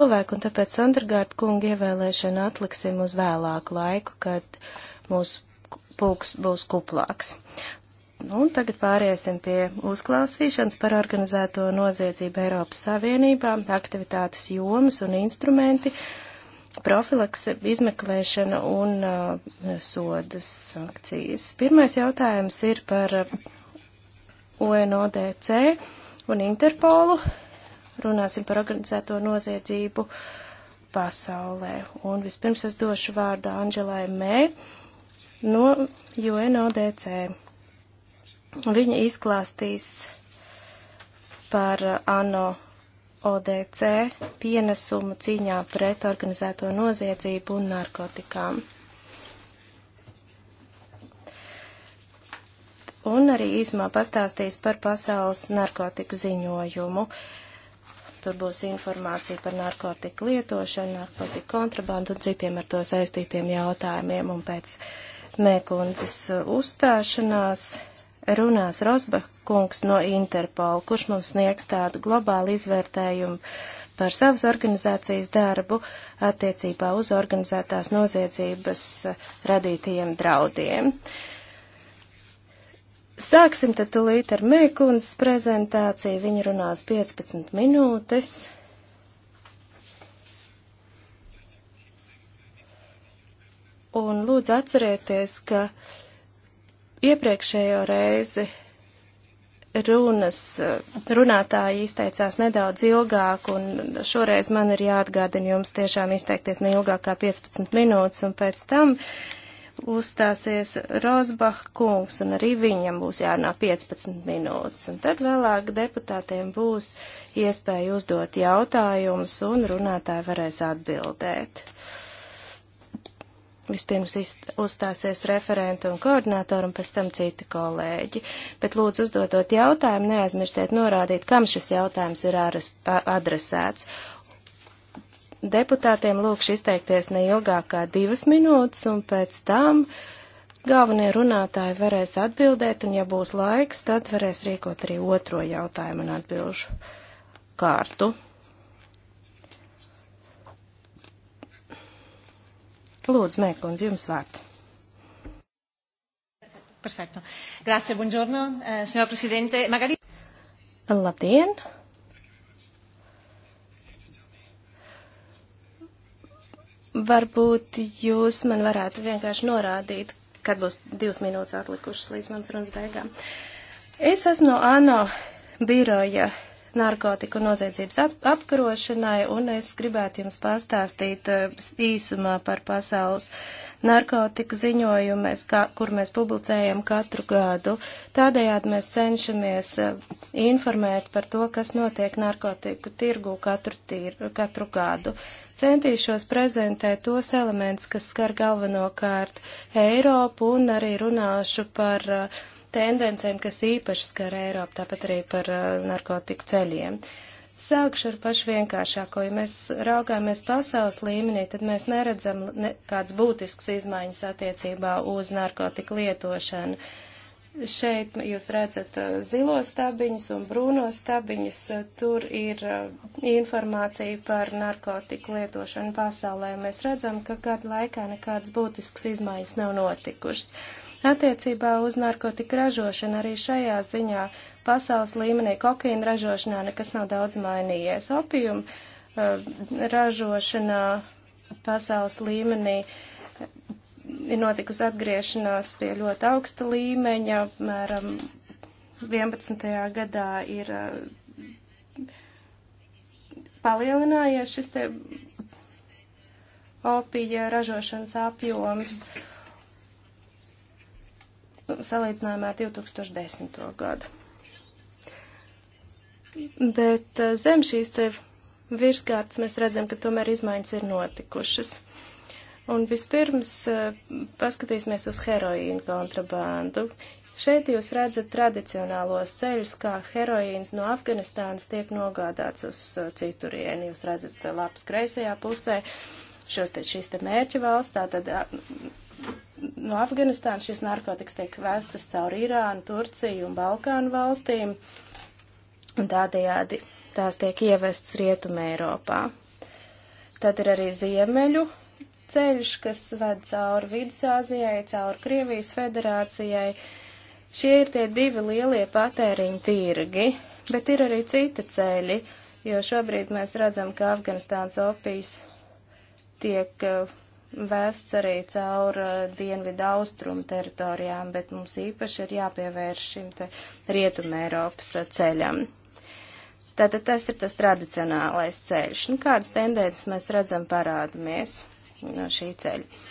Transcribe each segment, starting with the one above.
cilvēku, un tāpēc Sandergārda kunga ievēlēšanu atliksim uz vēlāku laiku, kad mūsu pulks būs kuplāks. Nu, un tagad pāriesim pie uzklausīšanas par organizēto noziedzību Eiropas Savienībā, aktivitātes jomas un instrumenti, profilakse, izmeklēšana un uh, sodas sankcijas. Pirmais jautājums ir par uh, ONODC un Interpolu runāsim par organizēto noziedzību pasaulē. Un vispirms es došu vārdu Anģelai Mē no UNODC. Viņa izklāstīs par ANO ODC pienesumu cīņā pret organizēto noziedzību un narkotikām. un arī īsumā pastāstīs par pasaules narkotiku ziņojumu. Uh, Tur būs informācija par narkotiku lietošanu, narkotiku kontrabandu un citiem ar to saistītiem jautājumiem. Un pēc Mēkundzes uh, uzstāšanās runās Rosbach kungs no Interpol, kurš mums sniegs tādu globālu izvērtējumu par savas organizācijas darbu attiecībā uz organizētās noziedzības uh, radītajiem draudiem. Uh, Sāksim tad tulīt ar Mēkunas prezentāciju. Viņa runās 15 minūtes. Un lūdzu atcerieties, ka iepriekšējo reizi runas, eh, runātāji izteicās nedaudz ilgāk, un šoreiz man ir jāatgādina jums tiešām izteikties neilgāk kā 15 minūtes, un pēc tam uh, uzstāsies Rozbach kungs, un arī viņam būs jārunā 15 minūtes. Un tad vēlāk deputātiem būs iespēja uzdot jautājumus, un runātāji varēs atbildēt. Vispirms uzstāsies referenta un koordinātori, un pēc tam citi kolēģi. Bet lūdzu uzdodot jautājumu, neaizmirstiet norādīt, kam šis jautājums ir adresēts. Deputātiem lūkšu izteikties ne ilgāk kā divas minūtes, un pēc tam galvenie runātāji varēs atbildēt, un ja būs laiks, tad varēs rīkot arī otro jautājumu un atbilžu kārtu. Lūdzu, Mēklundz, jums vārds. Perfekto. Grazie, buongiorno, eh, signor Presidente. Magari... Labdien! Varbūt jūs man varētu vienkārši norādīt, kad būs divas minūtes atlikušas līdz manas runas beigām. Es esmu no ANO biroja narkotiku noziedzības ap apkarošanai, un es gribētu jums pastāstīt uh, īsumā par pasaules narkotiku ziņojumu, mēs kā, kur mēs publicējam katru gadu. Tādējādi mēs cenšamies uh, informēt par to, kas notiek narkotiku tirgu katru, tir, katru gadu. Centīšos prezentēt tos elementus, kas skar galvenokārt Eiropu un arī runāšu par uh, tendencēm, kas īpaši skar Eiropu, tāpat arī par uh, narkotiku ceļiem. Sākšu ar pašu vienkāršāko. Ja mēs raugāmies pasaules līmenī, tad mēs neredzam nekāds būtisks izmaiņas attiecībā uz narkotiku lietošanu. Uh, Šeit jūs redzat uh, zilo stabiņas un brūno stabiņas. Uh, tur ir uh, informācija par narkotiku lietošanu pasaulē. Mēs redzam, ka gadu laikā nekādas būtiskas izmaiņas nav notikušas. Attiecībā uz narkotiku ražošanu arī šajā ziņā pasaules līmenī kokaīna ražošanā nekas nav daudz mainījies. Opium uh, ražošanā pasaules līmenī uh, ir notikusi atgriešanās pie ļoti augsta līmeņa, mēram 11. gadā ir eh, palielinājies šis te opija ražošanas apjoms salīdzinājumā ar 2010. gadu. Bet eh, zem šīs te virskārtas mēs redzam, ka tomēr izmaiņas ir notikušas. Un vispirms eh, paskatīsimies uz heroīnu kontrabandu. Šeit jūs redzat tradicionālos ceļus, kā heroīns no Afganistānas tiek nogādāts uz eh, citurieni. Jūs redzat eh, labs kreisajā pusē šo te, šīs te mērķu valsts, tātad no Afganistānas šis narkotikas tiek vestas caur Irānu, Turciju un Balkānu valstīm, un tādējādi tās tiek ievestas Rietumē Eiropā. Tad ir arī ziemeļu ceļš, kas ved cauri Vidusāzijai, cauri Krievijas federācijai. Šie ir tie divi lielie patēriņu tirgi, bet ir arī citi ceļi, jo šobrīd mēs redzam, ka Afganistāns opijas tiek eh, vēsts arī caur eh, dienvidu austrumu teritorijām, bet mums īpaši ir jāpievērš šim te rietumē Eiropas eh, ceļam. Tātad tas ir tas tradicionālais ceļš. Nu, kādas tendences mēs redzam parādamies? no šī ceļa.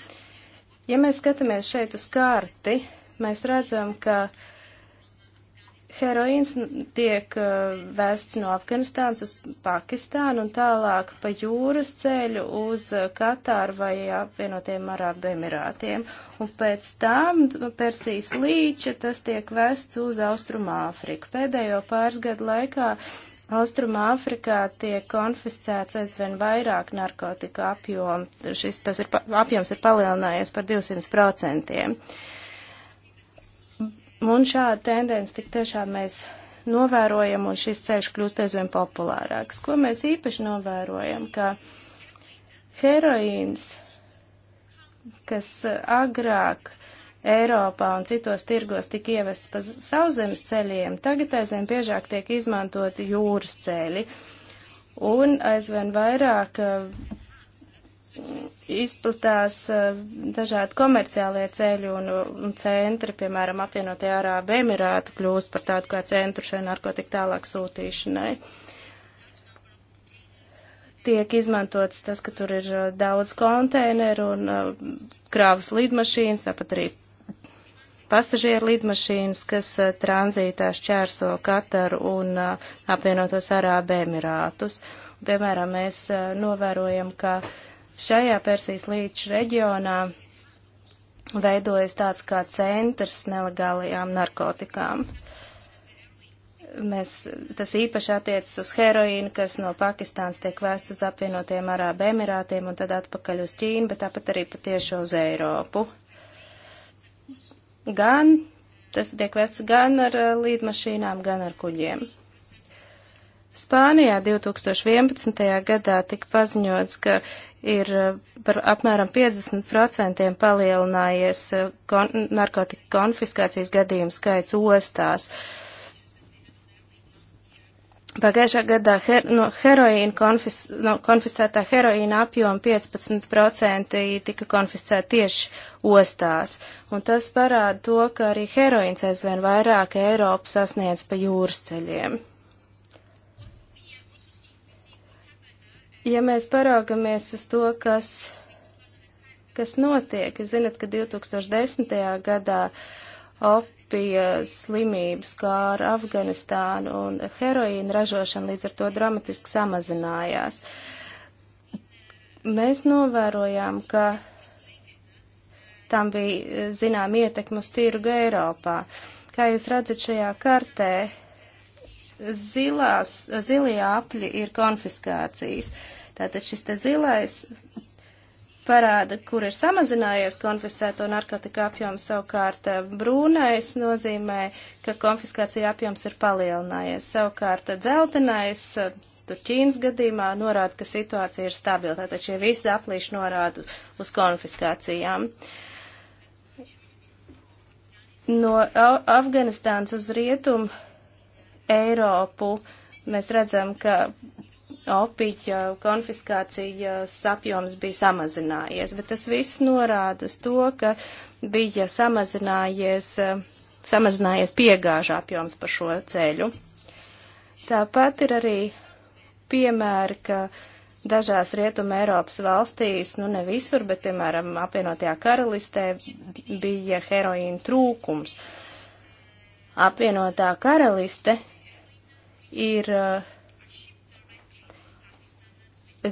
Ja mēs skatāmies šeit uz karti, mēs redzam, ka heroīns tiek uh, vēsts no Afganistānas uz Pakistānu un tālāk pa jūras ceļu uz uh, Katāru vai apvienotiem Arābu Emirātiem. Un pēc tam Persijas līča tas tiek vēsts uz Austrumāfriku. Pēdējo pāris gadu laikā Austrumā Afrikā tiek konfiscēts aizvien vairāk narkotika apjomu. Šis tas ir, apjoms ir palielinājies par 200%. Un šāda tendence tik tiešām mēs novērojam, un šis ceļš kļūst aizvien populārāks. Ko mēs īpaši novērojam, ka heroīns, kas agrāk uh, Eiropā un citos tirgos tika ievests pa sauszemes ceļiem, tagad aizvien biežāk tiek izmantoti jūras ceļi. Un aizvien vairāk eh, izplatās eh, dažādi komerciālie ceļi un, un centri, piemēram, apvienotie Arābu Emirātu kļūst par tādu kā centru šai narkotiku tālāk sūtīšanai. Tiek izmantots tas, ka tur ir eh, daudz konteineru un krāvas lidmašīnas, tāpat arī pasažieru lidmašīnas, kas eh, tranzītā šķērso Kataru un eh, apvienotos Arābu Emirātus. Piemēram, mēs eh, novērojam, ka šajā Persijas līča reģionā veidojas tāds kā centrs nelegālajām narkotikām. Mēs, tas īpaši attiecas uz heroīnu, kas no Pakistāns tiek vēsts uz apvienotiem Arābu Emirātiem un tad atpakaļ uz Ķīnu, bet tāpat arī patiešo uz Eiropu gan tas tiek vests gan ar uh, līdmašīnām, gan ar kuģiem. Spānijā 2011. gadā tika paziņots, ka ir uh, par apmēram 50% palielinājies uh, kon narkotika konfiskācijas gadījumu skaits ostās. Uh, Pagājušā gadā her, no heroīna konfis, no konfiscētā heroīna apjoma 15% tika konfiscēta tieši ostās, un tas parāda to, ka arī heroīns aizvien vairāk Eiropu sasniedz pa jūras ceļiem. Ja mēs paraugamies uz to, kas, kas notiek, jūs zinat, ka 2010. gadā op, pie slimības, kā ar Afganistānu un heroīna ražošana līdz ar to dramatiski samazinājās. Mēs novērojām, ka tam bija zinām ietekmi uz tirgu Eiropā. Kā jūs redzat šajā kartē, zilās, zilie apļi ir konfiskācijas. Tātad šis te zilais parāda, kur ir samazinājies konfiscēto narkotiku apjoms, savukārt eh, brūnais nozīmē, ka konfiskācija apjoms ir palielinājies. Savukārt dzeltenais, eh, tur Ķīnas gadījumā norāda, ka situācija ir stabila, tātad šie visi aplīši norāda uz konfiskācijām. No Afganistānas uz rietumu Eiropu mēs redzam, ka opiķa konfiskācijas eh, apjoms bija samazinājies, bet tas viss norāda uz to, ka bija samazinājies, eh, samazinājies piegāžu apjoms par šo ceļu. Tāpat ir arī piemēri, ka dažās rietuma Eiropas valstīs, nu ne visur, bet piemēram apvienotajā karalistē bija heroīna trūkums. Apvienotā karaliste ir uh,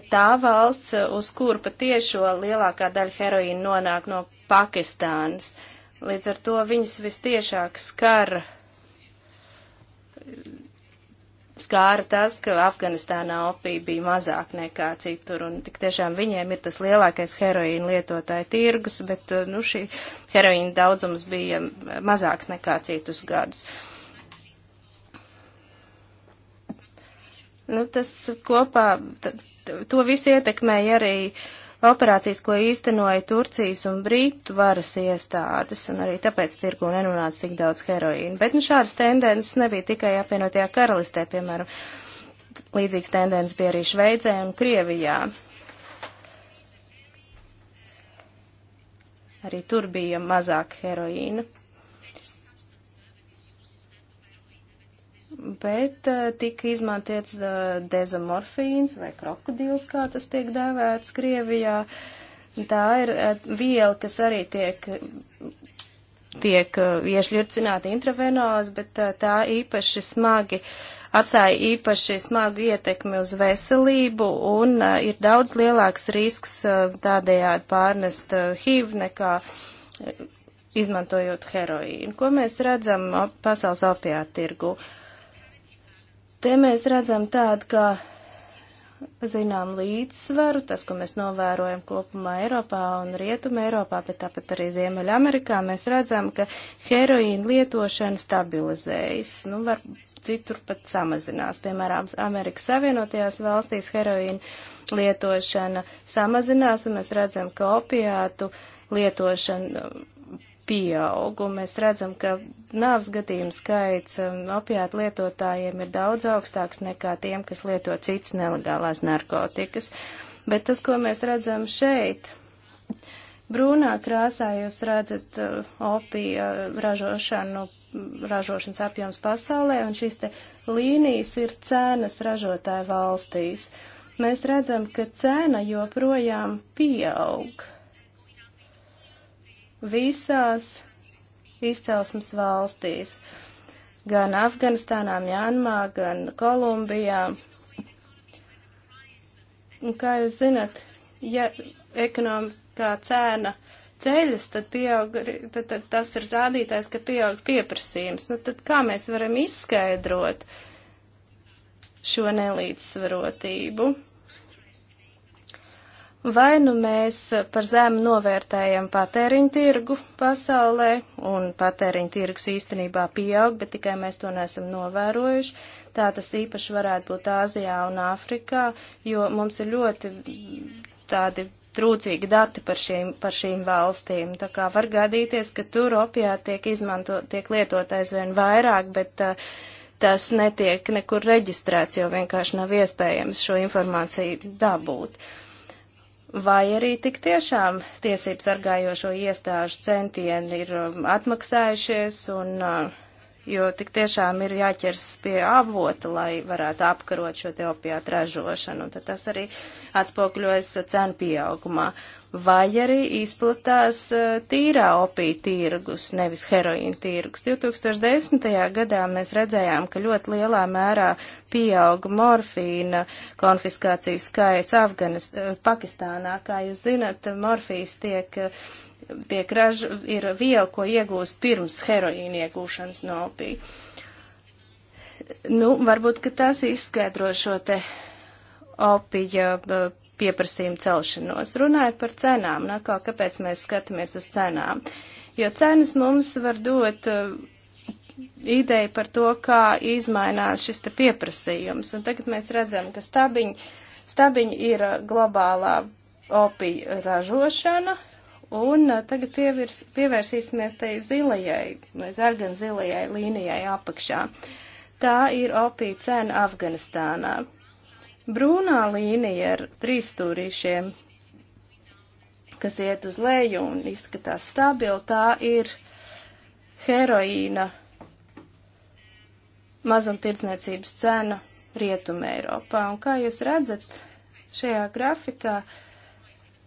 tā valsts, uz kuru patiešo lielākā daļa heroīna nonāk no Pakistānas. Līdz ar to viņus vistiešāk skar skāra tas, ka Afganistānā opija bija mazāk nekā citur, un tik tiešām viņiem ir tas lielākais heroīna lietotāja tirgus, bet, nu, šī heroīna daudzums bija mazāks nekā citus gadus. Nu, tas kopā, tad, to visu ietekmēja arī operācijas, ko īstenoja Turcijas un Brītu varas iestādes, un arī tāpēc tirgu nenonāca tik daudz heroīna. Bet nu, šādas tendences nebija tikai apvienotajā karalistē, piemēram, līdzīgas tendences bija arī Šveicē un Krievijā. Arī tur bija mazāk heroīna. bet eh, tika izmantots eh, dezomorfīns vai krokodils, kā tas tiek dēvēts Krievijā. Tā ir eh, viela, kas arī tiek, tiek iešļurcināta intravenoz, bet tā īpaši smagi atstāja īpaši smagu ietekmi uz veselību un ir daudz lielāks risks tādējādi pārnest HIV nekā izmantojot heroīnu, ko mēs redzam pasaules opiātu tirgu. Uh, Te mēs redzam tādu, ka zinām līdzsvaru, tas, ko mēs novērojam kopumā Eiropā un Rietuma Eiropā, bet tāpat arī Ziemeļamerikā, mēs redzam, ka heroīna lietošana stabilizējas, nu, var citur pat samazinās. Piemēram, Amerikas Savienotajās valstīs heroīna lietošana samazinās, un mēs redzam, ka opiātu lietošana pieaug, un mēs redzam, ka nāvs gadījumu skaits um, opiātu lietotājiem ir daudz augstāks nekā tiem, kas lieto citas nelegālās narkotikas. Bet tas, ko mēs redzam šeit, brūnā krāsā jūs redzat uh, opija ražošanu, ražošanas apjoms pasaulē, un šīs te līnijas ir cenas ražotāju valstīs. Mēs redzam, ka cena joprojām pieaug visās izcelsmes valstīs, gan Afganistānā, Mjanmā, gan Kolumbijā. Un kā jūs zinat, ja ekonomikā cēna ceļas, tad, pieaug, tad, tad tas ir rādītājs, ka pieaug pieprasījums. Nu, tad kā mēs varam izskaidrot šo nelīdzsvarotību? Vai nu mēs par zemu novērtējam patēriņu tirgu pasaulē, un patēriņu tirgus īstenībā pieaug, bet tikai mēs to neesam novērojuši. Tā tas īpaši varētu būt Āzijā un Āfrikā, jo mums ir ļoti tādi trūcīgi dati par šīm, par šīm valstīm. Tā kā var gadīties, ka tur opiāti tiek izmanto, tiek lietot aizvien vairāk, bet uh, tas netiek nekur reģistrēts, jo vienkārši nav iespējams šo informāciju dabūt. Uh, vai arī tik tiešām tiesības argājošo iestāžu centieni ir um, atmaksājušies un uh, jo tik tiešām ir jāķers pie avota, lai varētu apkarot šo te opiātu ražošanu, un tad tas arī atspokļojas cenu pieaugumā. Vai arī izplatās eh, tīrā opija tirgus, nevis heroīna tirgus. 2010. gadā mēs redzējām, ka ļoti lielā mērā pieauga morfīna konfiskāciju skaits Afganist eh, Pakistānā. Kā jūs zinat, morfijas tiek uh, tiek raž, ir viela, ko iegūst pirms heroīna iegūšanas no opija. Nu, varbūt, ka tas izskaidro šo te opija uh, pieprasījumu celšanos. Runājot par cenām, nākā, kāpēc mēs skatāmies uz cenām? Jo cenas mums var dot uh, ideju par to, kā izmainās šis te pieprasījums. Un tagad mēs redzam, ka stabiņi, stabiņi ir uh, globālā opija ražošana, Un uh, tagad pievirs, pievērsīsimies tai zilajai vai zargan zilajai līnijai apakšā. Tā ir opija cena Afganistānā. Brūnā līnija ar trīs stūrīšiem, kas iet uz leju un izskatās stabili, tā ir heroīna mazumtirdzniecības cena Rietumē Eiropā. Un kā jūs redzat šajā grafikā, uh,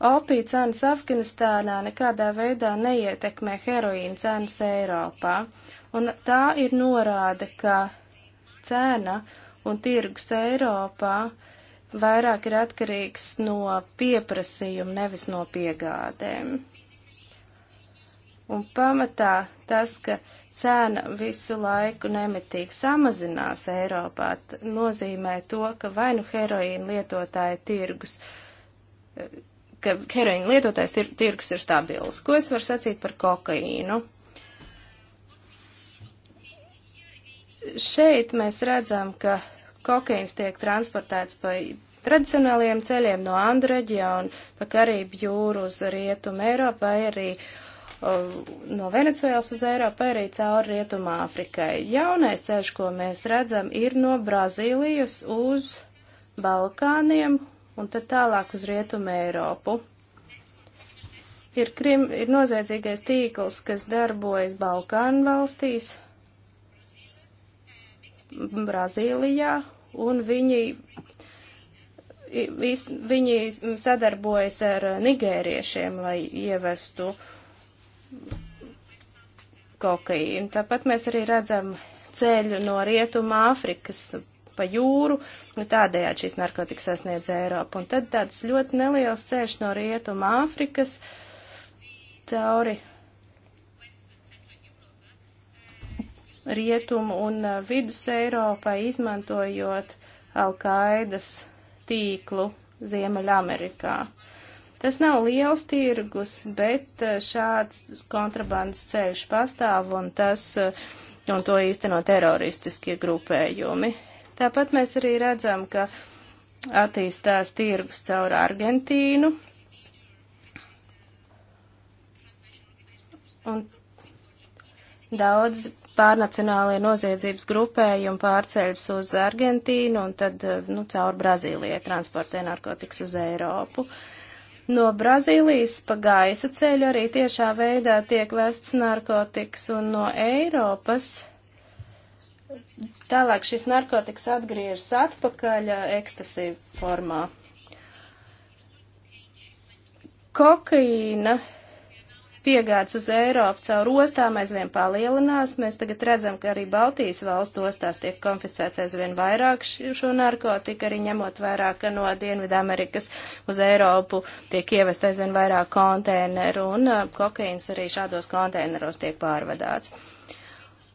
Opija cenas Afganistānā nekādā veidā neietekmē heroīna cenas Eiropā, un tā ir norāde, ka cena un tirgus Eiropā vairāk ir atkarīgs no pieprasījuma, nevis no piegādēm. Un pamatā tas, ka cena visu laiku nemitīgi samazinās Eiropā, nozīmē to, ka vai nu heroīna lietotāja tirgus ka heroīna lietotais tir tirgus ir stabils. Ko es varu sacīt par kokaīnu? Šeit mēs redzam, ka kokaīns tiek transportēts pa tradicionālajiem ceļiem no Andu reģiona, pa Karību jūru uz Rietumu Eiropu vai arī no Venecuēlas uz Eiropu vai arī cauri Rietumu Āfrikai. Jaunais ceļš, ko mēs redzam, ir no Brazīlijas uz Balkāniem Un tad tālāk uz Rietumu Eiropu. Ir, krim, ir noziedzīgais tīkls, kas darbojas Balkānu valstīs, Brazīlijā, un viņi, viņi sadarbojas ar nigēriešiem, lai ievestu kokaīnu. Tāpat mēs arī redzam ceļu no Rietuma Āfrikas pa jūru, tādējādi šīs narkotikas sasniedz Eiropu. Un tad tāds ļoti neliels ceļš no Rietuma Āfrikas cauri Rietumu un uh, Vidus Eiropai, izmantojot Alkaidas tīklu Ziemeļamerikā. Tas nav liels tirgus, bet uh, šāds kontrabandas ceļš pastāv un tas, uh, un to īsteno teroristiskie grupējumi. Tāpat mēs arī redzam, ka attīstās tirgus caur Argentīnu. Un daudz pārnacionālie noziedzības grupējumi pārceļas uz Argentīnu un tad, nu, caur Brazīlijai transportē narkotikas uz Eiropu. No Brazīlijas pa gaisa ceļu arī tiešā veidā tiek vests narkotikas un no Eiropas Tālāk šis narkotikas atgriežas atpakaļ uh, ekstasī formā. Kokaīna piegādes uz Eiropu caur ostām aizvien palielinās. Mēs tagad redzam, ka arī Baltijas valstu ostās tiek konfiscēts aizvien vairāk šo narkotiku, arī ņemot vērā, ka no Dienvidamerikas uz Eiropu tiek ievest aizvien vairāk konteineru un uh, kokaīns arī šādos konteineros tiek pārvadāts.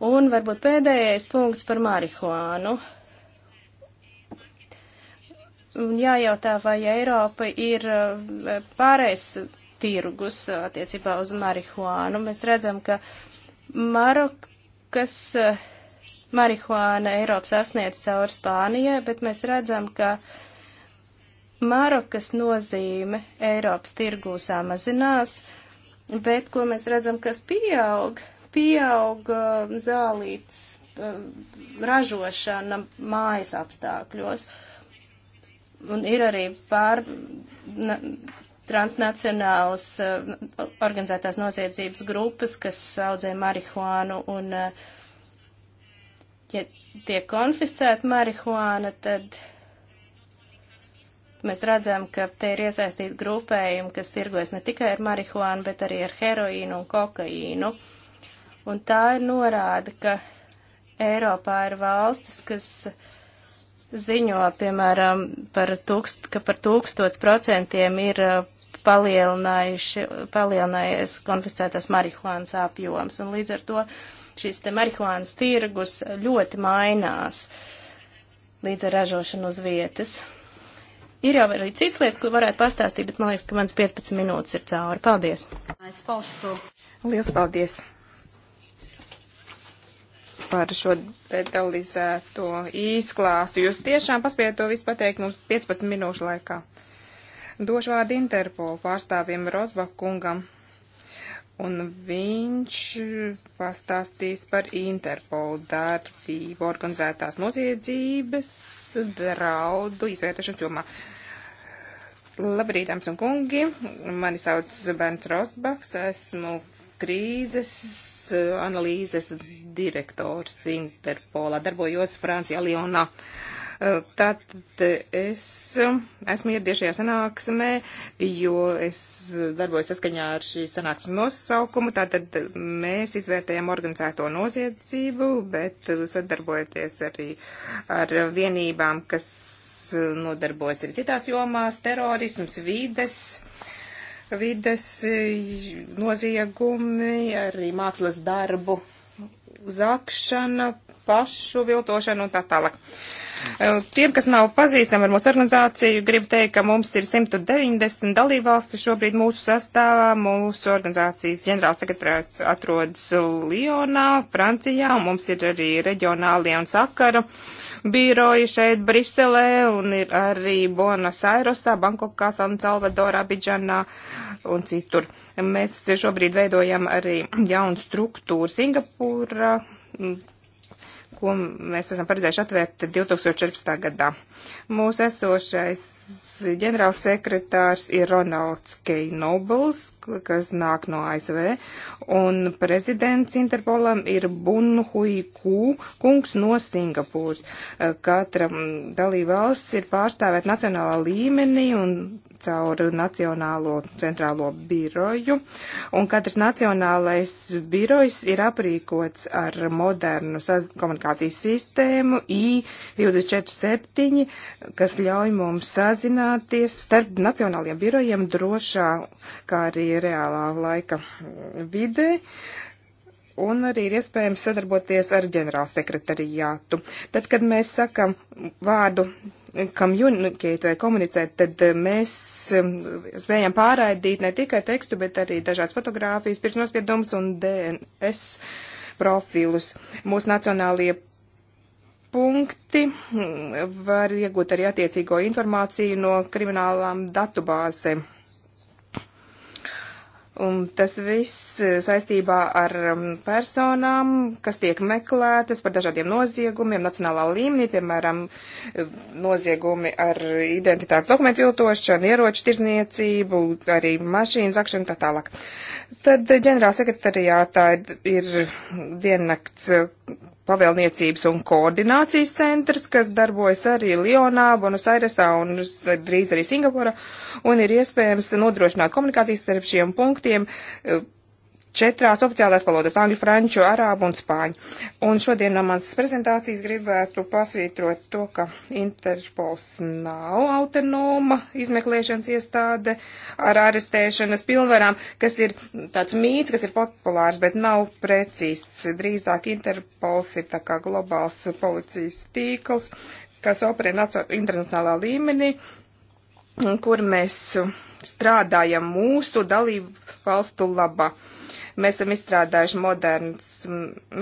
Un varbūt pēdējais punkts par marihuānu. Un jājautā, vai Eiropa ir eh, pārējais tirgus attiecībā uz marihuānu. Mēs redzam, ka Marokas eh, marihuāna Eiropa sasniedz caur Spānijai, bet mēs redzam, ka Marokas nozīme Eiropas tirgū samazinās, bet ko mēs redzam, kas pieaug, pieauga zālītes eh, ražošana mājas apstākļos. Un ir arī pār na, transnacionālas eh, organizētās noziedzības grupas, kas audzē marihuānu un, eh, ja tiek konfiscēta marihuāna, tad mēs redzam, ka te ir iesaistīti grupējumi, kas tirgojas ne tikai ar marihuānu, bet arī ar heroīnu un kokaīnu. Uh, Un tā ir norāda, ka Eiropā ir valstis, kas ziņo, piemēram, par tūkst, ka par tūkstots procentiem ir uh, palielinājies konfiscētās marihuānas apjoms. Un līdz ar to šīs te marihuānas tirgus ļoti mainās līdz ar ražošanu uz vietas. Ir jau arī cits lietas, ko varētu pastāstīt, bet man liekas, ka mans 15 minūtes ir cauri. Paldies! Liels paldies! par šo detalizēto izklāstu. Jūs tiešām paspējat to visu pateikt mums 15 minūšu laikā. Došu vārdu Interpolu pārstāvim Rozbach kungam, un viņš pastāstīs par Interpolu darbību organizētās noziedzības draudu izvietošanas jomā. Labrīt, dāmas un kungi! Mani sauc Bērns Rosbachs, esmu krīzes Eh, analīzes direktors Interpolā, darbojos Francijā Lionā. Eh, tad es esmu ieradies šajā sanāksmē, jo es darbojos saskaņā ar šī sanāksmes nosaukumu. Tātad mēs izvērtējam organizēto noziedzību, bet sadarbojoties arī ar vienībām, kas nodarbojas arī citās jomās - terorisms, vides vides e, noziegumi, arī mākslas darbu zakšana, pašu viltošana un tā tālāk. E, tiem, kas nav pazīstami ar mūsu organizāciju, gribu teikt, ka mums ir 190 dalībvalstis šobrīd mūsu sastāvā. Mūsu organizācijas ģenerālsekretārs atrodas Lionā, Francijā, un mums ir arī reģionālie un sakara uh, biroji šeit Briselē un ir arī Buenos Airesā, Bankokā, San Salvadorā, Bidžanā un citur. Mēs šobrīd veidojam arī jaunu struktūru Singapūrā, ko mēs esam paredzējuši atvērt 2014. gadā. Mūsu esošais ģenerālsekretārs ir Ronalds Keinobles, kas nāk no ASV, un prezidents Interpolam ir Bunhui Kū, kungs no Singapūras. Katra dalībvalsts ir pārstāvēt nacionālā līmenī un caur Nacionālo centrālo biroju, un katrs nacionālais birojs ir aprīkots ar modernu komunikācijas sistēmu I247, kas ļauj mums sazināt samazināties starp nacionālajiem birojiem drošā, kā arī reālā laika vidē. Un arī ir iespējams sadarboties ar ģenerālsekretariātu. Tad, kad mēs sakam vārdu communicate vai komunicēt, tad mēs um, spējam pārraidīt ne tikai tekstu, bet arī dažādas fotogrāfijas, pirksnospiedumus un DNS profilus. Mūsu nacionālie punkti var iegūt arī attiecīgo informāciju no kriminālām datubāzēm. Un tas viss saistībā ar um, personām, kas tiek meklētas par dažādiem noziegumiem nacionālā līmenī, piemēram, noziegumi ar identitātes dokumentu viltošanu, ieroču tirzniecību, arī mašīnu zakšanu tā tālāk. Tad ģenerāla sekretariātā ir diennakts pavēlniecības un koordinācijas centrs, kas darbojas arī Lionā, Bonusairesā un drīz arī Singapurā, un ir iespējams nodrošināt komunikācijas starp šiem punktiem eh, četrās oficiālās valodās - angļu, franču, arābu un spāņu. Un šodien no manas prezentācijas gribētu pasvītrot to, ka Interpols nav autonoma izmeklēšanas iestāde ar arestēšanas pilnvarām, kas ir tāds mīts, kas ir populārs, bet nav precīzs. Drīzāk Interpols ir tā kā globāls policijas tīkls, kas operē internacionālā līmenī, kur mēs strādājam mūsu dalību valstu labā. Mēs esam izstrādājuši modernas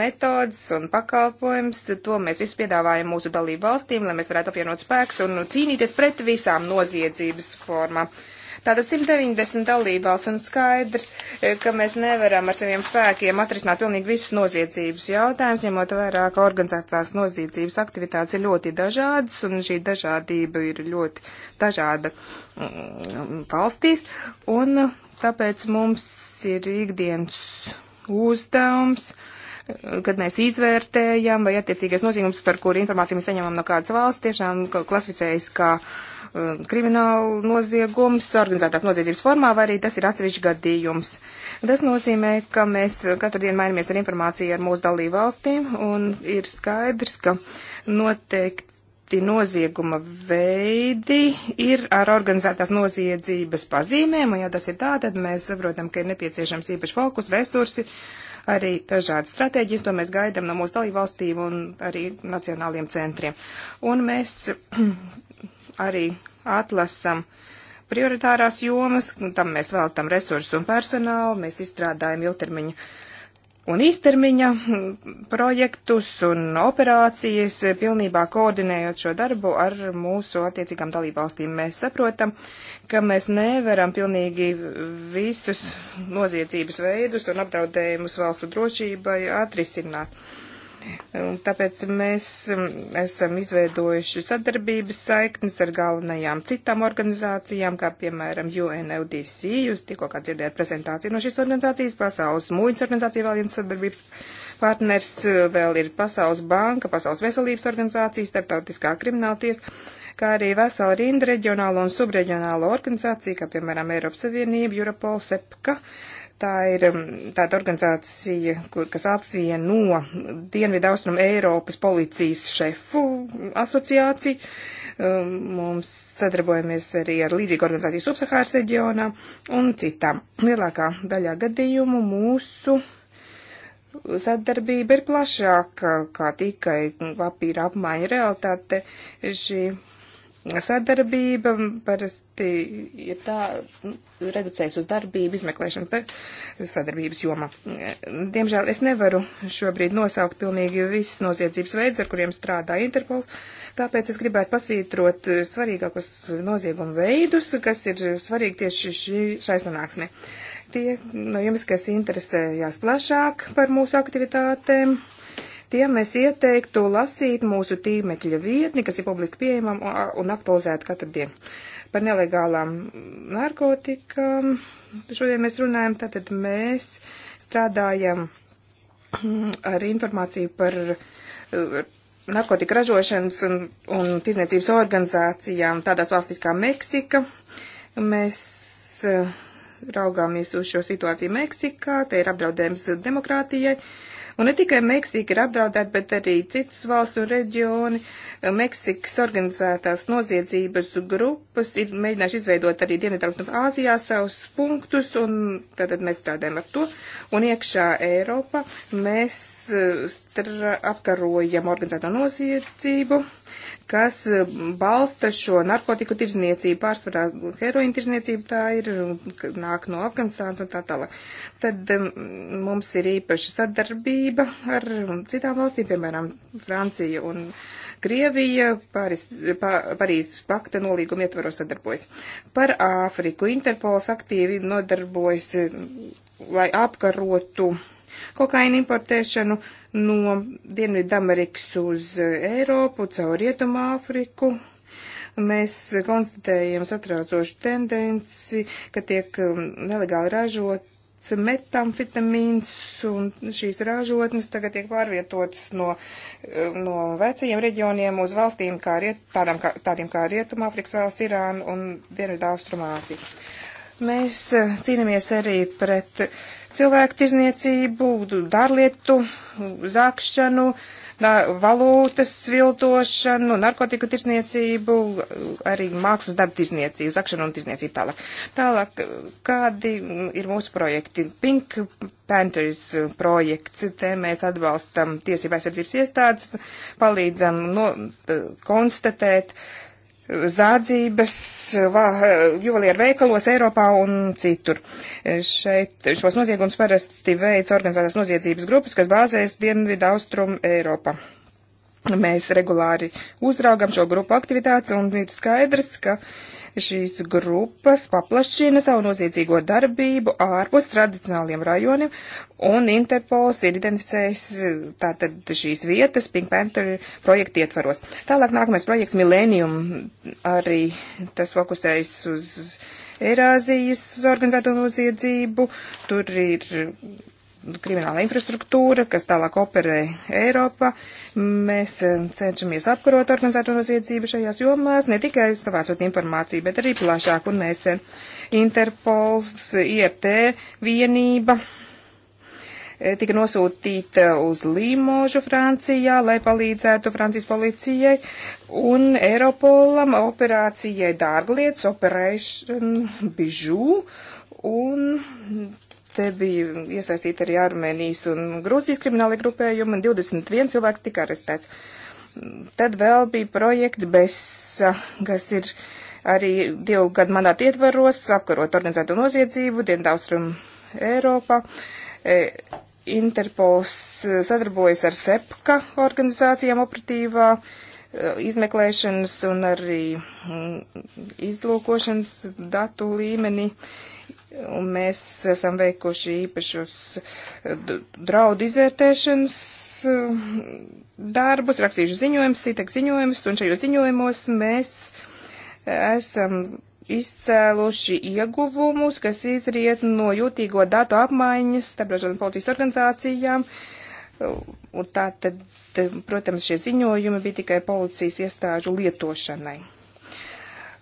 metodas un pakalpojums. To mēs visu piedāvājam mūsu dalību valstīm, lai mēs varētu apvienot spēks un cīnīties pret visām noziedzības formām. Tātad 190 dalībvalsts un skaidrs, eh, ka mēs nevaram ar saviem spēkiem atrisināt pilnīgi visus noziedzības jautājumus, ņemot vērā, ka organizētās noziedzības aktivitātes ir ļoti dažādas un šī dažādība ir ļoti dažāda mm, valstīs. Un Tāpēc mums ir ikdienas uzdevums, kad mēs izvērtējam, vai attiecīgais nozīmums, par kuru informāciju mēs saņemam no kādas valsts, tiešām klasificējas kā uh, krimināla noziegums organizētās noziedzības formā, vai arī tas ir atsevišķi gadījums. Tas nozīmē, ka mēs katru dienu mainamies ar informāciju ar mūsu dalību valstīm, un ir skaidrs, ka noteikti citi nozieguma veidi ir ar organizētās noziedzības pazīmēm, un ja tas ir tā, tad mēs saprotam, ka ir nepieciešams īpaši fokus, resursi, arī dažādas stratēģijas, to mēs gaidām no mūsu dalībvalstīm un arī nacionāliem centriem. Un mēs arī atlasam prioritārās jomas, tam mēs veltam resursus un personālu, mēs izstrādājam ilgtermiņu un īstermiņa projektus un operācijas, pilnībā koordinējot šo darbu ar mūsu attiecīgām dalībvalstīm. Mēs saprotam, ka mēs nevaram pilnīgi visus noziedzības veidus un apdraudējumus valstu drošībai atrisināt. Un tāpēc mēs mm, esam izveidojuši sadarbības saiknes ar galvenajām citām organizācijām, kā piemēram UNLDC, jūs tikko kā dzirdējāt prezentāciju no šīs organizācijas, Pasaules mūjas organizācija vēl viens sadarbības partners, vēl ir Pasaules banka, Pasaules veselības organizācija, starptautiskā kriminālties, kā arī vesela rinda reģionālo un subreģionālo organizāciju, kā piemēram Eiropas Savienība, Europol, SEPKA Tā ir um, tāda organizācija, kur, kas apvieno Dienvidu Austrum Eiropas policijas šefu asociāciju. Um, mums sadarbojamies arī ar līdzīgu organizāciju Subsahāras reģionā un citām. Lielākā daļā gadījumu mūsu sadarbība ir plašāka kā tikai papīra apmaiņa realitāte. Šī sadarbība parasti ir tā reducējas uz darbību izmeklēšanu tā, sadarbības jomā. Diemžēl es nevaru šobrīd nosaukt pilnīgi visas noziedzības veids, ar kuriem strādā Interpols, tāpēc es gribētu pasvītrot svarīgākos noziegumu veidus, kas ir svarīgi tieši šī, šai sanāksmē. Tie no jums, kas interesējās plašāk par mūsu aktivitātēm, Tiem mēs ieteiktu lasīt mūsu tīmekļa vietni, kas ir publiski pieejama un aktualizēta katru dienu. Par nelegālām narkotikām šodien mēs runājam, tātad mēs strādājam mm, ar informāciju par eh, narkotika ražošanas un, un tirdzniecības organizācijām tādās valstīs kā Meksika. Mēs eh, raugāmies uz šo situāciju Meksikā, te ir apdraudējums demokrātijai, Un ne tikai Meksika ir apdraudēta, bet arī citas valsts un reģioni. Meksikas organizētās noziedzības grupas ir mēģinājuši izveidot arī Dienvidaustrum Āzijā savus punktus, un tātad mēs strādājam ar to. Un iekšā Eiropa mēs eh, apkarojam organizēto noziedzību kas eh, balsta šo narkotiku tirzniecību, pārsvarā heroīna tirzniecība tā ir, nāk no Afganistānas un tā tālāk. Tad eh, mums ir īpaša sadarbība ar um, citām valstīm, piemēram, Francija un Krievija, Pāris, Pā, Parīzes pakta nolīguma ietvaros sadarbojas. Par Āfriku Interpols aktīvi nodarbojas, eh, lai apkarotu kokaina importēšanu, uh, no Dienvidamerikas uz eh, Eiropu, caur Rietumu Āfriku. Mēs konstatējam satraucošu tendenci, ka tiek um, nelegāli ražots metamfetamīns, un šīs ražotnes tagad tiek pārvietotas no, um, no vecajiem reģioniem uz valstīm, kā riet, tādām, kā, tādiem kā Rietumāfrikas valsts, Irāna un Dienvidaustrumāzija. Mēs eh, cīnāmies arī pret uh, cilvēku tirzniecību, darlietu, zākšanu, valūtas viltošanu, narkotiku tirsniecību, arī mākslas darbu tirsniecību, zakšanu un tirsniecību tālāk. Tālāk, kādi ir mūsu projekti? Pink Panthers projekts, te mēs atbalstam tiesību aizsardzības iestādes, palīdzam no, konstatēt, uh, zādzības juvelieru veikalos Eiropā un citur. Šeit šos noziegums parasti veids organizētās noziedzības grupas, kas bāzēs Dienvidu Austrum Eiropā. Mēs regulāri uzraugam šo grupu aktivitātes un ir skaidrs, ka uh, Šīs grupas paplašina savu noziedzīgo darbību ārpus tradicionāliem rajoniem, un Interpols ir identificējis eh, tātad šīs vietas Pink Panther projekta ietvaros. Tālāk nākamais projekts Millennium arī tas fokusējas uz Eirāzijas organizēto noziedzību. Tur ir krimināla infrastruktūra, kas tālāk operē Eiropā. Mēs eh, cenšamies apkarot organizēto noziedzību šajās jomās, ne tikai savācot informāciju, bet arī plašāk. Un mēs eh, Interpols, IRT vienība eh, tika nosūtīta uz Limožu Francijā, lai palīdzētu Francijas policijai un Eiropolam operācijai dārglietas Operation Bijou. Un Te bija iesaistīta arī Armēnijas un Grūzijas krimināla grupējuma, un 21 cilvēks tika arestēts. Tad vēl bija projekts BESA, kas ir arī divu gadu mandātu ietvaros, apkarot organizēto noziedzību Dienvidaustrum Eiropā. E, Interpols e, sadarbojas ar SEPKA organizācijām operatīvā e, izmeklēšanas un arī mm, izlūkošanas datu līmenī. E, Un mēs esam veikuši īpašus eh, draudu izvērtēšanas eh, darbus, rakstījuši ziņojumus, sitek ziņojumus, un šajos ziņojumos mēs eh, esam izcēluši ieguvumus, kas izriet no jūtīgo datu apmaiņas starp dažādām policijas organizācijām. Un tā tad, protams, šie ziņojumi bija tikai policijas iestāžu lietošanai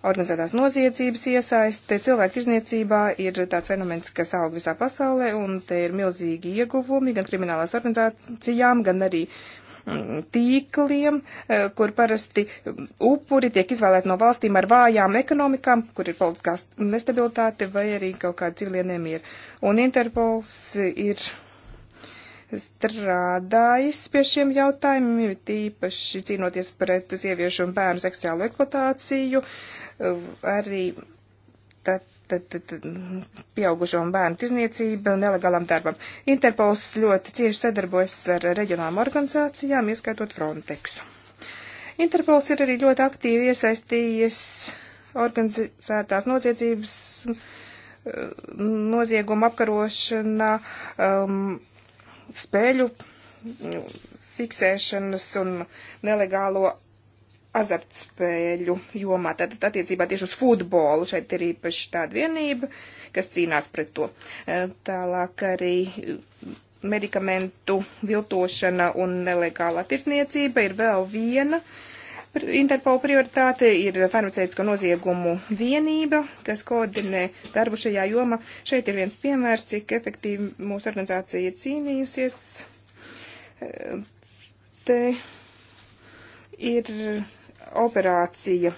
organizētās noziedzības iesaiste cilvēku izniecībā ir tāds fenomens, kas aug visā pasaulē, un te ir milzīgi ieguvumi gan kriminālās organizācijām, gan arī mm, tīkliem, eh, kur parasti mm, upuri tiek izvēlēti no valstīm ar vājām ekonomikām, kur ir politiskā nestabilitāte vai arī kaut kāda civilie nemieri. Un Interpols ir strādājis pie šiem jautājumiem, tīpaši cīnoties pret sieviešu un bērnu seksuālo eksploatāciju, arī tad, tad, tad, tad pieaugušo un bērnu tirzniecība nelegālam darbam. Interpols ļoti cieši sadarbojas ar reģionālām organizācijām, ieskaitot Frontexu. Interpols ir arī ļoti aktīvi iesaistījies organizētās noziedzības nozieguma apkarošanā, um, spēļu fiksēšanas un nelegālo azartspēļu jomā, tātad attiecībā tieši uz futbolu. Šeit ir īpaši tāda vienība, kas cīnās pret to. E, tālāk arī medikamentu viltošana un nelegālā tirsniecība ir vēl viena. Interpol prioritāte ir farmaceitisko noziegumu vienība, kas koordinē darbu šajā jomā. Šeit ir viens piemērs, cik efektīvi mūsu organizācija ir cīnījusies. E, te ir operācija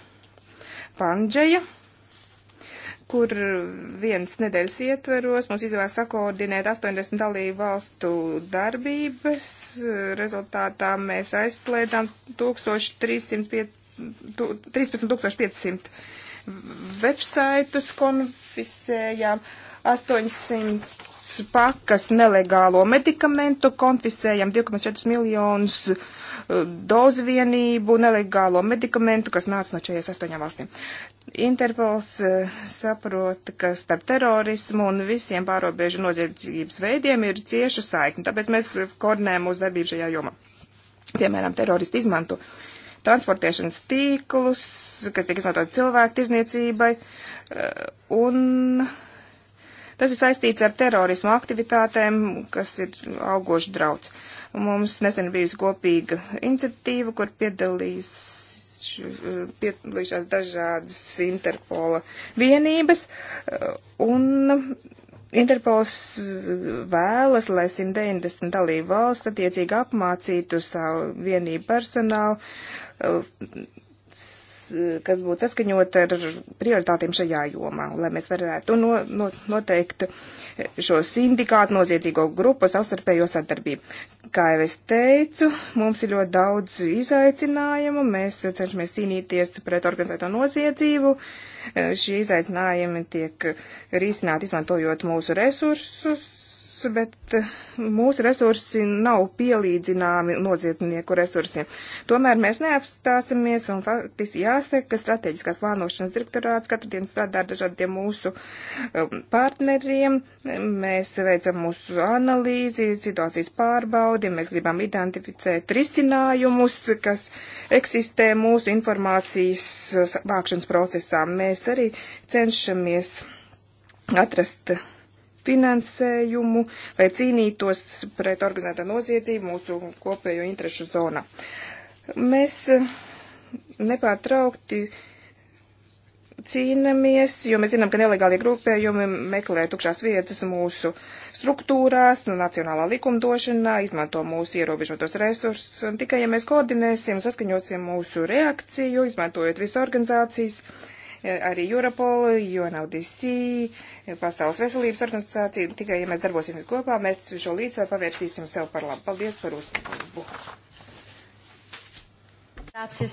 Pandžeja, kur viens nedēļas ietveros mums izdevās sakoordinēt 80 dalību valstu darbības. Rezultātā mēs aizslēdzām 13500 websaitus, konfiscējām 800 pakas nelegālo medikamentu, konfiscējam 2,4 miljonus uh, dozu vienību nelegālo medikamentu, kas nāca no 48 valstīm. Interpols uh, saprot, ka starp terorismu un visiem pārobežu noziedzības veidiem ir cieša saikne, tāpēc mēs koordinējam mūsu darbību šajā jomā. Piemēram, teroristi izmanto transportēšanas tīklus, kas tiek izmantot cilvēku tirzniecībai, uh, un Tas ir saistīts ar terorismu aktivitātēm, kas ir augoši drauds. Mums nesen bijusi kopīga iniciatīva, kur piedalījās piedalījušās dažādas Interpola vienības, un Interpols vēlas, lai 190 dalību valsts attiecīgi apmācītu savu vienību personālu kas būtu saskaņot ar prioritātiem šajā jomā, lai mēs varētu no, no, noteikt šo sindikātu noziedzīgo grupu savstarpējo sadarbību. Kā jau es teicu, mums ir ļoti daudz izaicinājumu, mēs cenšamies cīnīties pret organizēto noziedzību. Šie izaicinājumi tiek risināti izmantojot mūsu resursus, resursus, bet eh, mūsu resursi nav pielīdzināmi noziedznieku resursiem. Tomēr mēs neapstāsimies un faktiski jāsaka, ka strateģiskās plānošanas direktorāts katru dienu strādā ar dažādiem mūsu um, partneriem. Mēs veicam mūsu analīzi, situācijas pārbaudi, mēs gribam identificēt risinājumus, kas eksistē mūsu informācijas uh, vākšanas procesā. Mēs arī cenšamies atrast finansējumu, lai cīnītos pret organizētā noziedzību mūsu kopējo interešu zonā. Mēs eh, nepārtraukti cīnamies, jo mēs zinām, ka nelegālie grupējumi meklē tukšās vietas mūsu struktūrās, nu, nacionālā likumdošanā, izmanto mūsu ierobežotos resursus. Tikai ja mēs koordinēsim, saskaņosim mūsu reakciju, izmantojot visu organizācijas, uh, Eh, arī Europol, UNODC, eh, Pasaules veselības organizācija. Tikai, ja mēs darbosimies kopā, mēs šo līdzsvaru pavērsīsim sev par labu. Paldies par uzmanību.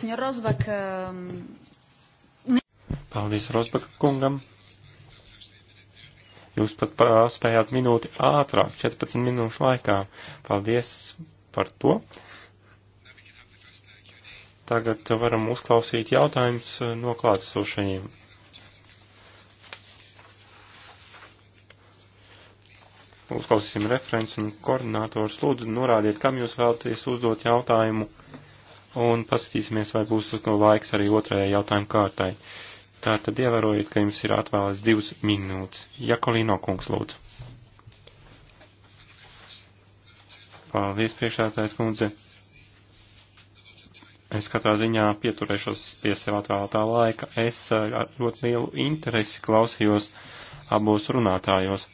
Ehm, Paldies Rosbaka kungam. Jūs pat spējāt minūti ātrāk, 14 minūšu laikā. Paldies par to. Tagad varam uzklausīt jautājumus no klātesošajiem. Uzklausīsim referents un koordinātors. Lūdzu, norādiet, kam jūs vēlaties uzdot jautājumu un paskatīsimies, vai būs laiks arī otrajai jautājumu kārtai. Tā tad ievērojiet, ka jums ir atvēlēts divas minūtes. Jakolīno kungs, lūdzu. Paldies, priekšētājs kundze. Es katrā ziņā pieturēšos pie sev atvēlētā laika. Es ar ļoti lielu interesi klausījos abos runātājos.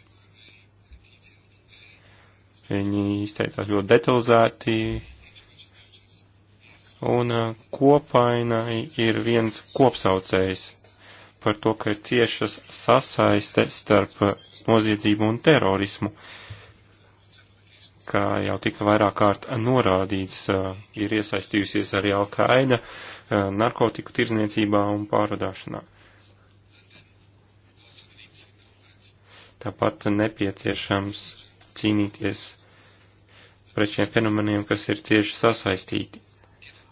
Viņi izteicās ļoti detalizēti un kopaina ir viens kopsaucējs par to, ka ir ciešas sasaiste starp noziedzību un terorismu. Uh, kā jau tika vairāk kārt norādīts, eh, ir iesaistījusies arī Alkaida eh, narkotiku tirzniecībā un pārvadāšanā. Tāpat nepieciešams cīnīties pret šiem fenomeniem, kas ir tieši sasaistīti.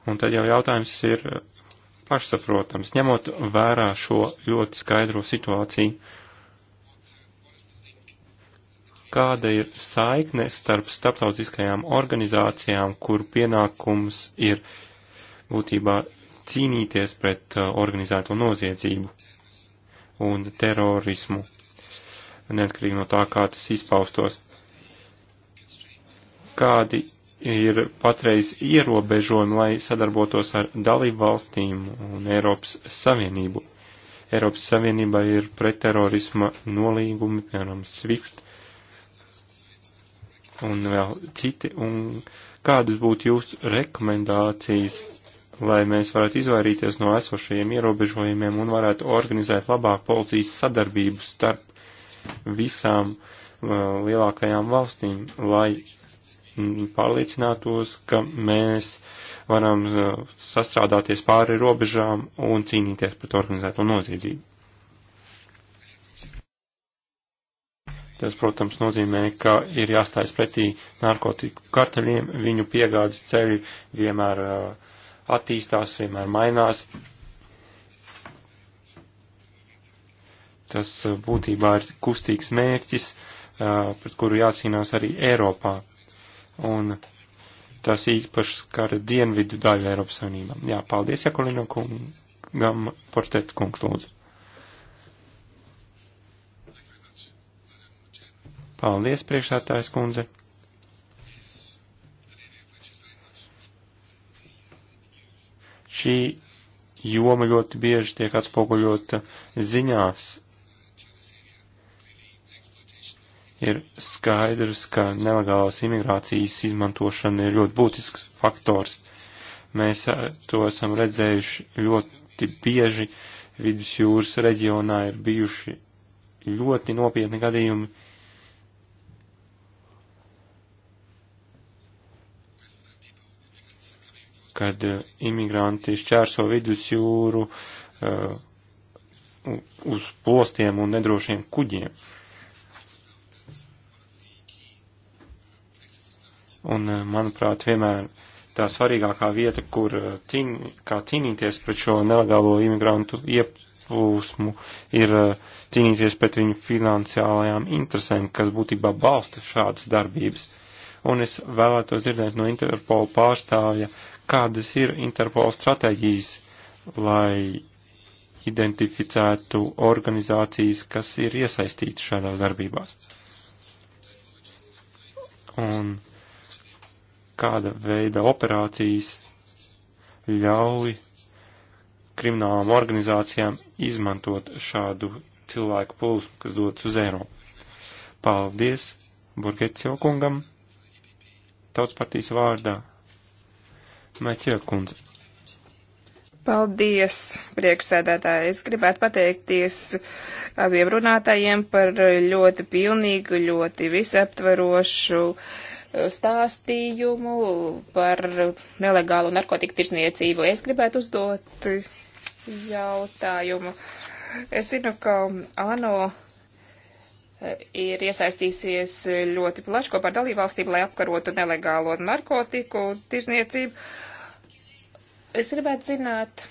Un tad jau jautājums ir eh, pašsaprotams, ņemot vērā šo ļoti skaidro situāciju kāda ir saikne starp starptautiskajām organizācijām, kur pienākums ir būtībā cīnīties pret uh, organizēto noziedzību un terorismu, neatkarīgi no tā, kā tas izpaustos. Kādi ir patreiz ierobežojumi, lai sadarbotos ar dalību valstīm un Eiropas Savienību? Eiropas Savienībā ir pretterorisma nolīgumi, piemēram, SWIFT, un vēl citi, un kādas būtu jūsu rekomendācijas, lai mēs varētu izvairīties no esošajiem ierobežojumiem un varētu organizēt labāk policijas sadarbību starp visām uh, lielākajām valstīm, lai mm, pārliecinātos, ka mēs varam uh, sastrādāties pāri robežām un cīnīties pret organizēto noziedzību. Tas, protams, nozīmē, ka ir jāstājas pretī narkotiku karteļiem, viņu piegādes ceļi vienmēr uh, attīstās, vienmēr mainās. Tas uh, būtībā ir kustīgs mērķis, uh, pret kuru jācīnās arī Eiropā. Un tas īpaši skar dienvidu daļu Eiropas Savienībā. Jā, paldies, Jakolino kungam, portet kungs lūdzu. Paldies, priekšsētājs kundze. Šī joma ļoti bieži tiek atspoguļota ziņās. Ir skaidrs, ka nelegālās imigrācijas izmantošana ir ļoti būtisks faktors. Mēs eh, to esam redzējuši ļoti bieži. Vidusjūras reģionā ir bijuši ļoti nopietni gadījumi kad eh, imigranti šķērso vidusjūru eh, uz postiem un nedrošiem kuģiem. Un, eh, manuprāt, vienmēr tā svarīgākā vieta, kur cīn, kā cīnīties pret šo nelegālo imigrantu ieplūsmu, ir cīnīties pret viņu finansiālajām interesēm, kas būtībā balsta šādas darbības. Un es vēlētos dzirdēt no Interpola pārstāvja, uh, kādas ir Interpola stratēģijas, lai identificētu organizācijas, kas ir iesaistītas šādās darbībās. Un kāda veida operācijas ļauj kriminālām organizācijām izmantot šādu cilvēku plūsmu, kas dodas uz Eiropu. Paldies Burgecio kungam, tautspartijas vārdā Maķie kundze. Paldies, priekšsēdētāji. Es gribētu pateikties abiem runātājiem par ļoti pilnīgu, ļoti visaptverošu stāstījumu par nelegālu narkotiku tirsniecību. Es gribētu uzdot jautājumu. Es zinu, ka ANO ir iesaistīsies ļoti plaši kopā ar dalībvalstīm, lai apkarotu nelegālo narkotiku tirzniecību. Es gribētu zināt,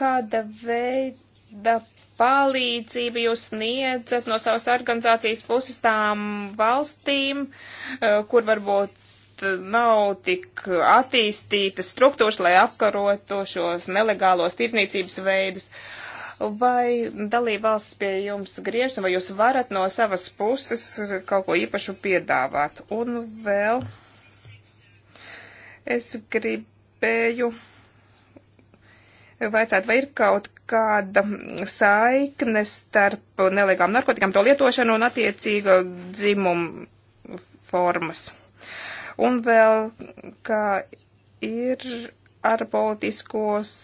kāda veida palīdzību jūs sniedzat no savas organizācijas puses tām valstīm, eh, kur varbūt eh, nav tik attīstītas struktūras, lai apkarotu šos nelegālos tirzniecības veidus. Uh, Vai dalībvalsts pie jums griež, vai jūs varat no savas puses kaut ko īpašu piedāvāt? Un vēl es gribēju vaicāt, vai ir kaut kāda saikne starp nelegām narkotikām, to lietošanu un attiecīga dzimuma formas. Un vēl, kā ir ar politiskos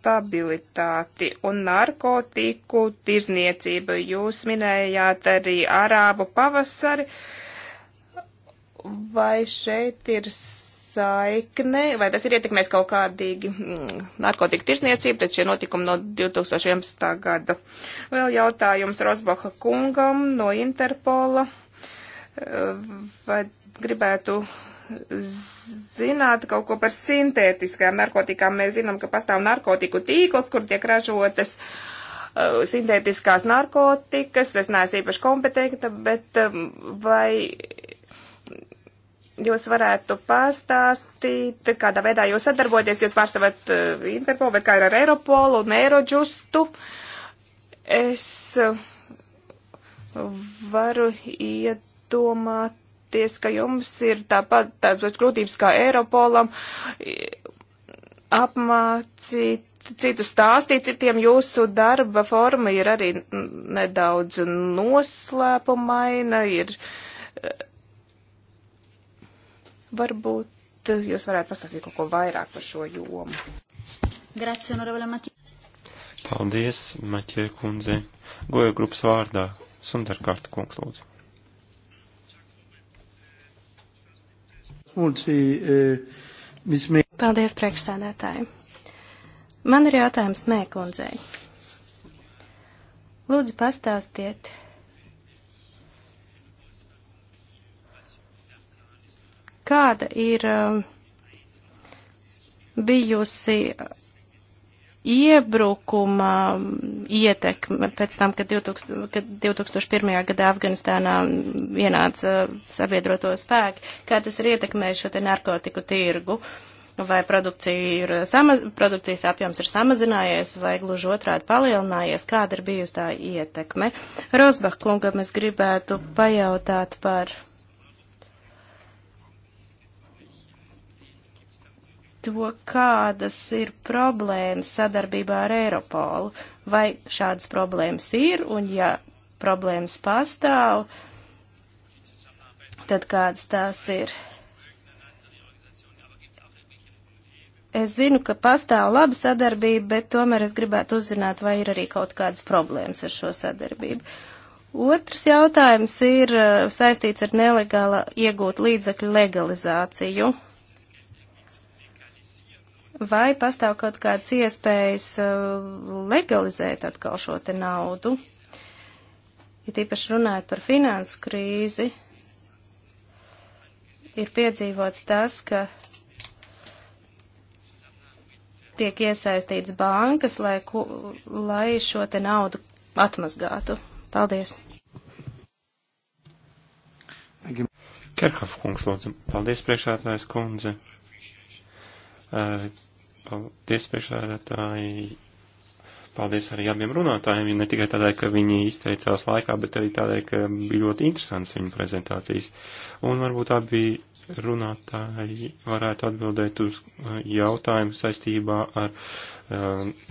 stabilitāti un narkotiku tirzniecību. Jūs minējāt arī arābu pavasari. Vai šeit ir saikne, vai tas ir ietekmēs kaut kādīgi mm, narkotika tirzniecību, tad šie notikumi no 2011. gada. Vēl jautājums Rosbaha kungam no Interpola. Vai gribētu zināt kaut ko par sintētiskajām narkotikām. Mēs zinām, ka pastāv narkotiku tīkls, kur tiek ražotas uh, sintētiskās narkotikas. Es neesmu īpaši kompetenta, bet um, vai jūs varētu pastāstīt, kādā veidā jūs sadarboties, jūs pārstāvat uh, Interpolu, bet kā ir ar Eiropolu un Eirodžustu? Es uh, varu iedomāt iedomājieties, ka jums ir tāpat tādas grūtības kā Eiropolam apmācīt citu stāstīt, citiem jūsu darba forma ir arī nedaudz noslēpumaina, ir varbūt jūs varētu pastāstīt kaut ko vairāk par šo jomu. Grazie, honorable Matija. Paldies, Maķie kundze. Goja grupas vārdā, Sundarkārta kungs lūdzu. mulți, e, Paldies, priekšsēdētāji. Man ir jautājums Mēkundzei. Lūdzu, pastāstiet, kāda ir um, bijusi iebrukuma ietekme pēc tam, kad, 2000, kad 2001. gadā Afganistānā ienāca sabiedroto spēki, kā tas ir ietekmējis šo te narkotiku tirgu? Vai produkcija ir, sama, produkcijas apjoms ir samazinājies vai gluži otrādi palielinājies? Kāda ir bijusi tā ietekme? Rosbach kungam es gribētu pajautāt par to, kādas ir problēmas sadarbībā ar Eiropolu, vai šādas problēmas ir, un ja problēmas pastāv, tad kādas tās ir. Es zinu, ka pastāv laba sadarbība, bet tomēr es gribētu uzzināt, vai ir arī kaut kādas problēmas ar šo sadarbību. Otrs jautājums ir eh, saistīts ar nelegāla iegūt līdzakļu legalizāciju. Vai pastāv kaut kāds iespējas uh, legalizēt atkal šo te naudu? Ja tīpaši runājot par finansu krīzi, ir piedzīvots tas, ka tiek iesaistīts bankas, lai, ku, lai šo te naudu atmazgātu. Paldies! Kerkhoff kungs, lūdzu, paldies priekšētājs kundze. Uh, Paldies, priekšsēdētāji. Paldies arī abiem runātājiem, ne tikai tādēļ, ka viņi izteicās laikā, bet arī tādēļ, ka bija ļoti interesants viņu prezentācijas. Un varbūt abi runātāji varētu atbildēt uz uh, jautājumu saistībā ar uh,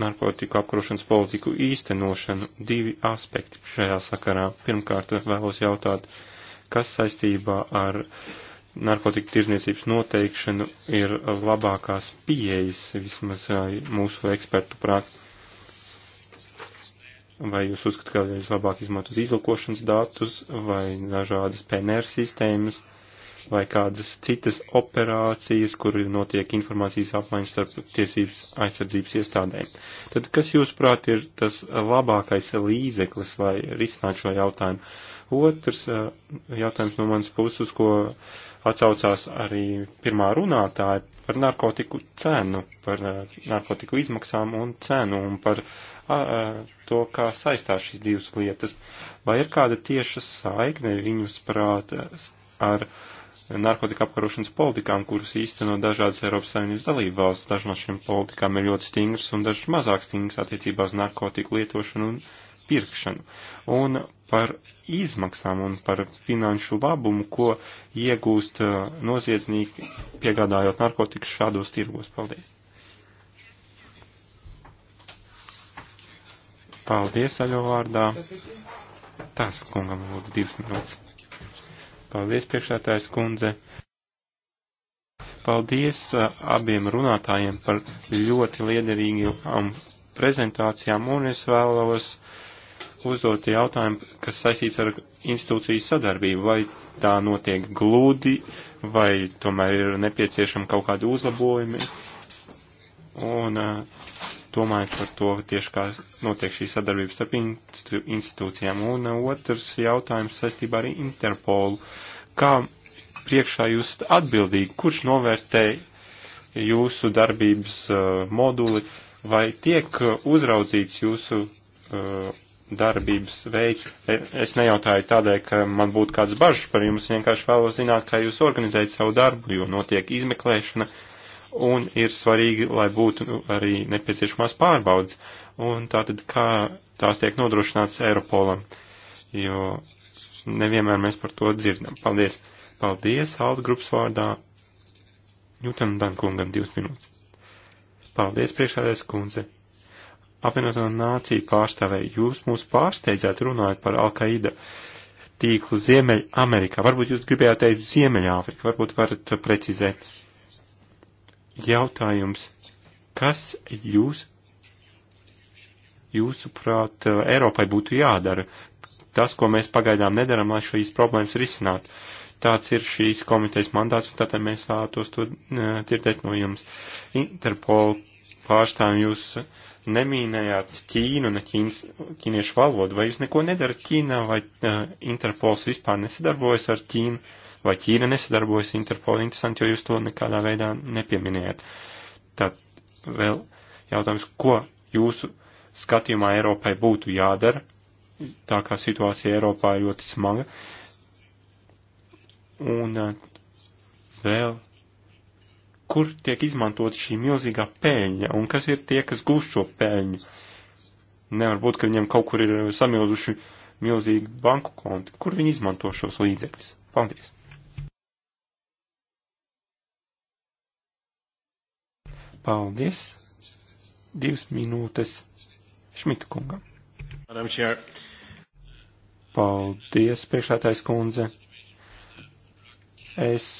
narkotiku apkarošanas politiku īstenošanu. Divi aspekti šajā sakarā. Pirmkārt, vēlos jautāt, kas saistībā ar uh, narkotika tirzniecības noteikšanu ir labākās pieejas, vismaz mūsu ekspertu prāt. Vai jūs uzskatāt, ka vislabāk izmantot izlūkošanas datus vai dažādas PNR sistēmas vai kādas citas operācijas, kur notiek informācijas apmaiņas starp tiesības aizsardzības iestādēm. Tad kas jūsuprāt ir tas labākais līdzeklis, lai risinātu šo jautājumu? Otrs jautājums no manas puses, ko uh, atsaucās arī pirmā runātāja par narkotiku cenu, par eh, narkotiku izmaksām un cenu un par a, to, kā saistās šīs divas lietas. Vai ir kāda tieša saikne viņus prātā eh, ar narkotika apkarošanas politikām, kuras īsteno dažādas Eiropas Savienības dalību valsts. Dažas no šīm politikām ir ļoti stingras un dažas mazāk stingras attiecībā uz narkotiku lietošanu un pirkšanu. Un par izmaksām un par finanšu labumu, ko iegūst uh, noziedznieki piegādājot narkotikas šādos tirgos. Paldies! Paldies, aļo vārdā. Tas, kungam, lūdzu, divas minūtes. Paldies, priekšētājs kundze. Paldies uh, abiem runātājiem par ļoti liederīgām um, prezentācijām, un es vēlos uh, uzdot jautājumu, kas saistīts ar institūciju sadarbību, vai tā notiek glūdi, vai tomēr ir nepieciešama kaut kādi uzlabojumi. Un domājot par to, tieši kā notiek šī sadarbība starp institūcijām. Un otrs jautājums saistībā ar Interpolu. Kā priekšā jūs atbildīgi, kurš novērtē jūsu darbības uh, moduli, vai tiek uzraudzīts jūsu uh, darbības veids. E, es nejautāju tādēļ, ka man būtu kāds bažas par jums, vienkārši vēlos zināt, kā jūs organizējat savu darbu, jo notiek izmeklēšana un ir svarīgi, lai būtu arī nepieciešamās pārbaudas. Un tātad, kā tās tiek nodrošināts Eiropolam, jo nevienmēr mēs par to dzirdam. Paldies! Paldies, Alda grupas vārdā, Jūtam Dankungam, divas minūtes. Paldies, priekšādēs kundze! apvienoto nāciju pārstāvēji, jūs mūs pārsteidzāt runājot par Al-Qaida tīklu Ziemeļamerikā. Varbūt jūs gribējāt teikt Ziemeļāfrika, varbūt varat precizēt. Jautājums, kas jūs, jūsuprāt, Eiropai būtu jādara? Tas, ko mēs pagaidām nedaram, lai šīs problēmas risinātu. Tāds ir šīs komitejas mandāts, un tātad mēs vēlētos to eh, dzirdēt no jums. Interpol pārstāvjums jūs nemīnējāt Ķīnu, ne ķīns, ķīniešu valodu, vai jūs neko nedarat Ķīnā, vai uh, Interpols vispār nesadarbojas ar Ķīnu, vai Ķīna nesadarbojas Interpolu. Interesanti, jo jūs to nekādā veidā nepieminējat. Tad vēl jautājums, ko jūsu skatījumā Eiropai būtu jādara, tā kā situācija Eiropā ir ļoti smaga. Un uh, vēl kur tiek izmantot šī milzīgā pēļņa un kas ir tie, kas gūst šo pēļņu. Nevar būt, ka viņiem kaut kur ir uh, samilzuši milzīgi banku konti. Kur viņi izmanto šos līdzekļus? Paldies! Paldies! Divas minūtes Šmita kungam. Paldies, priekšētājs kundze. Es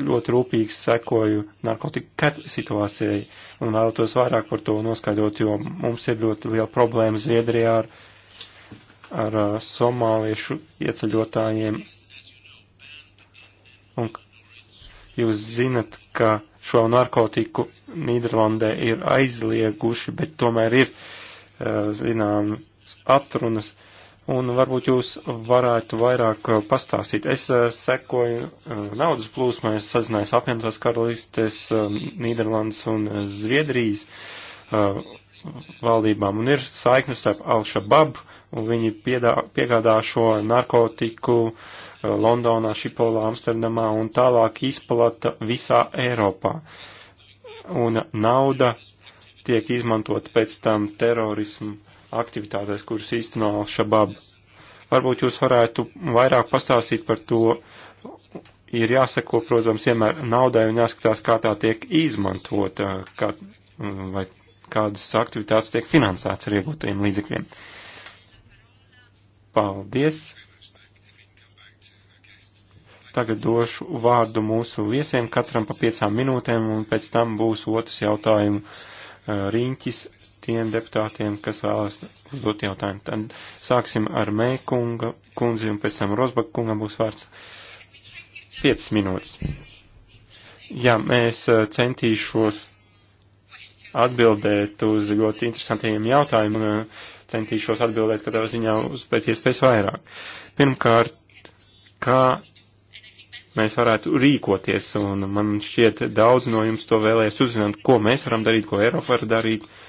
ļoti rūpīgi sekoju narkotiku ket situācijai un vēlētos vairāk par to noskaidrot, jo mums ir ļoti liela problēma Zviedrijā ar, ar uh, somāliešu ieceļotājiem. Un jūs zinat, ka šo narkotiku Nīderlandē ir aizlieguši, bet tomēr ir, uh, zinām, atrunas Un varbūt jūs varētu vairāk uh, pastāstīt. Es uh, sekoju uh, naudas plūsmai, es sazinājos apvienotās karalistes, um, Nīderlandes un Zviedrijas valdībām. Un ir saiknes starp Al-Shabaab, un viņi piedā, piegādā šo narkotiku Londonā, Šipolā, Amsterdamā un tālāk izplata visā Eiropā. Un nauda tiek izmantot pēc tam terorismu aktivitātēs, kuras īsteno Al-Shabaab. Varbūt jūs varētu vairāk pastāstīt par to. Ir jāseko, protams, vienmēr naudai un jāskatās, kā tā tiek izmantota, kā, vai kādas aktivitātes tiek finansētas ar iegūtajiem līdzekļiem. Paldies! Tagad došu vārdu mūsu viesiem, katram pa piecām minūtēm, un pēc tam būs otrs jautājumu eh, riņķis tiem deputātiem, kas vēlas uzdot jautājumu. Tad sāksim ar Mēkunga kundzi un pēc tam Rozbaka kungam būs vārds. 5 minūtes. Jā, mēs eh, centīšos atbildēt uz ļoti interesantiem jautājumiem un eh, centīšos atbildēt katrā ziņā uz pēc iespējas vairāk. Pirmkārt, kā mēs varētu rīkoties, un man šķiet daudz no jums to vēlēs uzzināt, ko mēs varam darīt, ko Eiropa var darīt. Uh,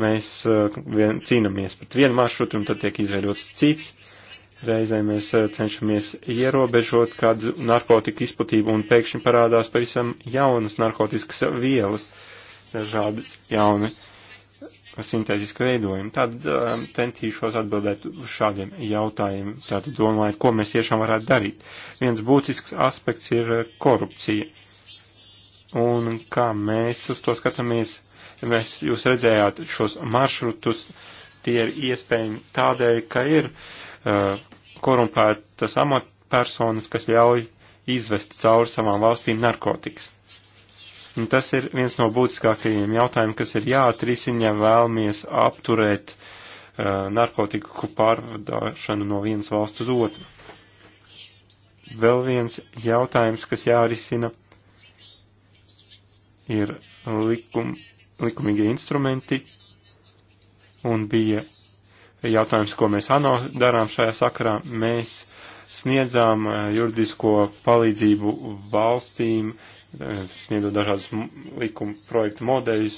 mēs eh, vien, cīnāmies pret vienu maršrutu un tad tiek izveidots cits. Reizē mēs eh, cenšamies ierobežot kādu narkotiku izplatību un pēkšņi parādās pavisam jaunas narkotikas vielas, dažādi jauni sintētiski veidojumi. Tad um, centīšos atbildēt uz šādiem jautājumiem, tātad domājot, ko mēs tiešām varētu darīt. Viens būtisks aspekts ir korupcija. Un kā mēs uz to skatāmies Mēs jūs redzējāt šos maršrutus, tie ir iespējami tādēļ, ka ir uh, korumpētas amatpersonas, kas ļauj izvest cauri savām valstīm narkotikas. Un tas ir viens no būtiskākajiem jautājumiem, kas ir jāatrisina, ja vēlamies apturēt uh, narkotiku pārvadāšanu no vienas valsts uz otru. Vēl viens jautājums, kas jārisina, ir likuma likumīgie instrumenti, un bija jautājums, ko mēs ANO darām šajā sakarā. Mēs sniedzām eh, juridisko palīdzību valstīm, eh, sniedzot dažādus likuma projektu modeļus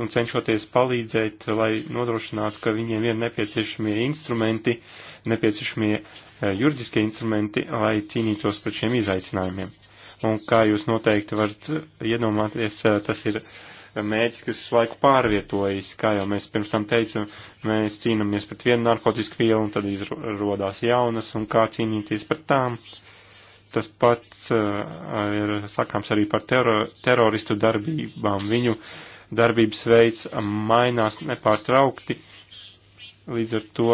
un cenšoties palīdzēt, lai nodrošinātu, ka viņiem ir nepieciešamie instrumenti, nepieciešamie eh, juridiskie instrumenti, lai cīnītos pret šiem izaicinājumiem. Un kā jūs noteikti varat iedomāties, tas ir uh, mērķis, kas uz laiku pārvietojas. Kā jau mēs pirms tam teicām, mēs cīnāmies pret vienu narkotiku vielu un tad izrodās jaunas un kā cīnīties pret tām. Tas pats uh, ir sakāms arī par teror, teroristu darbībām. Viņu darbības veids mainās nepārtraukti. Līdz ar to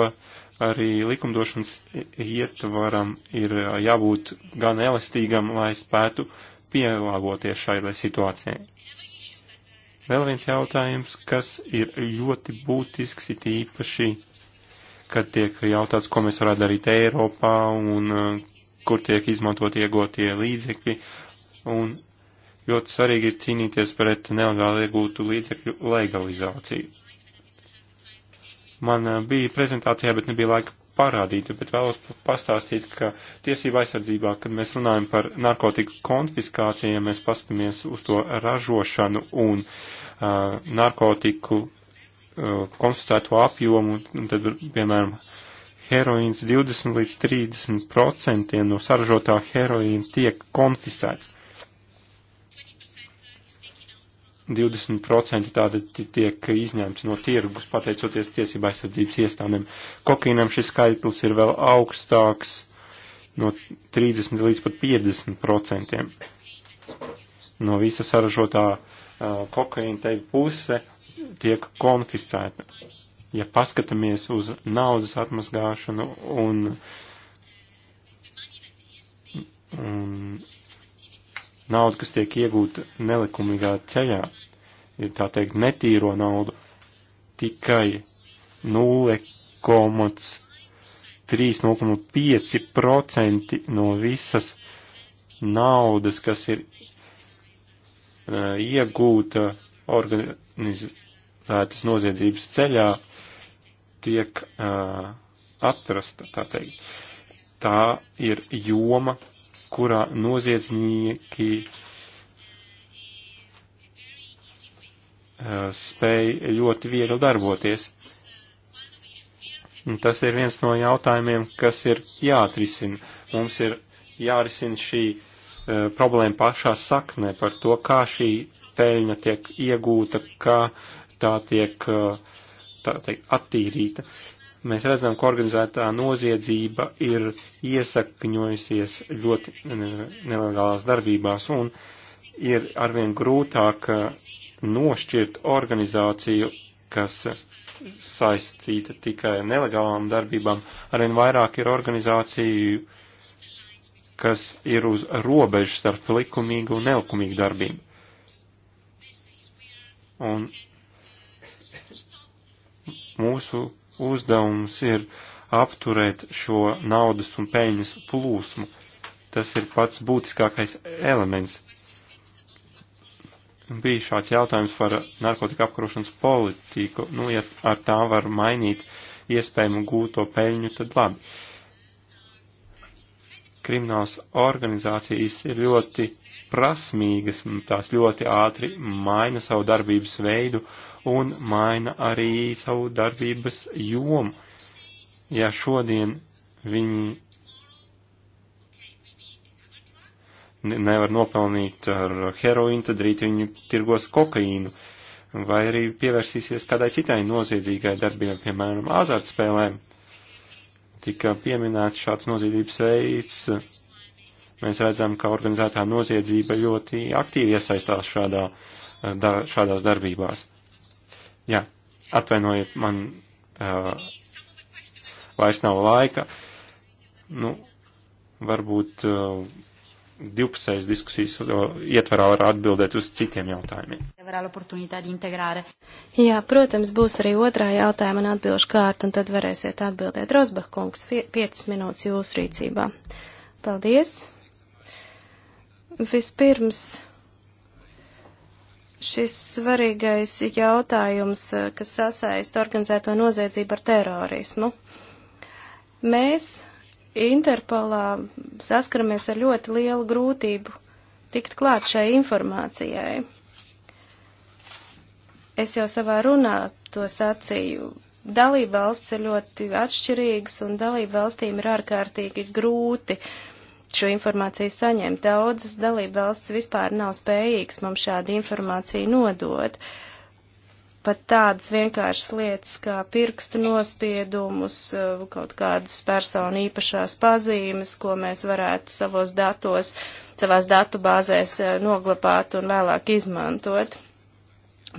arī likumdošanas ietvaram ir jābūt gan elastīgam, lai spētu pielāgoties šai situācijai. Vēl viens jautājums, kas ir ļoti būtisks, ir īpaši, kad tiek jautāts, ko mēs varētu darīt Eiropā un uh, kur tiek izmantot iegotie līdzekļi. Un ļoti svarīgi ir cīnīties pret nelegāli iegūtu līdzekļu legalizāciju. Man uh, bija prezentācijā, bet nebija laika parādītu, bet vēlos pastāstīt, ka tiesība aizsardzībā, kad mēs runājam par narkotiku konfiskāciju, ja mēs pastamies uz to ražošanu un uh, narkotiku uh, konfiscēto apjomu, un tad, piemēram, heroīns 20 līdz 30 procentiem no saražotā heroīna tiek konfiscēts. 20% tāda tiek izņemti no tirgus, pateicoties tiesība aizsardzības iestādēm. Kokainam šis skaitlis ir vēl augstāks, no 30 līdz pat 50% no visa saražotā uh, kokaina te puse tiek konfiscēta. Ja paskatāmies uz naudas atmazgāšanu un, un nauda, kas tiek iegūta nelikumīgā ceļā, ir tā teikt netīro naudu, tikai 0,3,5% no visas naudas, kas ir uh, iegūta organizētas noziedzības ceļā, tiek uh, atrasta, tā teikt. Tā ir joma, kurā noziedznieki eh, spēj ļoti viegli darboties. Un tas ir viens no jautājumiem, kas ir jāatrisina. Mums ir jārisina šī uh, problēma pašā saknē par to, kā šī peļņa tiek iegūta, kā tā tiek, uh, tā tiek attīrīta. Uh, Mēs redzam, ka organizētā noziedzība ir iesakņojusies ļoti nelegālās darbībās un ir arvien grūtāk uh, nošķirt organizāciju, kas saistīta tikai ar nelegālām darbībām, arvien vairāk ir organizāciju, kas ir uz robežas starp likumīgu un nelikumīgu darbību. Un mūsu uzdevums ir apturēt šo naudas un peļņas plūsmu. Tas ir pats būtiskākais elements. Bija šāds jautājums par narkotika apkarošanas politiku. Nu, ja ar tā var mainīt iespējamu gūto peļņu, tad labi. Kriminālas organizācijas ir ļoti prasmīgas, tās ļoti ātri maina savu darbības veidu un maina arī savu darbības jomu. Ja šodien viņi nevar nopelnīt ar heroīnu, tad rīt viņi tirgos kokaīnu vai arī pievērsīsies kādai citai noziedzīgai darbībai, piemēram, azartspēlēm. Tika pieminēts šāds noziedzības veids. Mēs redzam, ka organizētā noziedzība ļoti aktīvi iesaistās šādā, da, šādās darbībās. Jā, atvainojiet, man uh, vairs nav laika. Nu, varbūt uh, divpusējas diskusijas uh, ietvarā var atbildēt uz citiem jautājumiem. Jā, protams, būs arī otrā jautājuma un atbilžu kārta, un tad varēsiet atbildēt. Rosbach kungs, 5 minūtes jūsu rīcībā. Paldies. Vispirms šis svarīgais jautājums, eh, kas sasaista organizēto noziedzību ar terorismu. Mēs Interpolā saskaramies ar ļoti lielu grūtību tikt klāt šai informācijai. Es jau savā runā to sacīju. Dalība valsts ir ļoti atšķirīgas un dalība valstīm ir ārkārtīgi grūti uh, šo informāciju saņemt. Daudzas dalība valsts vispār nav spējīgas mums šādu informāciju nodot. Pat tādas vienkāršas lietas kā pirkstu nospiedumus, eh, kaut kādas personu īpašās pazīmes, ko mēs varētu savos datos, savās datu bāzēs eh, noglabāt un vēlāk izmantot.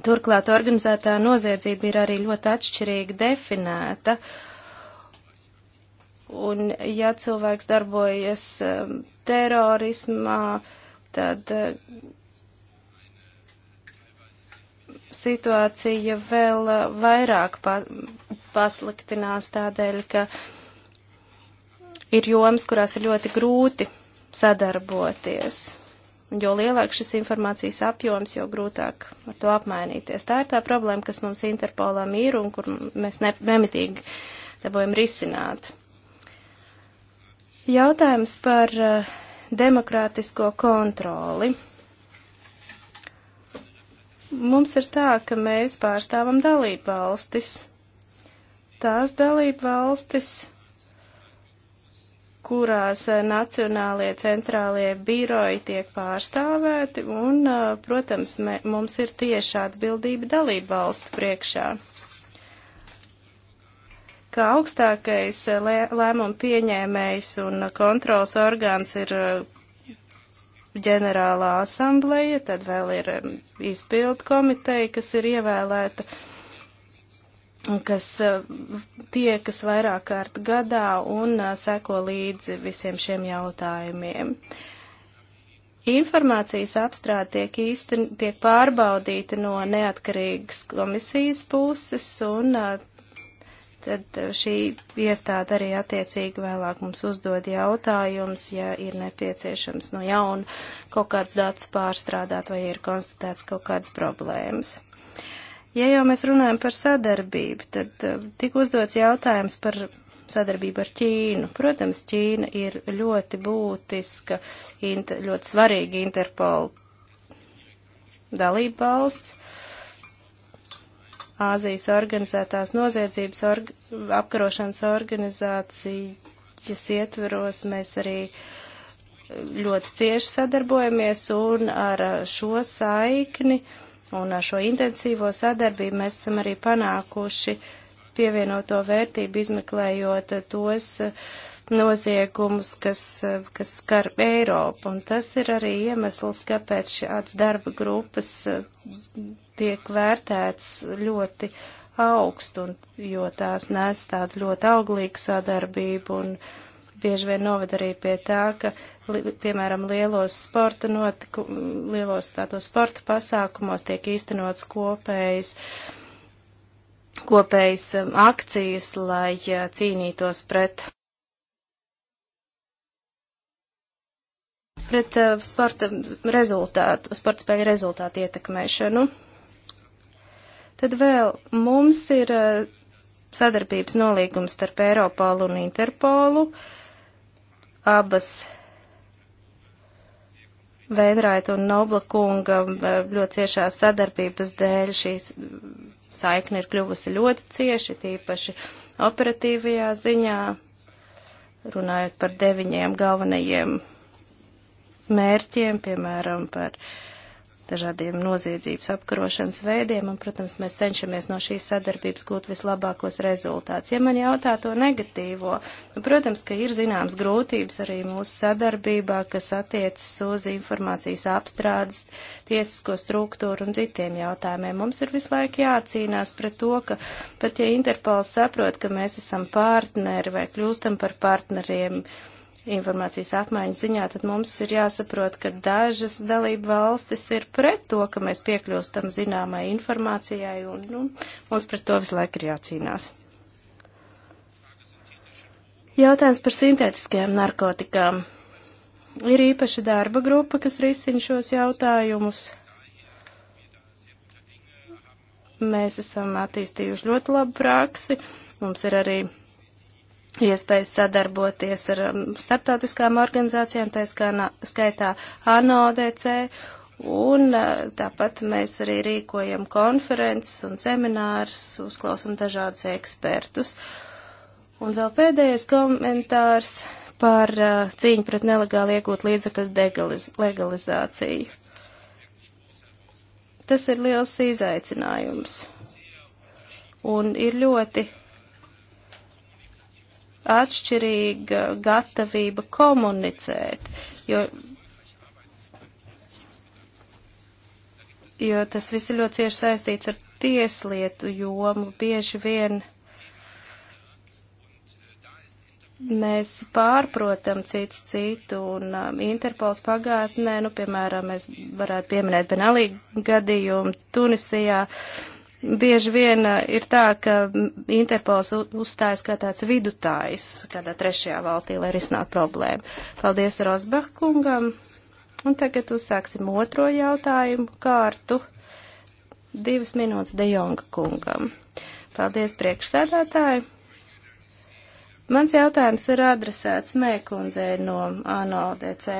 Turklāt organizētā noziedzība ir arī ļoti atšķirīgi definēta. Uh, Un ja cilvēks darbojas um, terorismā, tad uh, situācija vēl uh, vairāk pa, pasliktinās tādēļ, ka ir jomas, kurās ir ļoti grūti sadarboties. Un jo lielāks šis informācijas apjoms, jo grūtāk ar to apmainīties. Tā ir tā problēma, kas mums Interpolam ir un kur mēs ne, nemitīgi dabojam risināt. Jautājums par eh, demokrātisko kontroli. Mums ir tā, ka mēs pārstāvam dalību valstis. Tās dalību valstis, kurās eh, nacionālie centrālie biroji tiek pārstāvēti, un, eh, protams, mē, mums ir tieša atbildība dalību valstu priekšā ka augstākais eh, lēmumu pieņēmējs un kontrols orgāns ir eh, ģenerālā asambleja, tad vēl ir eh, izpildu komiteja, kas ir ievēlēta, kas tie, kas vairāk kārt gadā un seko līdzi visiem šiem jautājumiem. Informācijas apstrāde tiek, īsten, tiek pārbaudīta no neatkarīgas komisijas puses, un tad eh, šī iestāde arī attiecīgi vēlāk mums uzdod jautājums, ja ir nepieciešams no jauna kaut kāds datus pārstrādāt vai ir konstatēts kaut kādas problēmas. Ja jau mēs runājam par sadarbību, tad eh, tik uzdots jautājums par sadarbību ar Ķīnu. Protams, Ķīna ir ļoti būtiska, ļoti svarīga Interpol dalība valsts Āzijas organizētās noziedzības org apkarošanas organizācijas ietveros mēs arī ļoti cieši sadarbojamies un ar šo saikni un ar šo intensīvo sadarbību mēs esam arī panākuši pievienoto vērtību izmeklējot tos noziegumus, kas, kas skar Eiropu. Un tas ir arī iemesls, kāpēc šāds darba grupas tiek vērtēts ļoti augstu, un, jo tās nes tādu ļoti auglīgu sadarbību un bieži vien noved arī pie tā, ka, li, piemēram, lielos sporta notiku, lielos tādos sporta pasākumos tiek īstenots kopējs, kopējs um, akcijas, lai cīnītos pret pret uh, sporta rezultātu, sporta spēļu rezultātu ietekmēšanu. Tad vēl mums ir eh, sadarbības nolīgums starp Eiropolu un Interpolu. Abas Veinraita un Nobla kunga eh, ļoti ciešā sadarbības dēļ šīs saikne ir kļuvusi ļoti cieši, tīpaši operatīvajā ziņā, runājot par deviņiem galvenajiem mērķiem, piemēram, par uh, dažādiem noziedzības apkarošanas veidiem, un, protams, mēs cenšamies no šīs sadarbības gūt vislabākos rezultātus. Ja man jautā to negatīvo, nu, protams, ka ir zināms grūtības arī mūsu sadarbībā, kas attiecas uz informācijas apstrādes, tiesisko struktūru un citiem jautājumiem. Mums ir visu laiku jācīnās pret to, ka pat ja Interpols saprot, ka mēs esam partneri vai kļūstam par partneriem, informācijas apmaiņas ziņā, tad mums ir jāsaprot, ka dažas dalība valstis ir pret to, ka mēs piekļūstam zināmai informācijai, un nu, mums pret to visu laiku ir jācīnās. Jautājums par sintētiskajām narkotikām. Ir īpaša darba grupa, kas risina šos jautājumus. Mēs esam attīstījuši ļoti labu praksi. Mums ir arī iespējas sadarboties ar um, starptautiskām organizācijām, tā skaitā ANODC, un uh, tāpat mēs arī rīkojam konferences un seminārus, uzklausam dažādus ekspertus. Un vēl pēdējais komentārs par uh, cīņu pret nelegāli iegūt līdzekļu legalizāciju. Tas ir liels izaicinājums. Un ir ļoti atšķirīga gatavība komunicēt, jo, jo tas viss ir ļoti cieši saistīts ar tieslietu jomu. Bieži vien mēs pārprotam cits citu, un um, Interpols pagātnē, nu, piemēram, mēs varētu pieminēt Benalī gadījumu Tunisijā, uh, bieži vien eh, ir tā, ka Interpols uzstājas kā tāds vidutājs kādā trešajā valstī, lai risinātu problēmu. Paldies Rosbach kungam. Un tagad uzsāksim otro jautājumu kārtu. Divas minūtes De Jonga kungam. Paldies priekšsēdētāji. Mans jautājums ir adresēts Mēkundzei no ANO DC.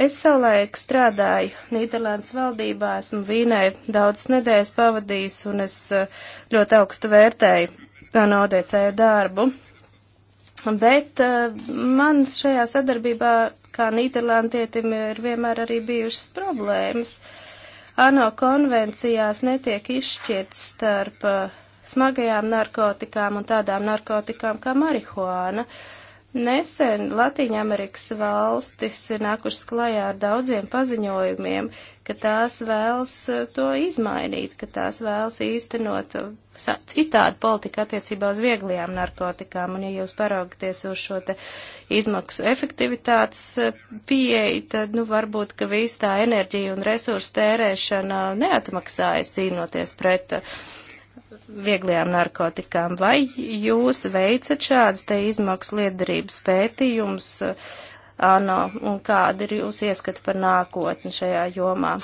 Es savulaik strādāju Nīderlandes valdībā, esmu Vīnē daudzas nedēļas pavadījis un es eh, ļoti augstu vērtēju tā naudēcēju darbu. Bet uh, eh, man šajā sadarbībā, kā Nīderlandietim, ir vienmēr arī bijušas problēmas. ANO konvencijās netiek izšķirts starp uh, smagajām narkotikām un tādām narkotikām kā marihuāna. Uh, Nesen Latīņamerikas valstis ir nākušas klajā ar daudziem paziņojumiem, ka tās vēlas eh, to izmainīt, ka tās vēlas īstenot eh, citādu politiku attiecībā uz vieglajām narkotikām. Un ja jūs paraugaties uz šo te izmaksu efektivitātes eh, pieeju, tad, nu, varbūt, ka viss tā enerģija un resursu tērēšana neatmaksājas cīnoties pret uh, vieglajām narkotikām. Vai jūs veicat šādas te izmaksu liederības pētījums, uh, ANO, un kāda ir jūs ieskata par nākotni šajā jomā?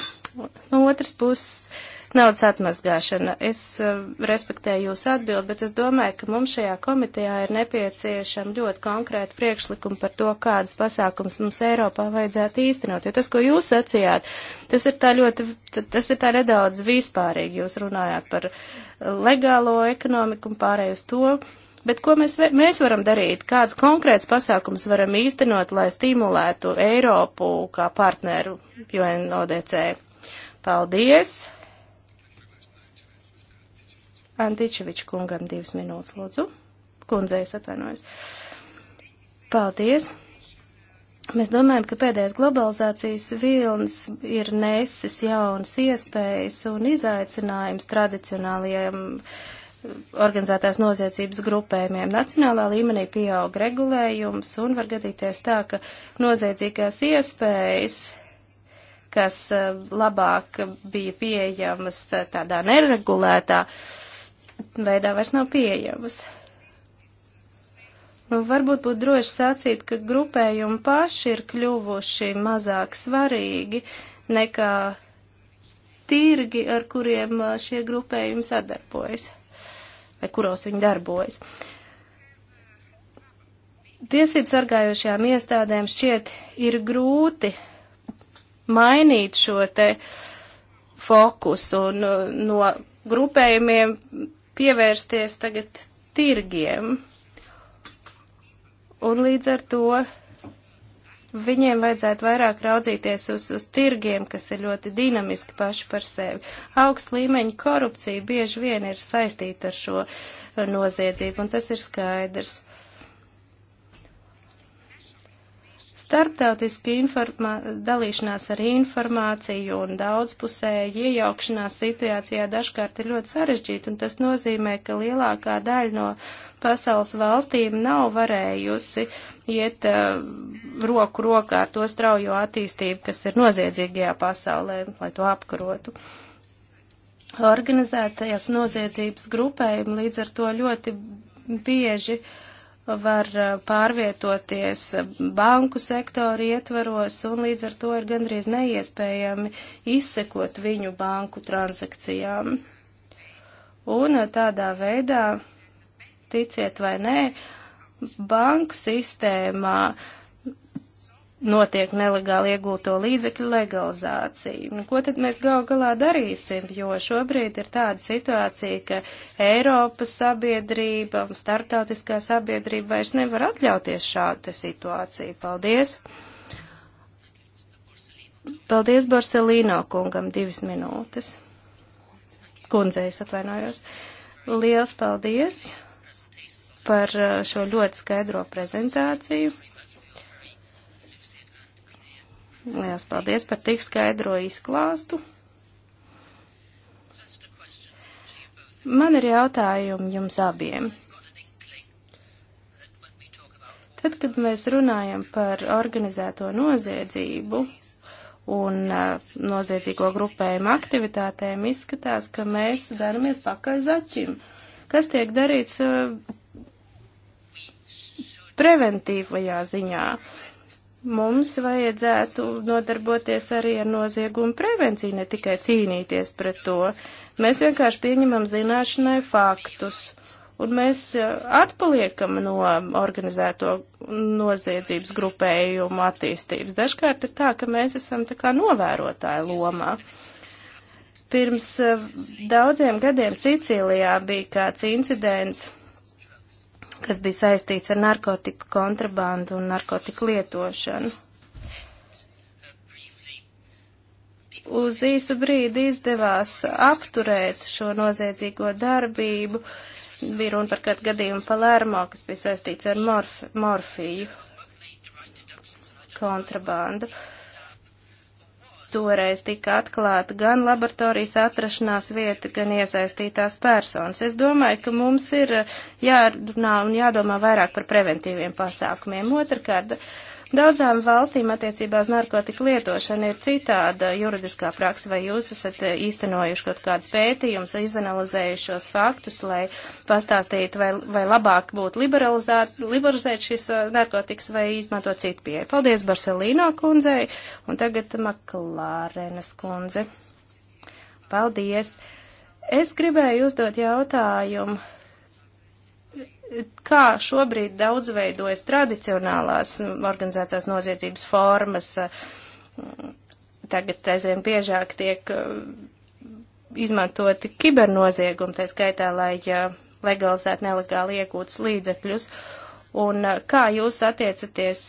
No otras puses, naudas atmazgāšana. Es uh, respektēju jūsu atbildi, bet es domāju, ka mums šajā komitejā ir nepieciešama ļoti konkrēta priekšlikuma par to, kādas pasākums mums Eiropā vajadzētu īstenot. Jo tas, ko jūs sacījāt, tas ir tā ļoti, tas ir tā nedaudz vispārīgi. Jūs runājāt par eh, legālo ekonomiku un pārēju uz to. Bet ko mēs, mēs varam darīt? Kāds konkrēts pasākums varam īstenot, lai stimulētu Eiropu kā partneru UNODC? Paldies! Antičeviča kungam divas minūtes, lūdzu. Kundzei es atvainojos. Paldies! Mēs domājam, ka pēdējais globalizācijas vilnis ir nesis jaunas iespējas un izaicinājums tradicionālajiem organizētās noziedzības grupējumiem. Nacionālā līmenī pieaug regulējums un var gadīties tā, ka noziedzīgās iespējas kas eh, labāk bija pieejamas eh, tādā neregulētā uh, veidā vairs nav pieejamas. Nu, varbūt būtu droši sacīt, ka grupējumi paši ir kļuvuši mazāk svarīgi nekā tirgi, ar kuriem uh, šie grupējumi sadarbojas vai kuros viņi darbojas. Tiesības sargājošajām iestādēm šķiet ir grūti mainīt šo te fokusu un uh, no grupējumiem pievērsties tagad tirgiem. Un līdz ar to viņiem vajadzētu vairāk raudzīties uz, uz tirgiem, kas ir ļoti dinamiski paši par sevi. Augst līmeņa korupcija bieži vien ir saistīta ar šo noziedzību, un tas ir skaidrs. Startautiski informā dalīšanās ar informāciju un daudzpusēji iejaukšanās situācijā dažkārt ir ļoti sarežģīta, un tas nozīmē, ka lielākā daļa no pasaules valstīm nav varējusi iet uh, roku rokā ar to straujo attīstību, kas ir noziedzīgajā pasaulē, lai to apkarotu organizētajās noziedzības grupējumi līdz ar to ļoti bieži uh, var eh, pārvietoties banku sektoru ietvaros, un līdz ar to ir gandrīz neiespējami izsekot viņu banku transakcijām. Un eh, tādā veidā, ticiet vai nē, banku sistēmā uh, notiek nelegāli iegūto līdzekļu legalizācija. Nu, ko tad mēs gal galā darīsim? Jo šobrīd ir tāda situācija, ka Eiropas sabiedrība, startautiskā sabiedrība vairs nevar atļauties šādu situāciju. Paldies! Paldies Borselīno kungam divas minūtes. Kundzējas atvainojos. Liels paldies par uh, šo ļoti skaidro prezentāciju Lielas paldies par tik skaidro izklāstu. Man ir jautājumi jums abiem. Tad, kad mēs runājam par organizēto noziedzību un eh, noziedzīgo grupējumu aktivitātēm, izskatās, ka mēs daramies pakaļ zaķim. Kas tiek darīts eh, preventīvajā ziņā? Uh, mums vajadzētu nodarboties arī ar noziegumu prevenciju, ne tikai cīnīties pret to. Mēs vienkārši pieņemam zināšanai faktus, un mēs e, atpaliekam no organizēto noziedzības grupējumu attīstības. Dažkārt ir tā, ka mēs esam tā kā novērotāja lomā. Pirms e, daudziem gadiem Sīcilijā bija kāds incidents, kas bija saistīts ar narkotiku kontrabandu un narkotiku lietošanu. Uz īsu brīdi izdevās apturēt šo noziedzīgo darbību. Bija runa par kādu gadījumu Palermo, kas bija saistīts ar morf morfiju kontrabandu. Uh, Toreiz tika atklāta gan laboratorijas atrašanās vieta, gan iesaistītās personas. Es domāju, ka mums ir eh, jārunā un jādomā vairāk par preventīviem pasākumiem. Otrakārt, uh, Daudzām valstīm attiecībā uz narkotiku lietošanu ir citāda juridiskā praksa, vai jūs esat eh, īstenojuši kaut kādus pētījumus, izanalizējuši šos faktus, lai pastāstītu, vai, vai labāk būtu liberalizēt šis eh, narkotikas vai izmantot citu pieeju. Paldies Barcelīno kundzei un tagad Maklārenes kundze. Paldies! Es gribēju uzdot jautājumu kā šobrīd daudz veidojas tradicionālās organizētās noziedzības formas. Eh, tagad aizvien biežāk tiek eh, izmantoti kibernoziegumi, tā skaitā, lai eh, legalizētu nelegāli iegūtus līdzekļus. Un kā jūs attiecaties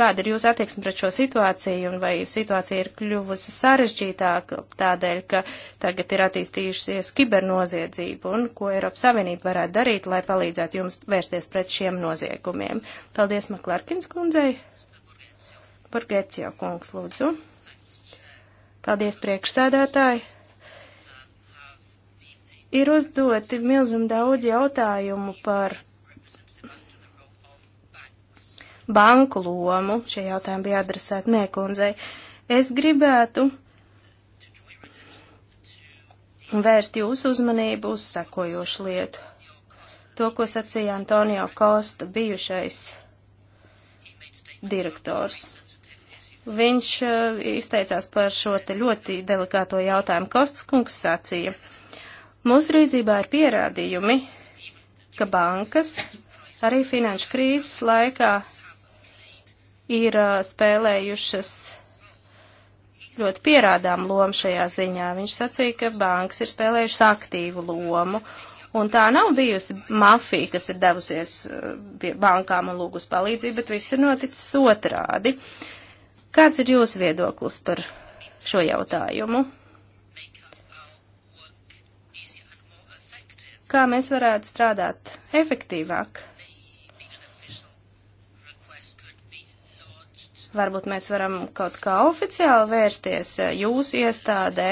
Kāda ir jūsu attieksme pret šo situāciju un vai situācija ir kļuvusi sarežģītāka tādēļ, ka tagad ir attīstījušies kibernoziedzība un ko Eiropas Savienība varētu darīt, lai palīdzētu jums vērsties pret šiem noziegumiem? Paldies Maklārkins kundzei. Burgēcijo kungs, lūdzu. Paldies, priekšsēdētāji. Ir uzdoti milzum daudz jautājumu par banku lomu. Šie jautājumi bija adresēti Mēkundzei. Es gribētu vērst jūsu uzmanību uz sekojošu lietu. To, ko sacīja Antonio Kosta, bijušais direktors. Viņš eh, izteicās par šo te ļoti delikāto jautājumu. Kostas kungs sacīja, mūsu rīcībā ir pierādījumi, ka bankas arī finanšu krīzes laikā ir spēlējušas ļoti pierādām lomu šajā ziņā. Viņš sacīja, ka bankas ir spēlējušas aktīvu lomu, un tā nav bijusi mafija, kas ir devusies pie bankām un lūgus palīdzību, bet viss ir noticis otrādi. Kāds ir jūsu viedoklis par šo jautājumu? Kā mēs varētu strādāt efektīvāk? Varbūt mēs varam kaut kā oficiāli vērsties eh, jūsu iestādē,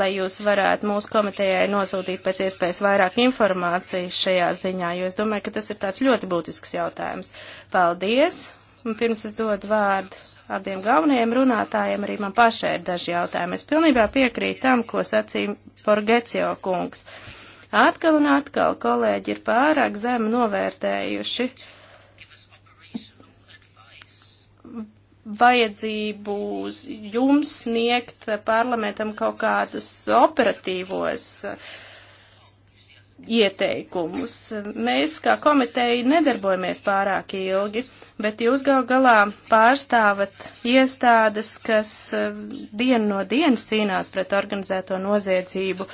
lai jūs varētu mūsu komitejai nosūtīt pēc iespējas vairāk informācijas šajā ziņā, jo es domāju, ka tas ir tāds ļoti būtisks jautājums. Paldies! Un pirms es dodu vārdu abiem galvenajiem runātājiem, arī man pašai ir daži jautājumi. Es pilnībā piekrītu tam, ko sacīja Porgecio kungs. Atkal un atkal kolēģi ir pārāk zemi novērtējuši uh, vajadzību jums sniegt eh, parlamentam kaut kādus operatīvos uh, ieteikumus. Mēs kā komiteja nedarbojamies pārāk ilgi, bet jūs gal galā pārstāvat iestādes, kas eh, dienu no dienas cīnās pret organizēto noziedzību,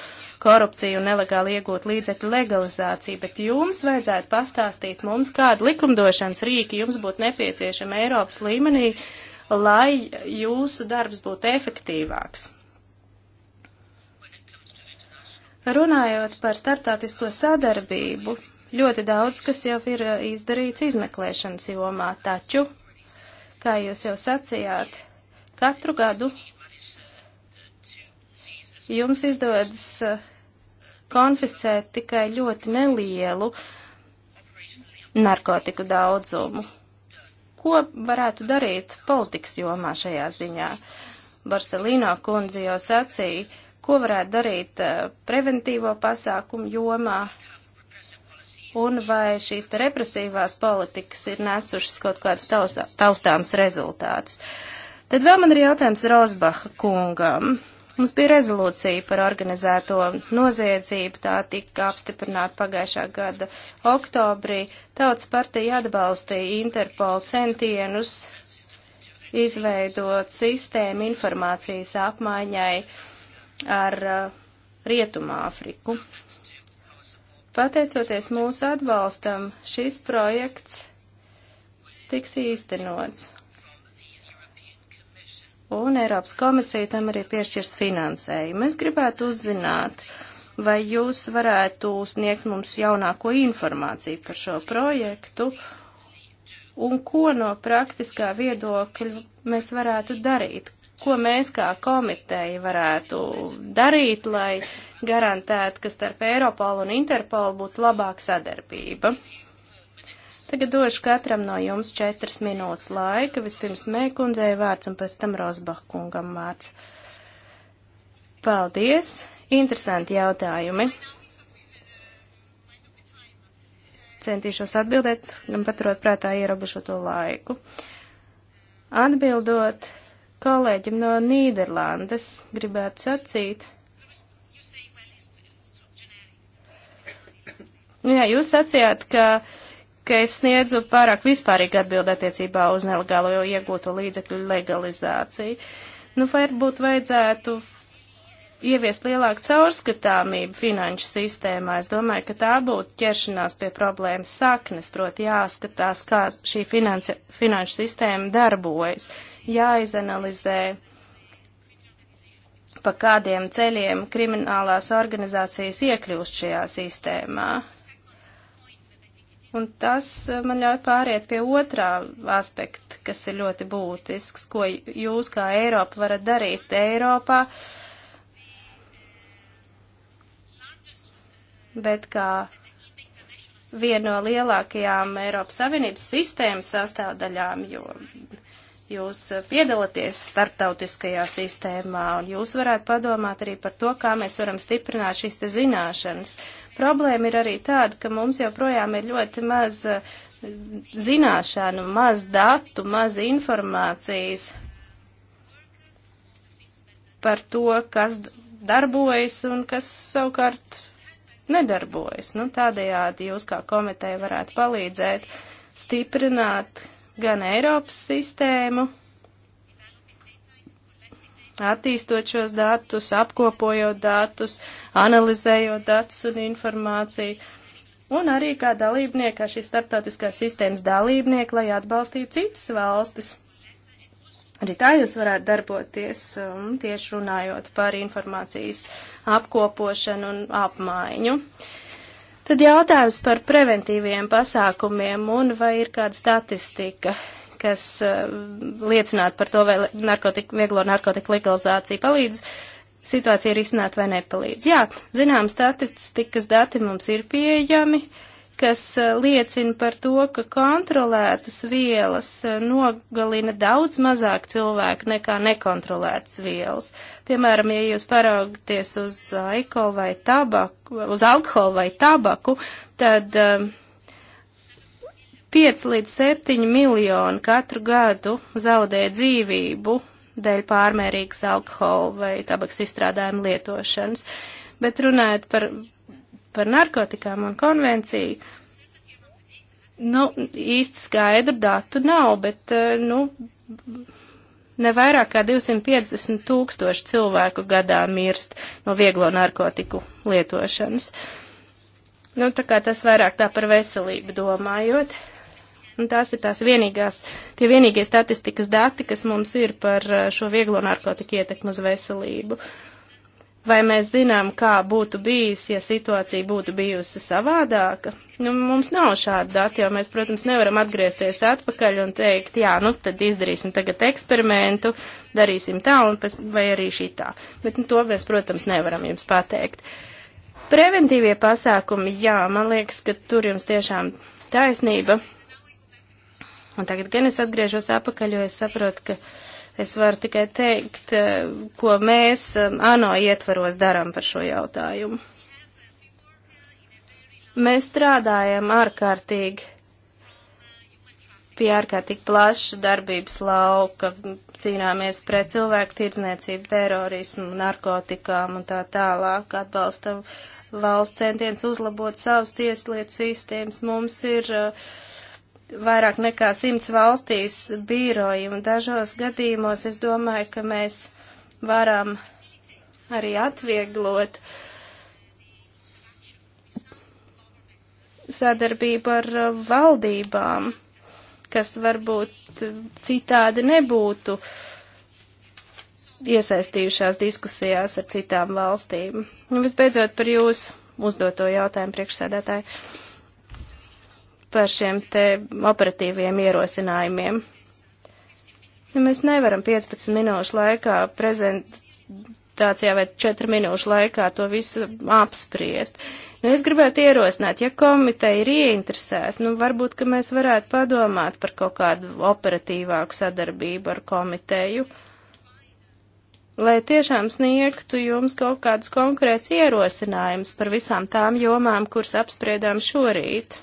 korupciju un nelegāli iegūt līdzekļu legalizāciju, bet jums vajadzētu pastāstīt mums, kādu likumdošanas rīki jums būtu nepieciešama Eiropas līmenī, lai jūsu darbs būtu efektīvāks. Runājot par startautisko sadarbību, ļoti daudz, kas jau ir eh, izdarīts izmeklēšanas jomā, taču, kā jūs jau sacījāt, katru gadu jums izdodas eh, konfiscēt tikai ļoti nelielu narkotiku daudzumu. Ko varētu darīt politikas jomā šajā ziņā? Barcelino kundze jau sacīja, ko varētu darīt eh, preventīvo pasākumu jomā, un vai šīs represīvās politikas ir nesušas kaut kāds tausā, taustāms rezultātus. Tad vēl man ir jautājums Rosbaha kungam. Mums bija rezolūcija par organizēto noziedzību, tā tika apstiprināta pagājušā gada oktobrī. Tautas partija atbalstīja Interpol centienus izveidot sistēmu informācijas apmaiņai ar uh, Rietumāfriku. Pateicoties mūsu atbalstam, šis projekts tiks īstenots. Un Eiropas komisija tam arī piešķirs finansējumu. Es gribētu uzzināt, vai jūs varētu sniegt mums jaunāko informāciju par šo projektu un ko no praktiskā viedokļa mēs varētu darīt, ko mēs kā komiteja varētu darīt, lai garantētu, ka starp Eiropolu un Interpolu būtu labāka sadarbība. Tagad došu katram no jums četras minūtes laika. Vispirms Mēkundzei vārds un pēc tam Rozbahkungam vārds. Paldies! Interesanti jautājumi. Centīšos atbildēt, gan paturot prātā ierobežoto laiku. Atbildot kolēģim no Nīderlandes gribētu sacīt. Nu jā, jūs sacījāt, ka, ka es sniedzu pārāk vispārīgu atbildi attiecībā uz nelegālo jau iegūto līdzekļu legalizāciju. Nu, varbūt vajadzētu ieviest lielāku caurskatāmību finanšu sistēmā. Es domāju, ka tā būtu ķeršanās pie problēmas saknes, proti jāskatās, kā šī finansi, finanšu sistēma darbojas. Uh, jāizanalizē, pa kādiem ceļiem kriminālās organizācijas iekļūst šajā sistēmā. Un tas eh, man ļauj pāriet pie otrā aspekta, kas ir ļoti būtisks, ko jūs kā Eiropa varat darīt Eiropā, bet kā viena no lielākajām Eiropas Savienības sistēmas sastāvdaļām, jo jūs piedalaties starptautiskajā sistēmā, un jūs varētu padomāt arī par to, kā mēs varam stiprināt šīs te zināšanas. Problēma ir arī tāda, ka mums joprojām ir ļoti maz eh, zināšanu, maz datu, maz informācijas par to, kas darbojas un kas savukārt nedarbojas. Nu, tādējādi jūs kā komiteja varētu palīdzēt stiprināt gan Eiropas sistēmu, attīstot šos datus, apkopojot datus, analizējot datus un informāciju. Un arī kā dalībnieki, kā šīs starptautiskās sistēmas dalībnieki, lai atbalstītu citas valstis. Arī tā jūs varētu darboties, um, tieši runājot par informācijas apkopošanu un apmaiņu. Uh, Tad jautājums par preventīviem pasākumiem un vai ir kāda statistika, kas uh, liecinātu par to, vai narkotika, vieglo narkotiku legalizācija palīdz situāciju risināt vai nepalīdz. Jā, zinām, statistikas dati mums ir pieejami. Uh, kas e, liecina par to, ka kontrolētas vielas e, nogalina daudz mazāk cilvēku nekā nekontrolētas vielas. Piemēram, ja jūs paraugaties uz, vai tabaku, uz alkoholu vai tabaku, tad um, e, 5 līdz 7 miljoni katru gadu zaudē dzīvību dēļ pārmērīgas alkohola vai tabaks izstrādājuma lietošanas. Bet runājot par par narkotikām un konvenciju, nu, īsti skaidru datu nav, bet, eh, nu, ne vairāk kā 250 tūkstoši cilvēku gadā mirst no vieglo narkotiku lietošanas. Nu, tā kā tas vairāk tā par veselību domājot. Un tās ir tās vienīgās, tie vienīgie statistikas dati, kas mums ir par eh, šo vieglo narkotiku ietekmu uz veselību. Uh, Vai mēs zinām, kā būtu bijis, ja situācija būtu bijusi savādāka? Nu, mums nav šāda data, jo mēs, protams, nevaram atgriezties atpakaļ un teikt, jā, nu tad izdarīsim tagad eksperimentu, darīsim tā un pēc, vai arī šitā. Bet nu, to mēs, protams, nevaram jums pateikt. Preventīvie pasākumi, jā, man liekas, ka tur jums tiešām taisnība. Un tagad gan es atgriežos atpakaļ, jo es saprotu, ka. Uh, Es varu tikai teikt, eh, ko mēs eh, ANO ietvaros darām par šo jautājumu. Mēs strādājam ārkārtīgi pie ārkārtīgi plaša darbības lauka, cīnāmies pret cilvēku tirdzniecību, terorismu, narkotikām un tā tālāk, atbalstam valsts centiens uzlabot savas tieslietu sistēmas. Mums ir uh, vairāk nekā simts valstīs bīroji, un dažos gadījumos es domāju, ka mēs varam arī atvieglot sadarbību ar valdībām, kas varbūt citādi nebūtu iesaistījušās diskusijās ar citām valstīm. Un visbeidzot par jūsu uzdoto jautājumu priekšsēdētāju par šiem te operatīviem ierosinājumiem. Ja nu, mēs nevaram 15 minūšu laikā prezentācijā vai 4 minūšu laikā to visu apspriest. Nu, es gribētu ierosināt, ja komiteja ir ieinteresēta, nu varbūt, ka mēs varētu padomāt par kaut kādu operatīvāku sadarbību ar komiteju lai tiešām sniegtu jums kaut kādus konkrēts ierosinājums par visām tām jomām, kuras apspriedām šorīt.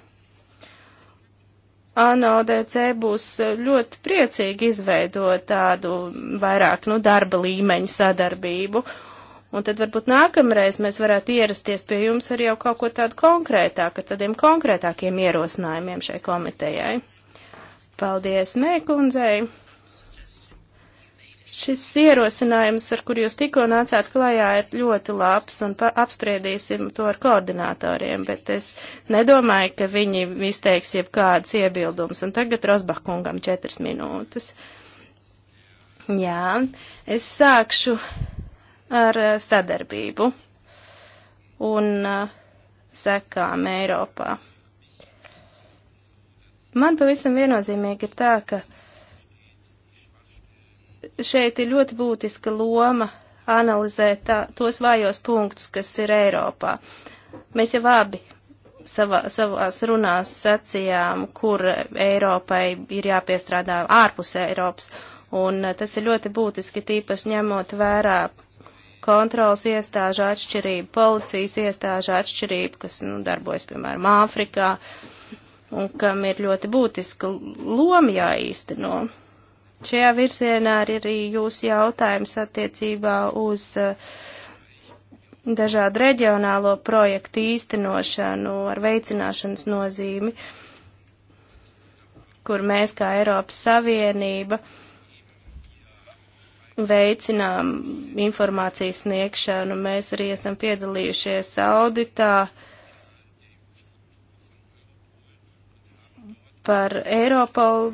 ANODC būs eh, ļoti priecīgi izveidot tādu vairāk, nu, darba līmeņa sadarbību. Un tad varbūt nākamreiz mēs varētu ierasties pie jums ar jau kaut ko tādu konkrētāku, ar tādiem konkrētākiem ierosinājumiem šai komitejai. Paldies, Mēkundzei! Šis ierosinājums, ar kur jūs tikko nācāt klajā, ir ļoti labs un apspriedīsim to ar koordinātoriem, bet es nedomāju, ka viņi izteiks jebkādas iebildumus. Un tagad Rosbachkungam četras minūtes. Jā, es sākšu ar eh, sadarbību un eh, sekām Eiropā. Man pavisam viennozīmīgi ir tā, ka šeit ir ļoti būtiska loma analizēt tā, tos vājos punktus, kas ir Eiropā. Mēs jau abi savā, savās runās sacījām, kur Eiropai ir jāpiestrādā ārpus Eiropas, un eh, tas ir ļoti būtiski tīpaši ņemot vērā kontrolas iestāžu atšķirību, policijas iestāžu atšķirību, kas nu, darbojas, piemēram, Āfrikā, un kam ir ļoti būtiska loma jāīsteno. No Šajā virzienā ir arī jūsu jautājums attiecībā uz eh, dažādu reģionālo projektu īstenošanu ar veicināšanas nozīmi, kur mēs kā Eiropas Savienība veicinām informācijas sniegšanu. Mēs arī esam piedalījušies auditā par Eiropalu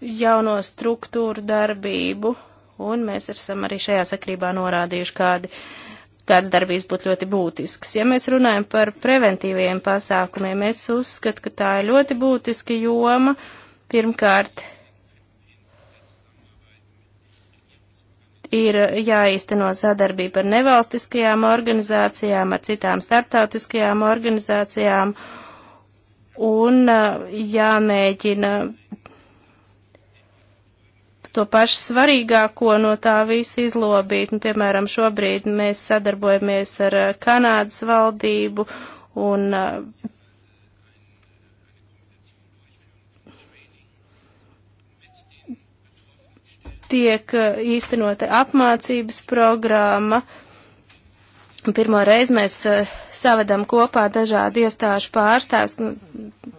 jauno struktūru darbību, un mēs esam arī šajā sakrībā norādījuši, kādi, kāds darbības būtu ļoti būtisks. Ja mēs runājam par preventīviem pasākumiem, es uzskatu, ka tā ir ļoti būtiska joma. Pirmkārt, ir jāīsteno sadarbība ar nevalstiskajām organizācijām, ar citām starptautiskajām organizācijām un jāmēģina to pašu svarīgāko no tā visa izlobīt. Nu, piemēram, šobrīd mēs sadarbojamies ar eh, Kanādas valdību un eh, tiek eh, īstenota apmācības programma. Pirmo reizi mēs savadam kopā dažādu iestāžu pārstāvs. Nu,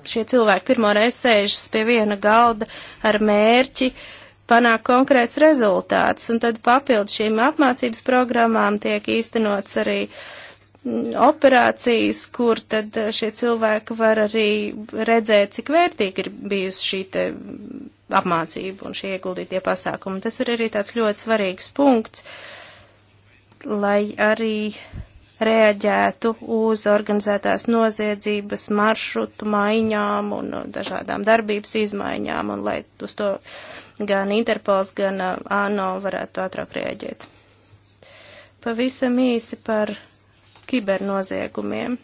šie cilvēki pirmo reizi sēžas pie viena galda ar mērķi uh, panāk konkrēts rezultāts, un tad papildus šīm apmācības programmām tiek īstenots arī mm, operācijas, kur tad eh, šie cilvēki var arī redzēt, cik vērtīgi ir bijusi šī te mm, apmācība un šie ieguldītie pasākumi. Tas ir arī tāds ļoti svarīgs punkts, lai arī reaģētu uz organizētās noziedzības maršrutu maiņām un uh, dažādām darbības izmaiņām un lai uz to gan Interpols, gan uh, ANO varētu ātrāk rēģēt. Pavisam īsi par kibernoziegumiem.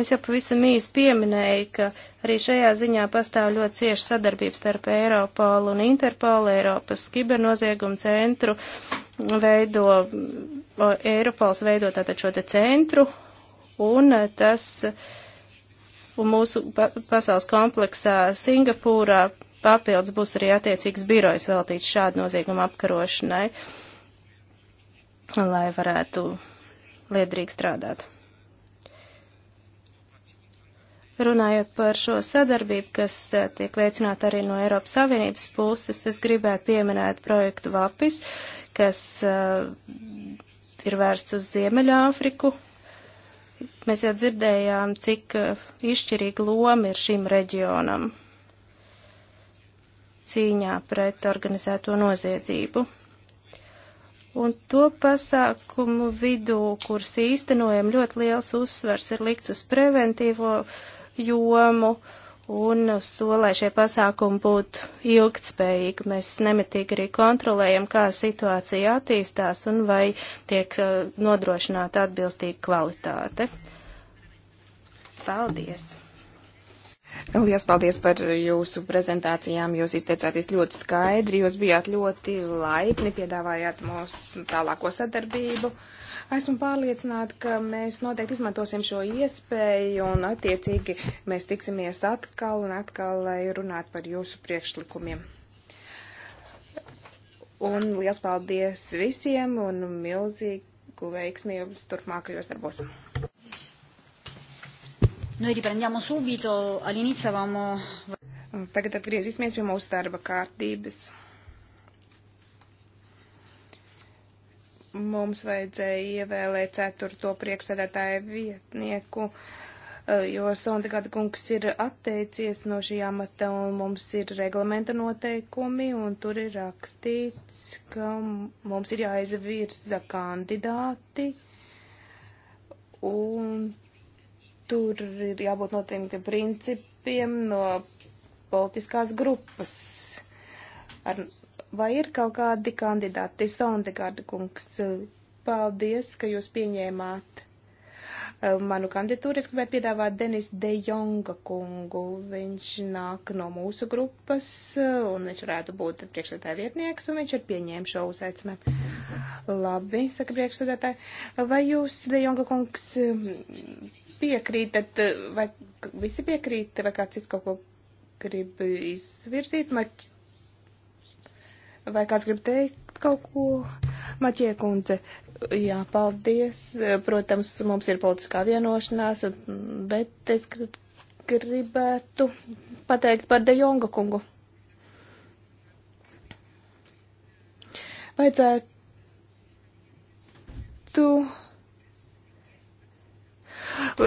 Es jau pavisam īsi pieminēju, ka arī šajā ziņā pastāv ļoti cieša sadarbība starp Eiropolu un Interpolu, Eiropas kibernoziegumu centru veido, Eiropols veido tātad šo te centru, un uh, tas, un mūsu pasaules kompleksā Singapūrā Papildus būs arī attiecīgs birojs veltīts šādu noziegumu apkarošanai, lai varētu liederīgi strādāt. Runājot par šo sadarbību, kas eh, tiek veicināta arī no Eiropas Savienības puses, es gribētu pieminēt projektu VAPIS, kas uh, ir vērsts uz Ziemeļāfriku. Mēs jau dzirdējām, cik uh, izšķirīga loma ir šim reģionam cīņā pret organizēto noziedzību. Un to pasākumu vidū, kuras īstenojam, ļoti liels uzsvers ir likts uz preventīvo jomu un uz to, lai šie pasākumi būtu ilgtspējīgi. Mēs nemitīgi arī kontrolējam, kā situācija attīstās un vai tiek eh, nodrošināta atbilstīga kvalitāte. Paldies! Lielas paldies par jūsu prezentācijām. Jūs izteicāties ļoti skaidri, jūs bijāt ļoti laipni, piedāvājāt mums tālāko sadarbību. Esmu pārliecināta, ka mēs noteikti izmantosim šo iespēju un attiecīgi mēs tiksimies atkal un atkal, lai runātu par jūsu priekšlikumiem. Un liels paldies visiem un milzīgu veiksmi jums turpmākajos darbos. Noi riprendiamo subito, all'inizio avevamo... Tagad atgriezīsimies pie mūsu darba kārtības. Mums vajadzēja ievēlēt ceturto priekšsēdētāju vietnieku, eh, jo Sondegāda kungs ir atteicies no šī amata un mums ir reglamenta noteikumi un tur ir rakstīts, ka mums ir jāizvirza kandidāti un Tur ir jābūt noteiktiem principiem no politiskās grupas. Ar, vai ir kaut kādi kandidāti? Sondegārda kungs, paldies, ka jūs pieņēmāt eh, manu kandidatūru. Es gribētu piedāvāt Denis De Jonga kungu. Viņš nāk no mūsu grupas, un viņš varētu būt priekšsēdētāja vietnieks, un viņš ir pieņēmis šo uzaicinājumu. Labi, saka priekšsēdētāji. Vai jūs, De Jonga kungs, piekrīt, tad eh, vai visi piekrīt, vai kāds cits kaut ko grib izvirzīt, maķ... vai kāds grib teikt kaut ko, Maķie kundze? Jā, paldies. Protams, mums ir politiskā vienošanās, bet es gribētu pateikt par De Jonga kungu. Vajadzētu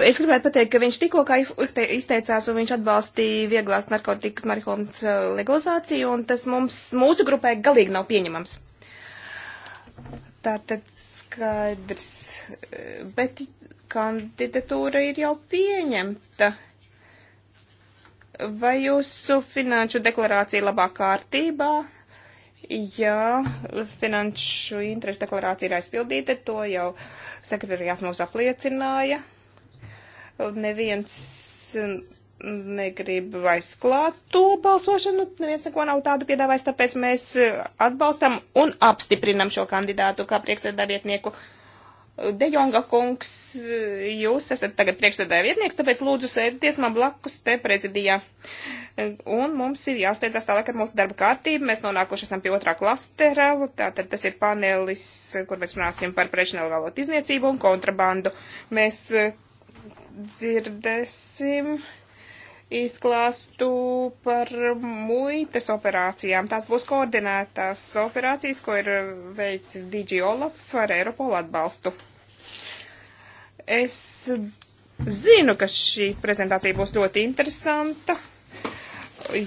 Es gribētu pateikt, ka viņš tikko izteicās, un viņš atbalstīja vieglās narkotikas marihuanas uh, legalizāciju, un tas mums, mūsu grupai galīgi nav pieņemams. Tātad skaidrs, uh, bet kandidatūra ir jau pieņemta. Vai jūsu finanšu deklarācija labā kārtībā? Ja finanšu interešu deklarācija ir aizpildīta, to jau sekretariāts mums apliecināja neviens negrib aizklāt to balsošanu, neviens neko nav tādu piedāvājis, tāpēc mēs atbalstam un apstiprinam šo kandidātu kā priekšsēdā vietnieku. Dejonga kungs, jūs esat tagad priekšsēdāja vietnieks, tāpēc lūdzu sēdieties man blakus te prezidijā. Un mums ir jāsteidzās tālāk ar mūsu darba kārtību. Mēs nonākuši esam pie otrā klastera, tātad tas ir panelis, kur mēs runāsim par prečnelegālo tizniecību un kontrabandu. Mēs dzirdēsim izklāstu par muitas operācijām. Tās būs koordinētās operācijas, ko ir veicis DG Olaf ar Eiropolu atbalstu. Es zinu, ka šī prezentācija būs ļoti interesanta,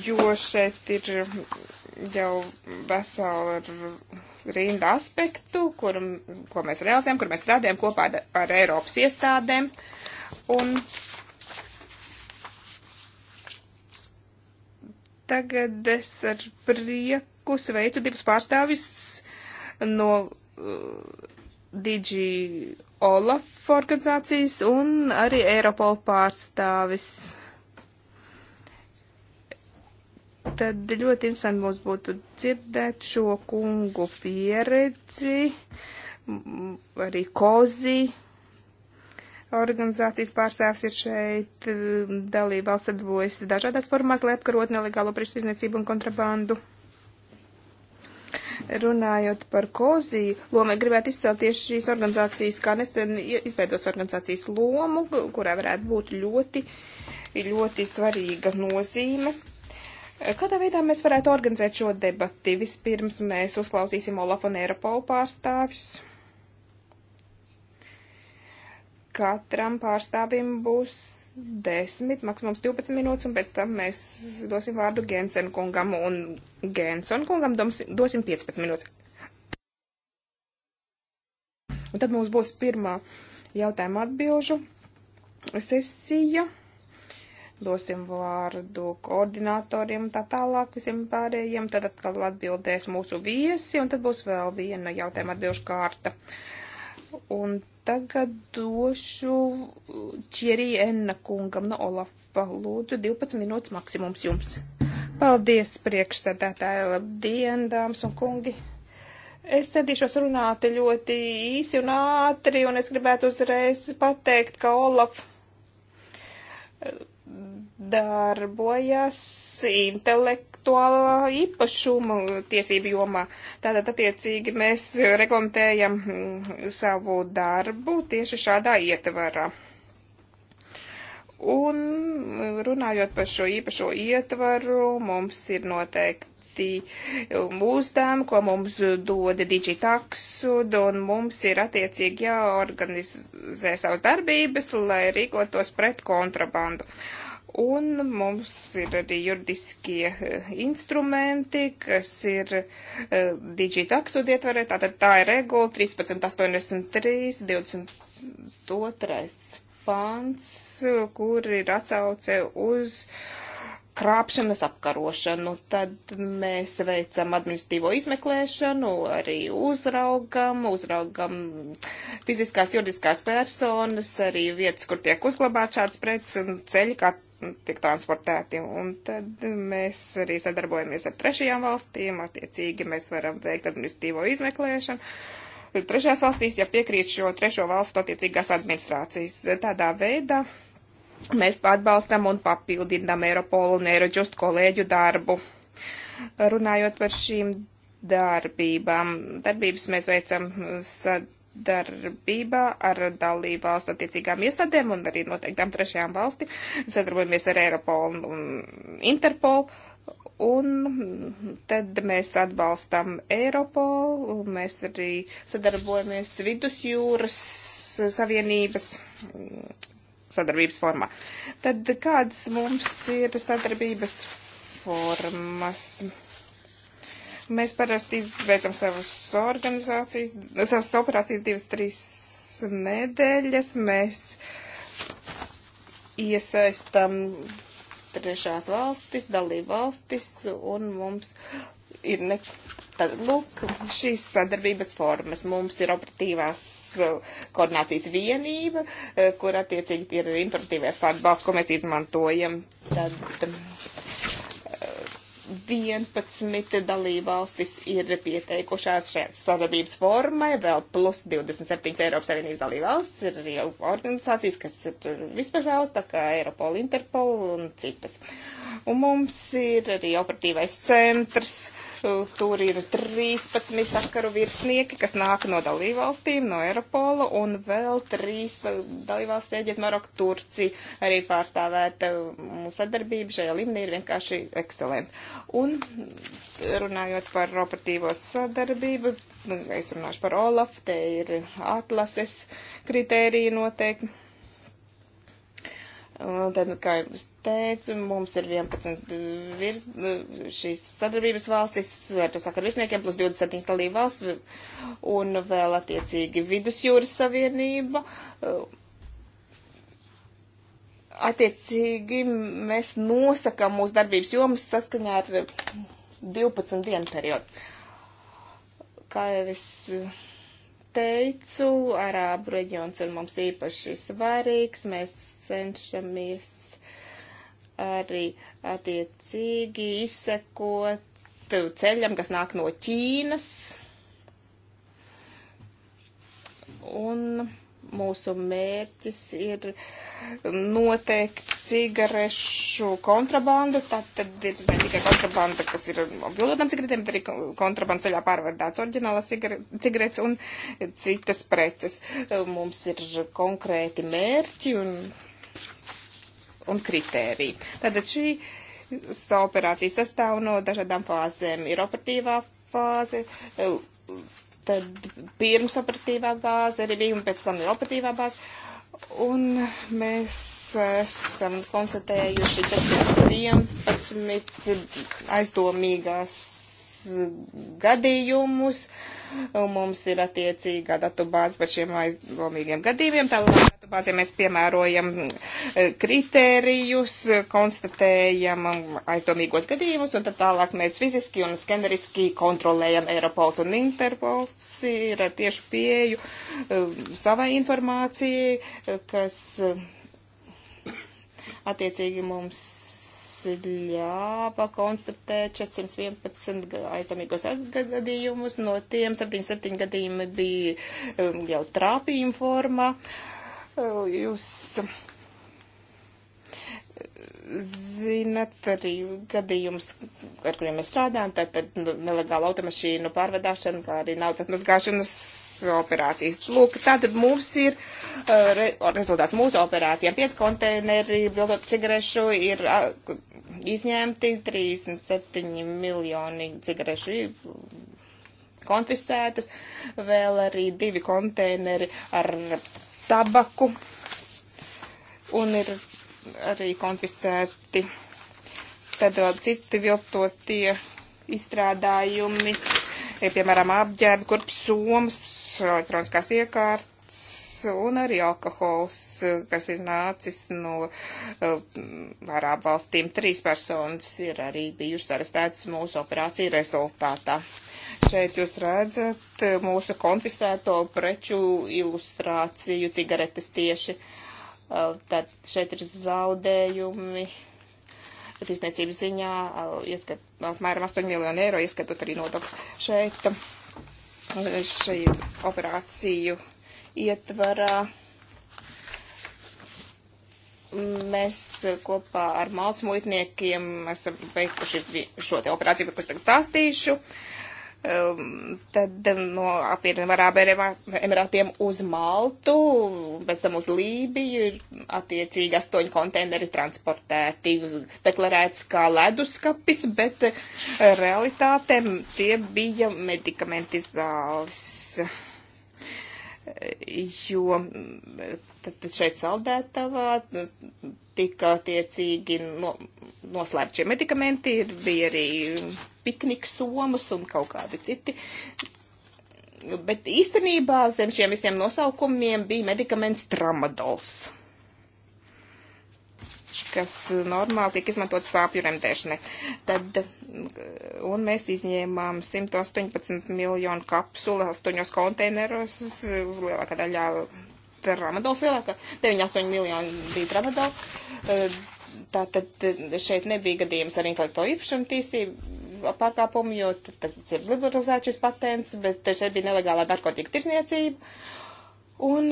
jo šeit ir jau vesela rinda aspektu, kur, ko mēs realizējam, kur mēs strādājam kopā ar, ar Eiropas iestādēm. Uh, Un tagad es ar prieku sveicu divus pārstāvis no uh, Digi Olaf organizācijas un arī Eiropola pārstāvis. Tad ļoti interesanti mums būtu dzirdēt šo kungu pieredzi, arī kozi organizācijas pārstāvs ir šeit, um, dalība valsts atbojas dažādās formās, lai apkarot nelegālo preču izniecību un kontrabandu. Runājot par kozī, lomai gribētu izcelt tieši šīs organizācijas, kā nesen izveidos organizācijas lomu, kurā varētu būt ļoti, ļoti svarīga nozīme. Kādā veidā mēs varētu organizēt šo debati? Vispirms mēs uzklausīsim Olafu un Eiropolu pārstāvjus Katram pārstāvim būs 10, maksimums 12 minūtes, un pēc tam mēs dosim vārdu Gensen kungam, un Genson kungam dosim 15 minūtes. Un tad mums būs pirmā jautājuma atbilžu sesija. Dosim vārdu koordinatoriem un tā tālāk visiem pārējiem. Tad atkal atbildēs mūsu viesi, un tad būs vēl viena jautājuma atbilžu kārta. Uh, Un tagad došu Čierī Enna kungam no Olafa. Lūdzu, 12 minūtes maksimums jums. Paldies, priekšsēdētāji. Labdien, dāmas un kungi. Es centīšos runāt ļoti īsi un ātri, un es gribētu uzreiz pateikt, ka Olaf darbojas intelektuālā īpašuma tiesību jomā. Tātad, attiecīgi, mēs reglamentējam mm, savu darbu tieši šādā ietvarā. Un runājot par šo īpašo ietvaru, mums ir noteikti uzdevumi, ko mums dod digitaksud, un mums ir attiecīgi jāorganizē savas darbības, lai rīkotos pret kontrabandu. Uh, Un mums ir arī juridiskie eh, instrumenti, kas ir uh, eh, digitaksu ietvarē, tātad tā ir regula 1383, 22. pants, kur ir atsauce uz krāpšanas apkarošanu. Tad mēs veicam administīvo izmeklēšanu, arī uzraugam, uzraugam fiziskās, juridiskās personas, arī vietas, kur tiek uzglabāt šāds preces un ceļi, kā tiek transportēti. Un tad mēs arī sadarbojamies ar trešajām valstīm, attiecīgi mēs varam veikt administratīvo izmeklēšanu. Trešās valstīs, ja piekrīt šo trešo valstu attiecīgās administrācijas, tādā veidā mēs atbalstam un papildinām Eiropolu un Eirodžust kolēģu darbu. Runājot par šīm darbībām, darbības mēs veicam sad darbībā ar dalību valstu attiecīgām iestādēm un arī noteiktām trešajām valstīm. Sadarbojamies ar Eiropolu un Interpolu. Un tad mēs atbalstam Eiropolu, mēs arī sadarbojamies Vidusjūras Savienības sadarbības formā. Tad kādas mums ir sadarbības formas? Mēs parasti veicam savus organizācijas, savas operācijas divas, trīs nedēļas. Mēs iesaistam trešās valstis, dalību valstis, un mums ir ne... Tad, lūk, šīs sadarbības formas. Mums ir operatīvās uh, koordinācijas vienība, uh, kur attiecīgi ir informatīvais atbalsts, ko mēs izmantojam. Tad 11 dalībvalstis ir pieteikušās šajā sadarbības formai, vēl plus 27 Eiropas Savienības dalībvalstis ir jau organizācijas, kas ir vispasaules, tā kā Eiropola, Interpol un citas. Un mums ir arī operatīvais centrs. Uh, Tur ir 13 sakaru virsnieki, kas nāk no dalībvalstīm, no Eiropola, un vēl 3 dalībvalsts ieģiet Maroku, Turcija arī pārstāvēta eh, mūsu sadarbība šajā līmenī ir vienkārši ekscelenta. Un runājot par operatīvo sadarbību, es runāšu par Olaf, te ir atlases kritērija noteikti Un tad, kā jau es teicu, mums ir 11 eh, virs, eh, šīs sadarbības valstis, ar to sakaru visniekiem, plus 27 dalību valsts, un vēl attiecīgi Vidusjūras Savienība. Eh, attiecīgi mēs nosakām mūsu darbības jomas saskaņā ar 12 dienu periodu. Kā jau es. Uh, teicu, Arābu reģions ir mums īpaši svarīgs. Mēs cenšamies arī attiecīgi izsekot ceļam, kas nāk no Ķīnas. Un Mūsu mērķis ir noteikt cigarešu kontrabandu. Tā tad ir ne tikai kontrabanda, kas ir apvilotām cigaretēm, bet arī kontrabanda ceļā pārvadāts oriģinālās cigaretes un citas preces. Mums ir konkrēti mērķi un, un kritēriji. Tātad šī operācija sastāv no dažādām fāzēm. Ir operatīvā fāze tad pirms operatīvā bāze arī bija un pēc tam ir operatīvā bāze. Un mēs esam konstatējuši 411 aizdomīgās gadījumus. Uh, un mums ir attiecīgā datu bāze par šiem aizdomīgiem gadījumiem. Tālāk datu bāzē mēs piemērojam eh, kritērijus, konstatējam um, aizdomīgos gadījumus, un tad tālāk mēs fiziski un skeneriski kontrolējam Eiropols un Interpols ir ar tiešu pieju um, savai informācijai, kas um, attiecīgi mums ļāva konstatēt 411 aizdomīgos gadījumus, no tiem 77 gadījumi bija um, jau trāpījuma formā. Uh, jūs uh, zinat arī gadījumus, ar kuriem mēs strādājam, tātad nelegāla automašīnu pārvedāšana, kā arī naudas atmazgāšanas operācijas. Lūk, tātad mums ir uh, re, rezultāts mūsu operācijām. Piec konteineri, bildot cigarešu, ir izņemti, 37 miljoni cigarešu konfiscētas, vēl arī divi konteineri ar tabaku un ir arī konfiscēti tad vēl citi viltotie izstrādājumi, piemēram, apģērbi, kurpsomas, elektroniskās iekārtas un arī alkohols, kas ir nācis no eh, arābu valstīm. Trīs personas ir arī bijušas arestētas mūsu operāciju rezultātā. Šeit jūs redzat eh, mūsu konfiscēto preču ilustrāciju, cigaretes tieši. Eh, tad šeit ir zaudējumi bet izniecības ziņā ieskat, apmēram 8 miljonu eiro ieskatot arī nodokļus šeit. Šī operāciju ietvarā. Mēs kopā ar malts muitniekiem esam veikuši šo te operāciju, par ko es tagad stāstīšu. Um, tad no apvienotiem Arābu Emirātiem uz Maltu, pēc tam uz Lībiju ir attiecīgi astoņi konteineri transportēti, deklarēts kā leduskapis, bet realitātē tie bija medikamentizālis jo mm, šeit saldētavā nu, tika tiecīgi no, noslēpti šie medikamenti, ir, bija arī pikniks somas un kaut kādi citi. Bet īstenībā zem šiem visiem nosaukumiem bija medikaments tramadols kas normāli tiek izmantot sāpju remdēšanai. Tad, un mēs izņēmām 118 miljonu kapsulu astoņos konteineros, lielākā daļā tramadola, lielākā 98 miljonu bija tramadola. Tātad šeit nebija gadījums ar intelektuālo īpašumu tīsību pārkāpumu, jo tas ir liberalizēts šis patents, bet šeit bija nelegālā narkotika tirsniecība. Un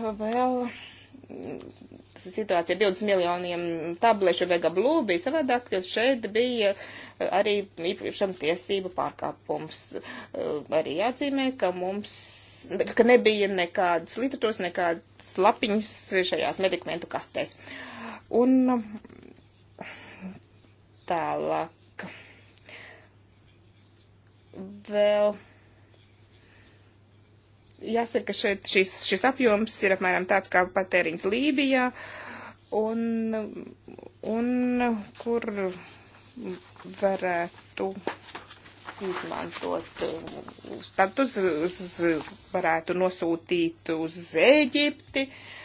vēl. Well, situācija ar 20 miljoniem tablešu Vega Blue bija savādāk, jo šeit bija eh, arī īpašam tiesību pārkāpums. Eh, arī jāatzīmē, ka mums ka nebija nekādas literatūras, nekādas lapiņas šajās medikamentu kastēs. Un eh, tālāk. Vēl. Well Jāsaka, šeit šis, šis apjoms ir apmēram tāds kā patēriņš Lībijā, un, un kur varētu izmantot status, varētu nosūtīt uz Ēģipti. Uh,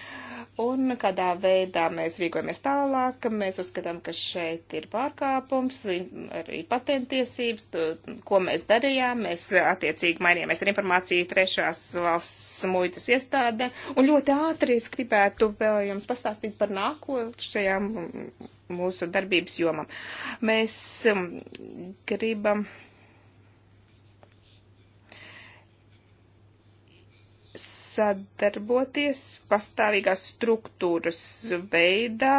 un kādā veidā mēs rīkojamies tālāk. Mēs uzskatām, ka šeit ir pārkāpums, arī patentiesības, to, ko mēs darījām. Mēs attiecīgi mainījāmies ar informāciju trešās valsts muitas iestādē. Un ļoti ātri es gribētu vēl jums pastāstīt par nākošajām mūsu darbības jomam. Mēs um, gribam sadarboties pastāvīgās struktūras veidā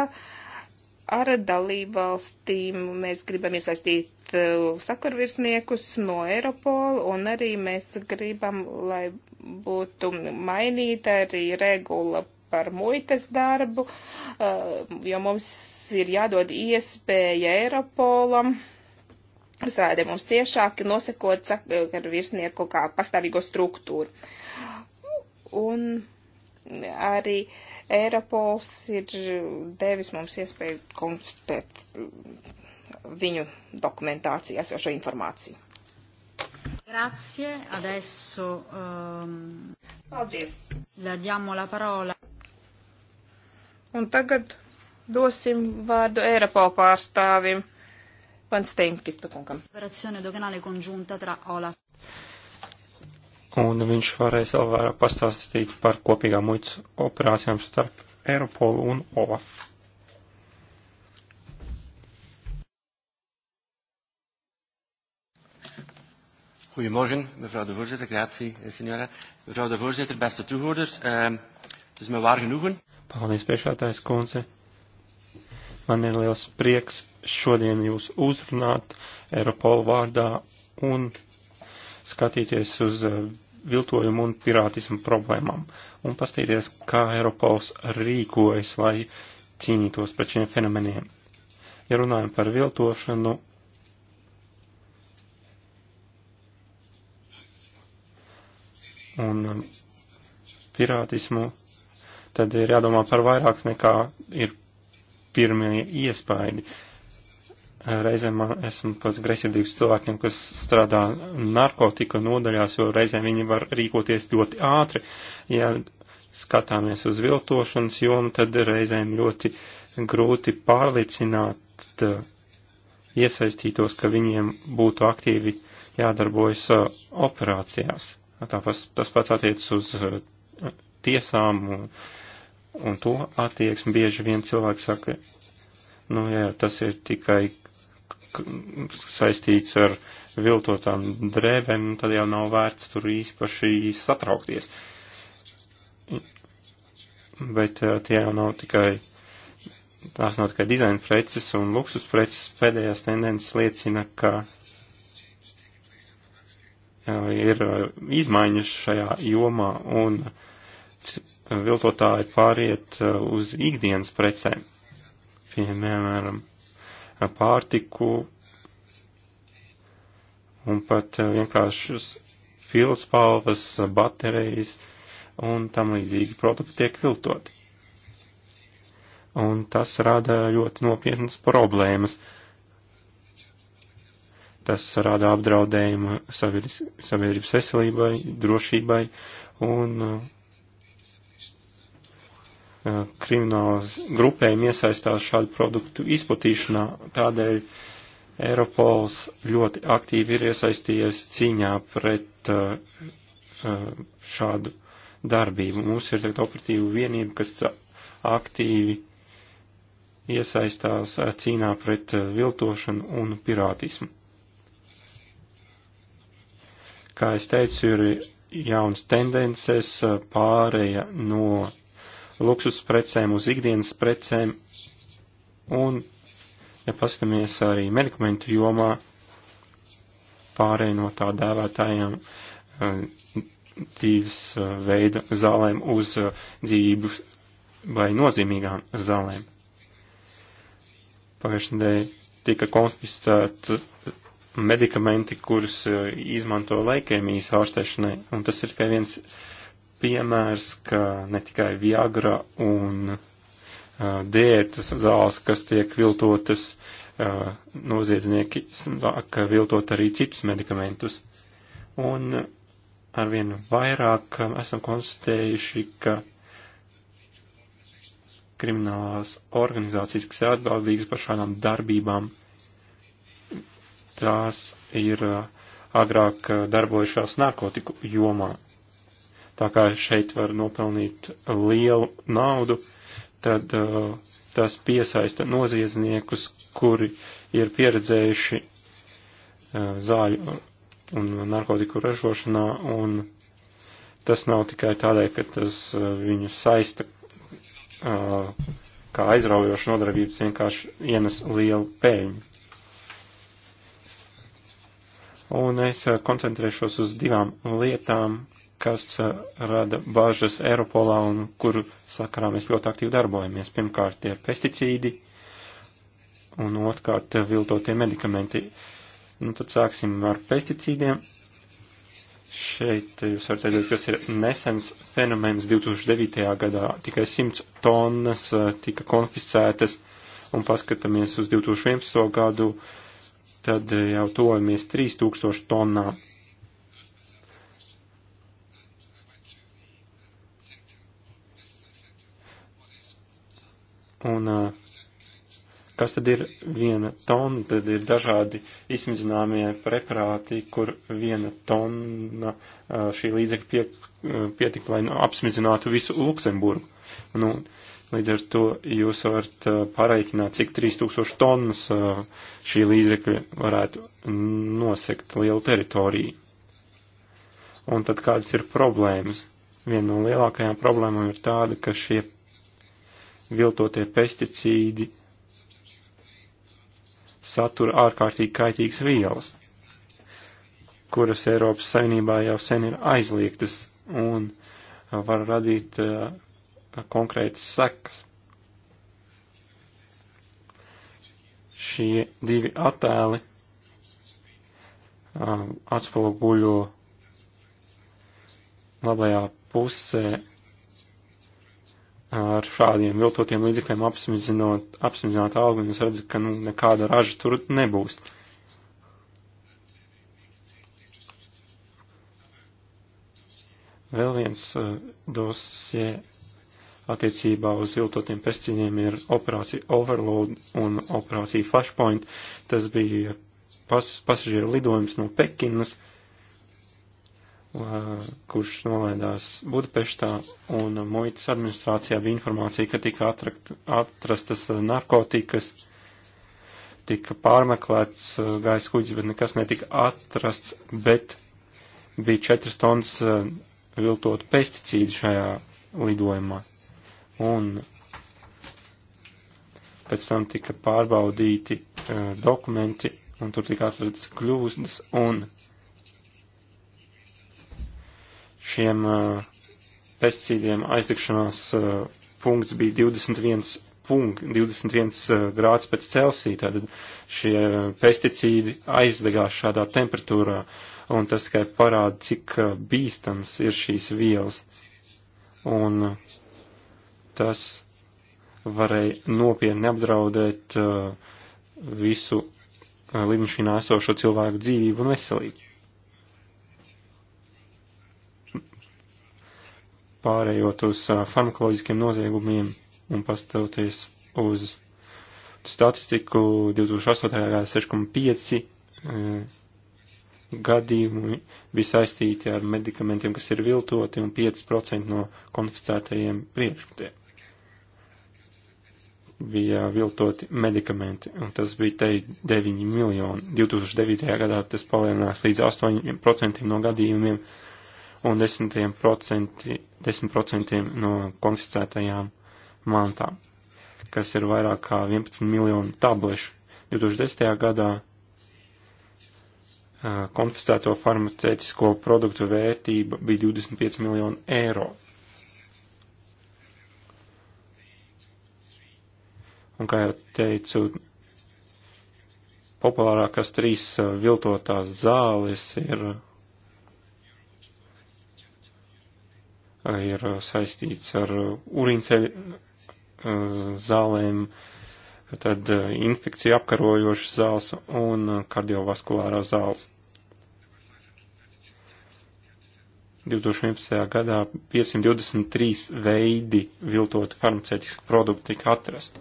ar dalībvalstīm. Mēs gribam iesaistīt uh, sakarvirsniekus no Eiropola un arī mēs gribam, lai būtu mainīta arī regula par muitas darbu, uh, jo mums ir jādod iespēja Eiropolam strādē mums ciešāk, nosakot ar virsnieku kā pastāvīgo struktūru. Un arī Eiropols ir devis mums iespēju konstatēt viņu dokumentācijā esošo informāciju. Grazie, adesso um, Paldies. la diamo la parola. Un tagad dosim vārdu Eiropola pārstāvim. Van Steinkista kungam. Operazione doganale congiunta tra Olaf un viņš varēs vēl vairāk pastāstīt par kopīgām muitas operācijām starp Eiropolu un OLAF. Goedemorgen, mevrouw de voorzitter, gratie, eh, signora. Mevrouw de voorzitter, beste toehoorders, uh, het is me waar genoegen. Paldies, priekšētājs kundze. Man ir liels prieks šodien jūs uzrunāt Eiropolu vārdā un skatīties uz eh, viltojumu un pirātismu problēmām un pastīties, kā Eiropols rīkojas, lai cīnītos pret šiem fenomeniem. Ja runājam par viltošanu, un pirātismu, tad ir jādomā par vairāk nekā ir pirmie iespaidi. Uh, Reizēm man esmu pats gresidīgs cilvēkiem, kas strādā narkotika nodaļās, jo reizēm viņi var rīkoties ļoti ātri. Ja skatāmies uz viltošanas jomu, tad reizēm ļoti grūti pārliecināt eh, iesaistītos, ka viņiem būtu aktīvi jādarbojas eh, operācijās. Tāpēc tas pats attiecas uz eh, tiesām un, un to attieksmi. Bieži vien cilvēki saka, nu jā, tas ir tikai saistīts ar viltotām drēbēm, tad jau nav vērts tur īpaši satraukties. Bet eh, tie jau nav tikai, tās nav tikai dizaina preces un luksus preces, pēdējās tendences liecina, ka eh, ir eh, izmaiņas šajā jomā un viltotāji pāriet uz ikdienas precēm. Piemēram, pārtiku un pat eh, vienkāršas filspalvas, baterijas un tam līdzīgi produkti tiek viltoti. Un tas rada ļoti nopietnas problēmas. Tas rada apdraudējumu sabiedrības veselībai, drošībai un eh, kriminālas grupējumi iesaistās šādu produktu izplatīšanā. Tādēļ Eiropols ļoti aktīvi ir iesaistījies cīņā pret uh, uh, šādu darbību. Mums ir tagad operatīva vienība, kas aktīvi iesaistās uh, cīnā pret viltošanu un pirātismu. Kā es teicu, ir jauns tendences pārēja no luksus precēm, uz ikdienas precēm, un, ja paskatāmies arī medikamentu jomā, pārēj no tā dēvētājiem eh, dzīves eh, veida zālēm uz eh, dzīvības vai nozīmīgām zālēm. Pagājušajā nedēļā tika konfiscēti medikamenti, kurus izmanto leikēmijas ārstēšanai, un tas ir tikai viens piemērs, ka ne tikai Viagra un uh, diētas zāles, kas tiek viltotas, uh, noziedznieki sāk viltot arī citus medikamentus. Un arvien vairāk esam konstatējuši, ka kriminālās organizācijas, kas ir atbildīgas par šādām darbībām, tās ir agrāk darbojušās narkotiku jomā tā kā šeit var nopelnīt lielu naudu, tad uh, tas piesaista noziedzniekus, kuri ir pieredzējuši uh, zāļu un narkotiku ražošanā, un tas nav tikai tādēļ, ka tas uh, viņu saista uh, kā aizraujoša nodarbības, vienkārši ienes lielu pēļņu. Un es uh, koncentrēšos uz divām lietām, kas rada bažas Eiropolā un kuru sakarā mēs ļoti aktīvi darbojamies. Pirmkārt, tie pesticīdi un otrkārt viltotie medikamenti. Nu, tad sāksim ar pesticīdiem. Šeit jūs varat redzēt, kas ir nesens fenomens 2009. gadā. Tikai 100 tonnas tika konfiscētas un paskatāmies uz 2011. gadu, tad jau tojamies 3000 tonnām. Un kas tad ir viena tona? Tad ir dažādi izmizināmie preparāti, kur viena tona šī līdzekļa pie, pietiktu, lai apsmizinātu visu Luksemburgu. Nu, līdz ar to jūs varat pareiķināt, cik 3000 tonnas šī līdzekļa varētu nosekt lielu teritoriju. Un tad kādas ir problēmas? Viena no lielākajām problēmām ir tāda, ka šie viltotie pesticīdi satura ārkārtīgi kaitīgas vielas, kuras Eiropas Savienībā jau sen ir aizliegtas un var radīt uh, konkrētas sekas. Šie divi attēli uh, atspoguļo labajā pusē ar šādiem viltotiem līdzekļiem apsmizinot, apsmizināt algu, un es redzu, ka nu, nekāda raža tur nebūs. Vēl viens uh, dosie attiecībā uz viltotiem pesticīdiem ir operācija Overload un operācija Flashpoint. Tas bija pas, pasažieru lidojums no Pekinas. Uh, kurš nolaidās Budapeštā, un muitas administrācijā bija informācija, ka tika atrakt, atrastas narkotikas, tika pārmeklēts gaisa kuģis, bet nekas netika atrasts, bet bija četras tonnas viltotu pesticīdu šajā lidojumā. Un pēc tam tika pārbaudīti dokumenti, un tur tika atradas kļūdas, un šiem pesticīdiem aizdegšanās punkts bija 21 punkt, 21 grāds pēc Celsija, tātad šie pesticīdi aizdegās šādā temperatūrā, un tas tikai parāda, cik bīstams ir šīs vielas. Un tas varēja nopietni apdraudēt visu lidmašīnā esošo cilvēku dzīvību un veselību. pārējot uz farmakoloģiskiem noziegumiem un pastāvoties uz statistiku 2008. gadā 6,5 gadījumi bija saistīti ar medikamentiem, kas ir viltoti, un 5% no konfiscētajiem priekšmetiem bija viltoti medikamenti, un tas bija te 9 miljoni. 2009. gadā tas palielinās līdz 8% no gadījumiem, un 10%, 10 no konfiscētajām mantām, kas ir vairāk kā 11 miljoni tablešu. 2010. gadā uh, konfiscēto farmaceitisko produktu vērtība bija 25 miljoni eiro. Un, kā jau teicu, populārākās trīs viltotās zāles ir ir saistīts ar uriņceļu eh, zālēm, tad eh, infekciju apkarojošas zāles un kardiovaskulārās zāles. 2011. gadā 523 veidi viltot farmaceitisku produktu tika atrasti,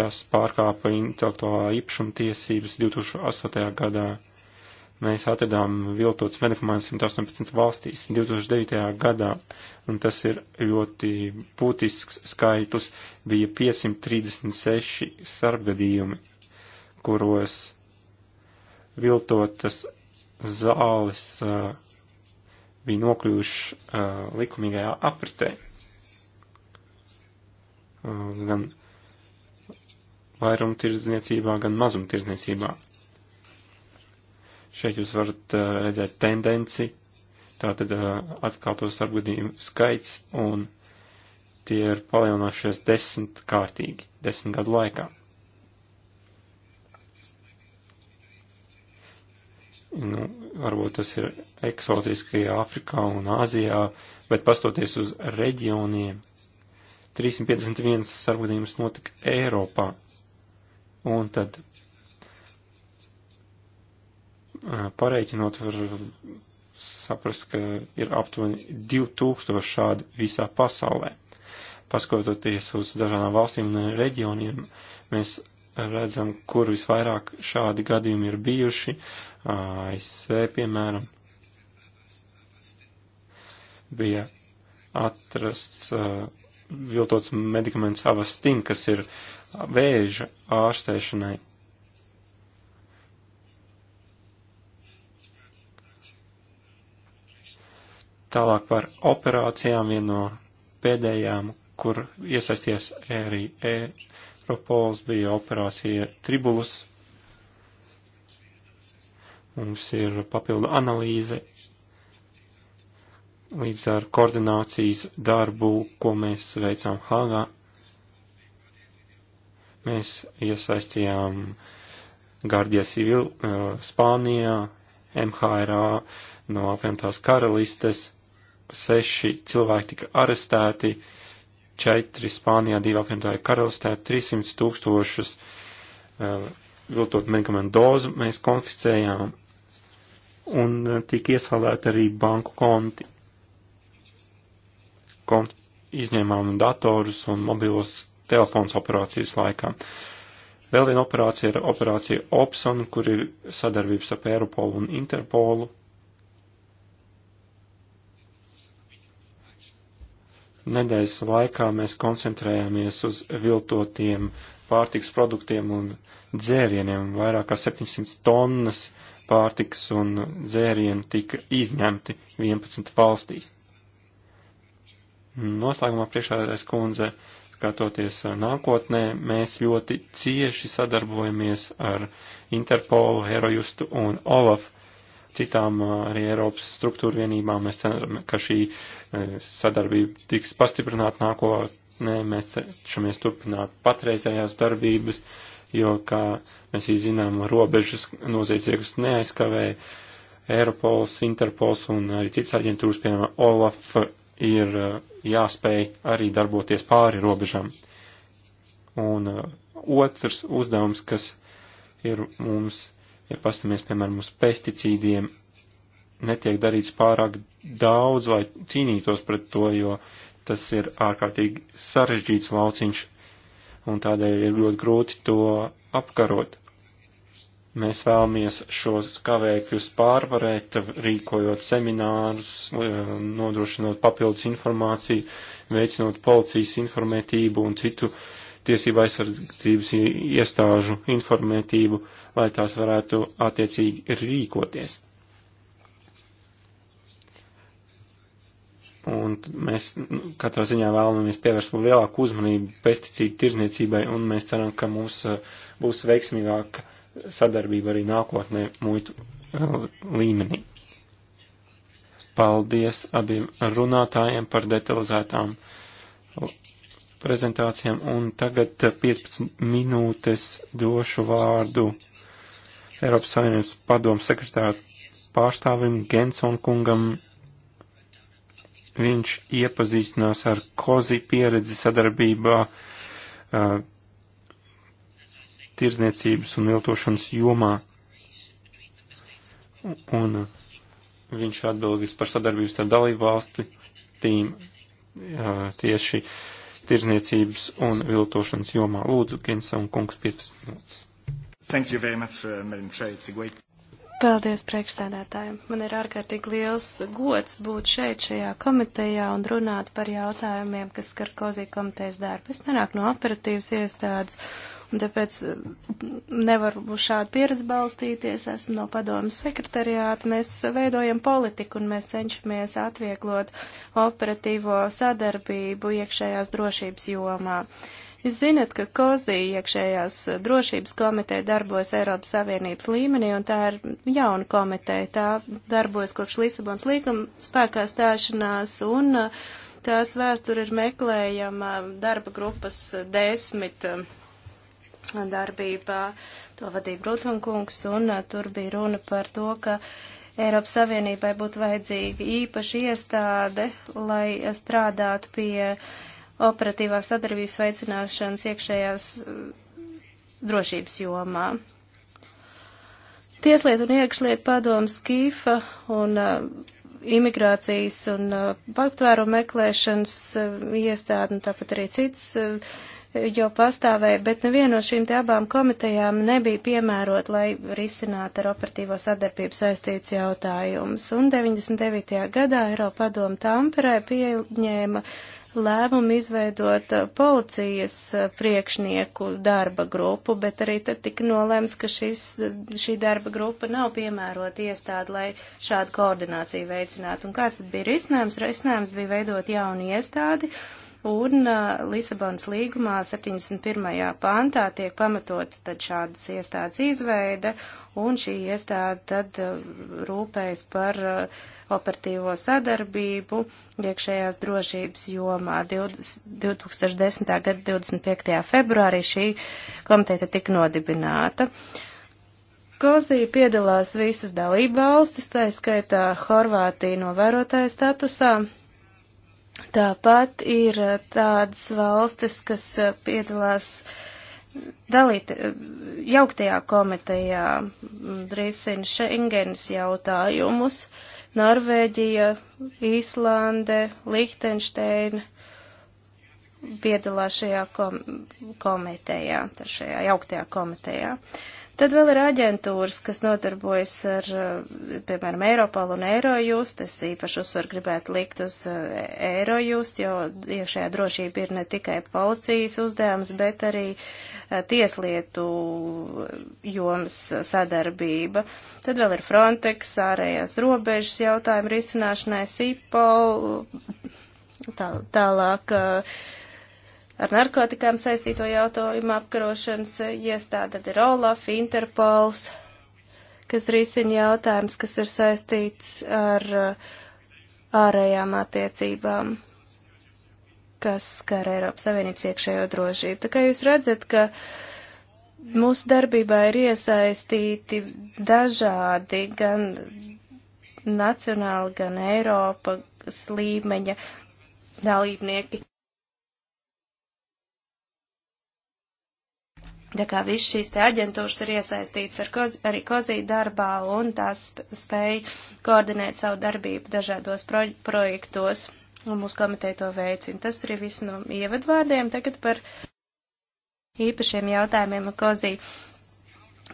kas pārkāpa intelektuālā īpašuma tiesības 2008. gadā mēs atradām viltotas medikamentus 118 valstīs 2009. gadā, un tas ir ļoti būtisks skaitlis, bija 536 sargadījumi, kuros viltotas zāles uh, bija nokļuvuši uh, likumīgajā apritē. Uh, gan vairumtirdzniecībā, gan mazumtirdzniecībā. Šeit jūs varat redzēt tendenci, tātad atkal to starpgadījumu skaits, un tie ir palielinājušies desmit kārtīgi, desmit gadu laikā. Nu, varbūt tas ir eksotiski Āfrikā un Āzijā, bet pastoties uz reģioniem, 351 sargadījums notika Eiropā, un tad pareiķinot, var saprast, ka ir aptuveni 2000 šādi visā pasaulē. Paskatoties uz dažādām valstīm un reģioniem, mēs redzam, kur visvairāk šādi gadījumi ir bijuši, ASV piemēram, bija atrasts uh, viltots medikaments Avastin, kas ir vēža ārstēšanai Tālāk par operācijām viena no pēdējām, kur iesaisties arī Eiropols, bija operācija Tribulus. Mums ir papildu analīze līdz ar koordinācijas darbu, ko mēs veicām Hāgā. Mēs iesaistījām Gardie Civil eh, Spānijā, MHRA no apvienotās karalistes seši cilvēki tika arestēti, četri Spānijā, divi apvienotāji karalistē, 300 tūkstošus uh, viltot medikamentu dozu mēs konfiscējām un uh, tika iesalēti arī banku konti. Kont izņēmām datorus un mobilos telefons operācijas laikā. Vēl viena operācija ir operācija Opson, kur ir sadarbības ap Eiropolu un Interpolu nedēļas laikā mēs koncentrējāmies uz viltotiem pārtiks produktiem un dzērieniem. Vairāk kā 700 tonnas pārtiks un dzērienu tika izņemti 11 valstīs. Noslēgumā priekšādātais kundze, skatoties nākotnē, mēs ļoti cieši sadarbojamies ar Interpolu, Herojustu un Olafu citām arī Eiropas struktūra vienībām. Mēs ceram, ka šī sadarbība tiks pastiprināta nākotnē. Mēs cenšamies turpināt patreizējās darbības, jo, kā mēs visi zinām, robežas noziedzīgus neaizskavē. Eiropols, Interpols un arī citas aģentūras, piemēram, Olaf, ir jāspēj arī darboties pāri robežām. Un otrs uzdevums, kas ir mums ja pastamies, piemēram, uz pesticīdiem, netiek darīts pārāk daudz, lai cīnītos pret to, jo tas ir ārkārtīgi sarežģīts lauciņš, un tādēļ ir ļoti grūti to apkarot. Mēs vēlamies šos kavēkļus pārvarēt, rīkojot seminārus, e, nodrošinot papildus informāciju, veicinot policijas informētību un citu uh, tiesība aizsardzības iestāžu informētību, lai tās varētu attiecīgi rīkoties. Un mēs nu, katrā ziņā vēlamies pievērst lielāku uzmanību pesticīdu tirzniecībai, un mēs ceram, ka mums uh, būs veiksmīgāka sadarbība arī nākotnē muitu uh, līmenī. Paldies abiem runātājiem par detalizētām uh, prezentācijām, un tagad 15 minūtes došu vārdu Eiropas Savienības padomu sekretāru pārstāvim Genson kungam. Viņš iepazīstinās ar kozi pieredzi sadarbībā uh, tirdzniecības un viltošanas jomā. Un uh, viņš atbildīs par sadarbības ar dalību valsti tīm uh, tieši uh, tirzniecības un viltošanas jomā. Lūdzu, Gensa un kungs 15 minūtes. Thank you very much, uh, Madam Chair. It's a great Paldies priekšsēdētājiem. Man ir ārkārtīgi liels gods būt šeit šajā komitejā un runāt par jautājumiem, kas skar Kozī komitejas darbu. Es nenāku no operatīvas iestādes un tāpēc eh, nevaru uz šādu pieredzi balstīties. Esmu no padomas sekretariāta, mēs veidojam politiku un mēs cenšamies atvieglot operatīvo sadarbību iekšējās drošības jomā. Jūs zinat, ka COZI iekšējās drošības komiteja darbojas Eiropas Savienības līmenī, un tā ir jauna komiteja. Tā darbojas kopš Lisabons līguma spēkā stāšanās, un eh, tās vēsture ir meklējama darba grupas desmit. Uh, darbībā. To vadīja Brutunkungs, un uh, tur bija runa par to, ka Eiropas Savienībai būtu vajadzīga īpaša iestāde, lai uh, strādātu pie operatīvās sadarbības veicināšanas iekšējās uh, drošības jomā. Tieslietu un iekšlietu padomu Skīfa un uh, imigrācijas un uh, patvēru meklēšanas uh, iestādi, un tāpat arī cits uh, jau pastāvēja, bet neviena no šīm te abām komitejām nebija piemērot, lai risinātu ar operatīvo sadarbību saistīts jautājums. Un 99. gadā Eiropa padomu Tamperē pieņēma lēmumu izveidot policijas priekšnieku darba grupu, bet arī tad tika nolēmts, ka šis, šī darba grupa nav piemērota iestāde, lai šādu koordināciju veicinātu. Un kāds tad bija risinājums? Risinājums bija veidot jaunu iestādi, uh, un uh, Lisabonas līgumā 71. pantā tiek pamatot tad šādas iestādes izveide, un šī iestāde tad uh, rūpējas par uh, operatīvo sadarbību iekšējās drošības jomā. 20, 2010. gada 25. februārī šī komiteja tika nodibināta. Kozī piedalās visas dalība valstis, tā skaitā Horvātija novērotāja statusā, Tāpat ir eh, tādas valstis, kas eh, piedalās dalīt eh, jauktajā komitejā, mm, risina Schengens jautājumus, Norvēģija, Īslande, Lihtenšteina piedalās šajā kom komitejā, šajā jauktajā komitejā. Uh, Tad vēl ir aģentūras, kas nodarbojas ar, eh, piemēram, Eiropolu un Eirojust. Es īpaši uzsver gribētu likt uz eh, Eirojust, jo iekšējā drošība ir ne tikai policijas uzdevums, bet arī eh, tieslietu jomas sadarbība. Tad vēl ir Frontex, ārējās robežas jautājumu risināšanai, SIPOL, tā, tālāk. Uh, ar narkotikām saistīto jautājumu apkarošanas iestāde, tad ir Olaf, Interpols, kas risina jautājums, kas ir saistīts ar uh, ārējām attiecībām, kas skar Eiropas Savienības iekšējo drošību. Tā kā jūs redzat, ka mūsu darbībā ir iesaistīti dažādi gan nacionāli, gan Eiropas līmeņa dalībnieki. Tā kā viss šīs te aģentūras ir iesaistīts ar koz, arī kozī darbā un tās spēj koordinēt savu darbību dažādos pro, projektos un mūsu komiteja to veicina. Tas arī viss no ievadvārdiem. Tagad par īpašiem jautājumiem ar kozī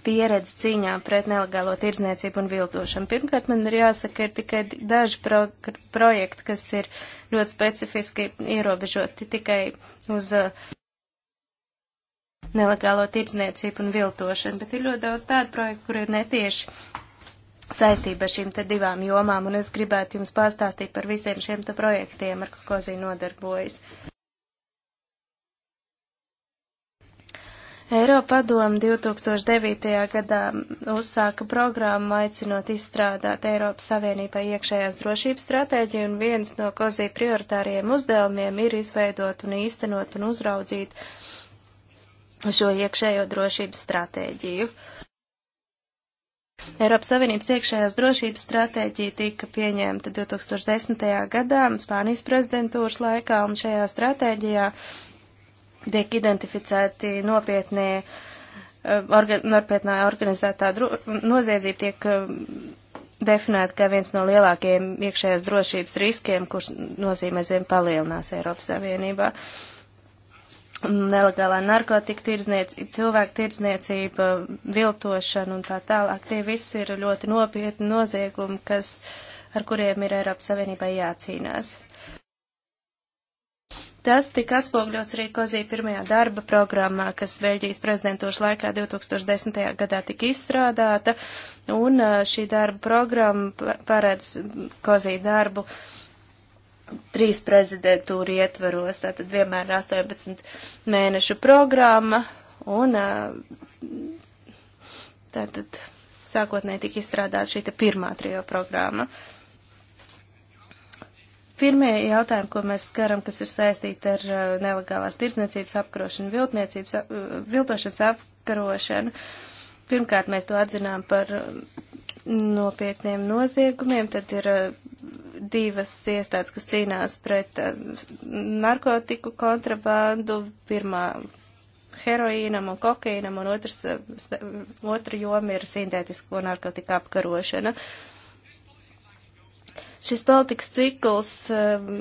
pieredzi cīņā pret nelegālo tirdzniecību un viltošanu. Pirmkārt, man ir jāsaka, ir tikai daži pro, projekti, kas ir ļoti specifiski ierobežoti tikai uz uh, nelegālo tirdzniecību un viltošanu, bet ir ļoti daudz tādu projektu, kur ir netieši saistība ar šīm te divām jomām, un es gribētu jums pastāstīt par visiem šiem te projektiem, ar ko Kozī nodarbojas. Eiropadoma 2009. gadā uzsāka programmu aicinot izstrādāt Eiropas Savienībai iekšējās drošības stratēģiju, un viens no Kozī prioritāriem uzdevumiem ir izveidot un īstenot un uzraudzīt uh, šo iekšējo drošības stratēģiju. Eiropas Savienības iekšējās drošības stratēģija tika pieņemta 2010. gadā Spānijas prezidentūras laikā, un šajā stratēģijā tiek identificēti nopietnie, eh, orga, nopietnā organizētā dro, noziedzība tiek eh, definēta kā viens no lielākajiem iekšējās drošības riskiem, kurš nozīmēs vien palielinās Eiropas Savienībā. Uh, nelegālā narkotika tirdzniecība, cilvēku tirdzniecība, viltošana un tā tālāk. Tie visi ir ļoti nopietni noziegumi, kas, ar kuriem ir Eiropas Savienībai jācīnās. Tas tika atspogļots arī Kozī pirmajā darba programmā, kas Vēļģijas prezidentūras laikā 2010. gadā tika izstrādāta, un šī darba programma paredz Kozī darbu uh, trīs prezidentūru ietveros, tātad vienmēr ir 18 mēnešu programma, un tātad sākotnēji tika izstrādāta šī pirmā trijo programma. Pirmie jautājumi, ko mēs skaram, kas ir saistīti ar nelegālās tirdzniecības apkarošanu, viltniecības, ap, viltošanas apkarošanu, pirmkārt mēs to atzinām par nopietniem noziegumiem, tad ir divas iestādes, kas cīnās pret eh, narkotiku kontrabandu, pirmā heroīnam un kokaīnam, un otrs, eh, otra joma ir sintētisko narkotiku apkarošana. Šis politikas cikls um,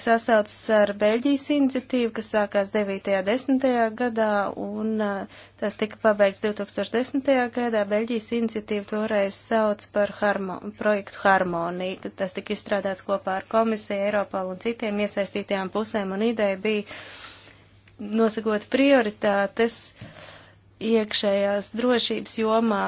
sasaucas ar Beļģijas iniciatīvu, kas sākās 9.10. gadā un uh, tas tika pabeigts 2010. gadā. Beļģijas iniciatīva toreiz sauc par harmo, projektu harmoniju, tas tika izstrādāts kopā ar komisiju, Eiropālu un citiem iesaistītajām pusēm un ideja bija nosakot prioritātes iekšējās drošības jomā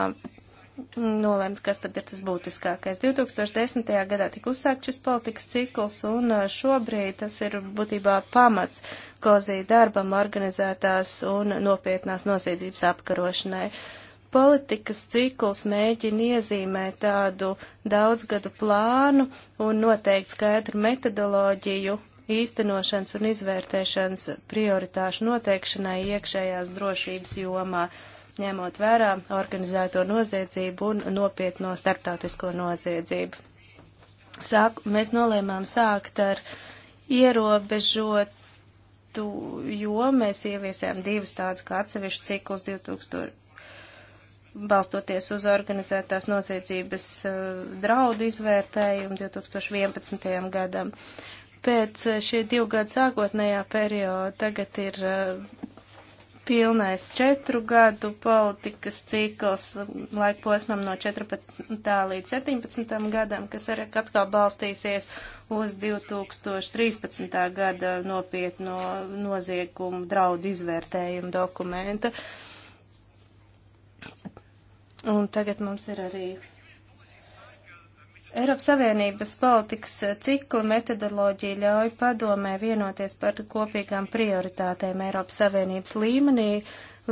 nolemt, kas tad ir tas būtiskākais. 2010. gadā tika uzsākt šis politikas cikls, un šobrīd tas ir būtībā pamats kozī darbam organizētās un nopietnās noziedzības apkarošanai. Politikas cikls mēģina iezīmēt tādu daudzgadu plānu un noteikt skaidru metodoloģiju īstenošanas un izvērtēšanas prioritāšu noteikšanai iekšējās drošības jomā ņemot vērā organizēto noziedzību un nopietno starptautisko noziedzību. Sāk, mēs nolēmām sākt ar ierobežotu, jo mēs ieviesām divus tādus kā atsevišķus ciklus 2000, balstoties uz organizētās noziedzības uh, draudu izvērtējumu 2011. gadam. Pēc uh, šī divu gadu sākotnējā perioda tagad ir uh, pilnais četru gadu politikas cikls laika posmam no 14. līdz 17. gadam, kas arī atkal balstīsies uz 2013. gada nopietno noziegumu draudu izvērtējumu dokumentu. Un tagad mums ir arī Eiropas Savienības politikas eh, cikla metodoloģija ļauj padomē vienoties par kopīgām prioritātēm Eiropas Savienības līmenī,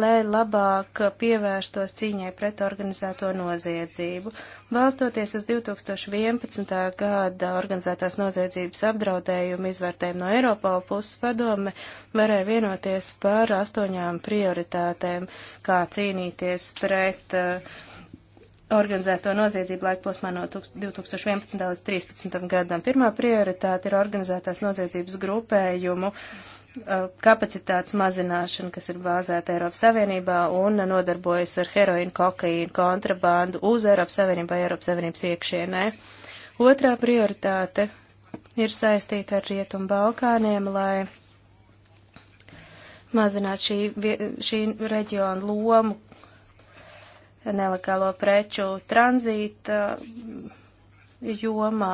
lai labāk pievērstos cīņai pret organizēto noziedzību. Balstoties uz 2011. gada organizētās noziedzības apdraudējumu izvērtējumu no Eiropola puses padome varēja vienoties par astoņām prioritātēm, kā cīnīties pret uh, organizēto noziedzību laikposmā no 2011. līdz 2013. gadam. Pirmā prioritāte ir organizētās noziedzības grupējumu uh, kapacitātes mazināšana, kas ir bāzēta Eiropas Savienībā un nodarbojas ar heroīnu, kokaīnu, kontrabandu uz Eiropas Savienību vai Eiropas Savienības iekšienē. Otrā prioritāte ir saistīta ar Rietumu Balkāniem, lai mazinātu šī, šī reģiona lomu nelegālo preču tranzīta mm, jomā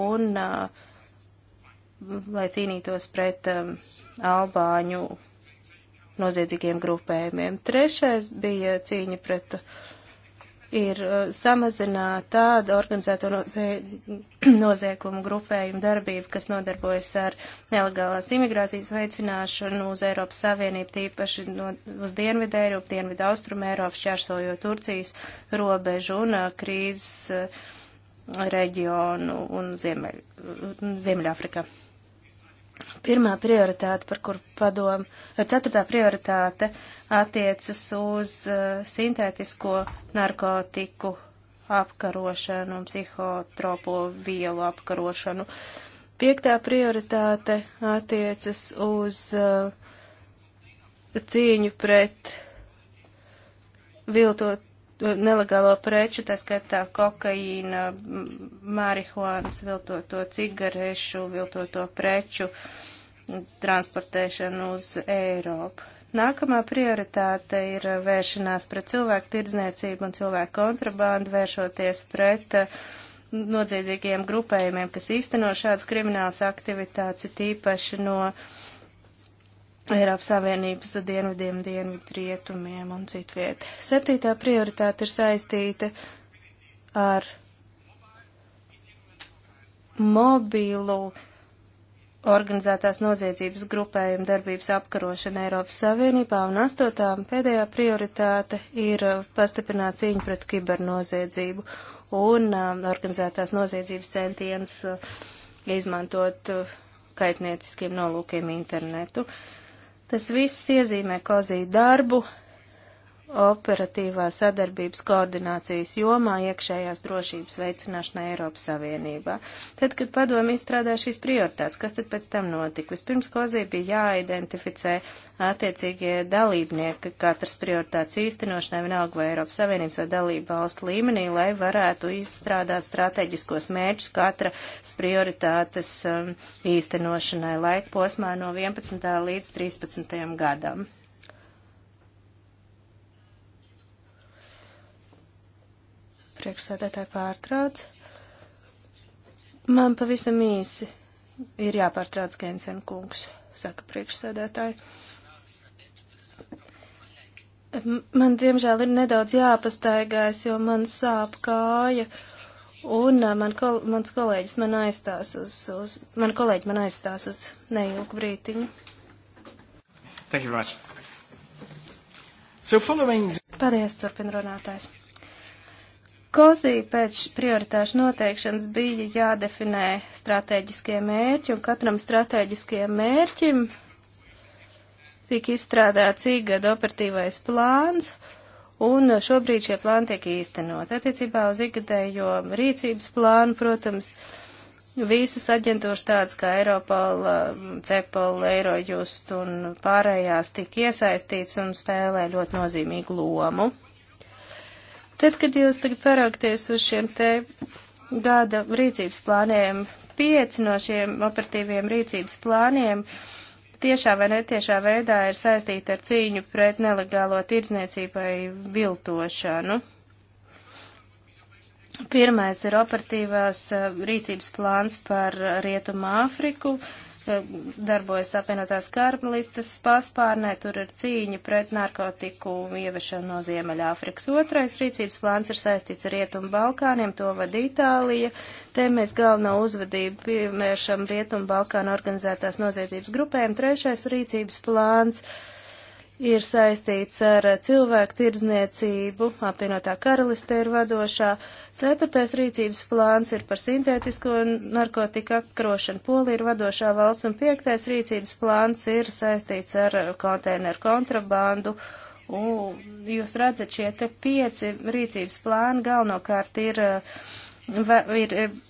un mm, lai cīnītos pret mm, albāņu noziedzīgiem grupējumiem. Trešais bija cīņa pret uh, ir uh, samazināt tādu organizēto noziegumu grupējumu darbību, kas nodarbojas ar nelegālās imigrācijas veicināšanu uz Eiropas Savienību, tīpaši no, uz Dienvidu Eiropu, Dienvidu Austrumu Eiropu, šķērsojot Turcijas robežu un uh, krīzes uh, reģionu un Ziemeļ, Ziemeļāfrika. Ziemeļ Pirmā prioritāte, par kur padomu, eh, ceturtā prioritāte attiecas uz uh, sintētisko narkotiku apkarošanu un psihotropo vielu apkarošanu. Piektā prioritāte attiecas uz uh, cīņu pret viltot nelegālo preču, tā skaitā kokaīna, marihuānas, viltoto cigarešu, viltoto preču. Uh, transportēšanu uz Eiropu. Nākamā prioritāte ir vēršanās pret cilvēku tirdzniecību un cilvēku kontrabandu, vēršoties pret eh, nodzīdzīgiem grupējumiem, kas īsteno šādas kriminālas aktivitātes, tīpaši no Eiropas Savienības dienvidiem, dienvidu rietumiem un citviet. Septītā prioritāte ir saistīta ar mobīlu organizētās noziedzības grupējuma darbības apkarošana Eiropas Savienībā, un astotā pēdējā prioritāte ir uh, pastiprināt cīņu pret kibernoziedzību un uh, organizētās noziedzības centiens uh, izmantot uh, kaitnieciskiem nolūkiem internetu. Tas viss iezīmē kozī darbu, operatīvās sadarbības koordinācijas jomā iekšējās drošības veicināšanai Eiropas Savienībā. Tad, kad padomi izstrādā šīs prioritātes, kas tad pēc tam notika? Vispirms kozī bija jāidentificē attiecīgie dalībnieki katras prioritātes īstenošanai, vienalga vai Eiropas Savienības vai dalība valstu līmenī, lai varētu izstrādāt strateģiskos mērķus katras prioritātes um, īstenošanai laika posmā no 11. līdz 13. gadam. Priekšsēdētāji pārtrauc. Man pavisam īsi ir jāpārtrauc Gensen kungs, saka priekšsēdētāji. Man, diemžēl, ir nedaudz jāpastaigājas, jo man sāp kāja, un man kol, mans kolēģis man aizstās uz, uz, man kolēģi man aizstās uz neilgu brītiņu. Thank you very much. So following... Paldies, turpin runātājs. Kozī pēc prioritāšu noteikšanas bija jādefinē stratēģiskie mērķi, un katram stratēģiskajam mērķim tika izstrādāts īgada operatīvais plāns, un šobrīd šie plāni tiek īstenot. Attiecībā uz ikgadējo rīcības plānu, protams, visas aģentūras tādas kā Eiropol, um, Cepol, Eirojust un pārējās tika iesaistīts un spēlē ļoti nozīmīgu lomu. Tad, kad jūs tagad paraugties uz šiem te gada rīcības plāniem, pieci no šiem operatīviem rīcības plāniem tiešā vai netiešā veidā ir saistīta ar cīņu pret nelegālo tirdzniecībai viltošanu. Pirmais ir operatīvās eh, rīcības plāns par Rietumu Āfriku, Eh, darbojas apvienotās karmelistas paspārnē, tur ir cīņa pret narkotiku ievešanu no Ziemeļāfrikas. Otrais rīcības plāns ir saistīts ar Rietumu Balkāniem, to vada Itālija. Te mēs galveno uzvedību pievēršam Rietumu Balkānu organizētās noziedzības grupēm. Trešais rīcības plāns. Uh, ir saistīts ar cilvēku tirdzniecību, apvienotā karaliste ir vadošā. Ceturtais rīcības plāns ir par sintētisko narkotiku apkarošanu, Polija ir vadošā valsts, un piektais rīcības plāns ir saistīts ar konteineru kontrabandu. Un jūs redzat, šie te pieci rīcības plāni galvenokārt ir, eh, ir eh,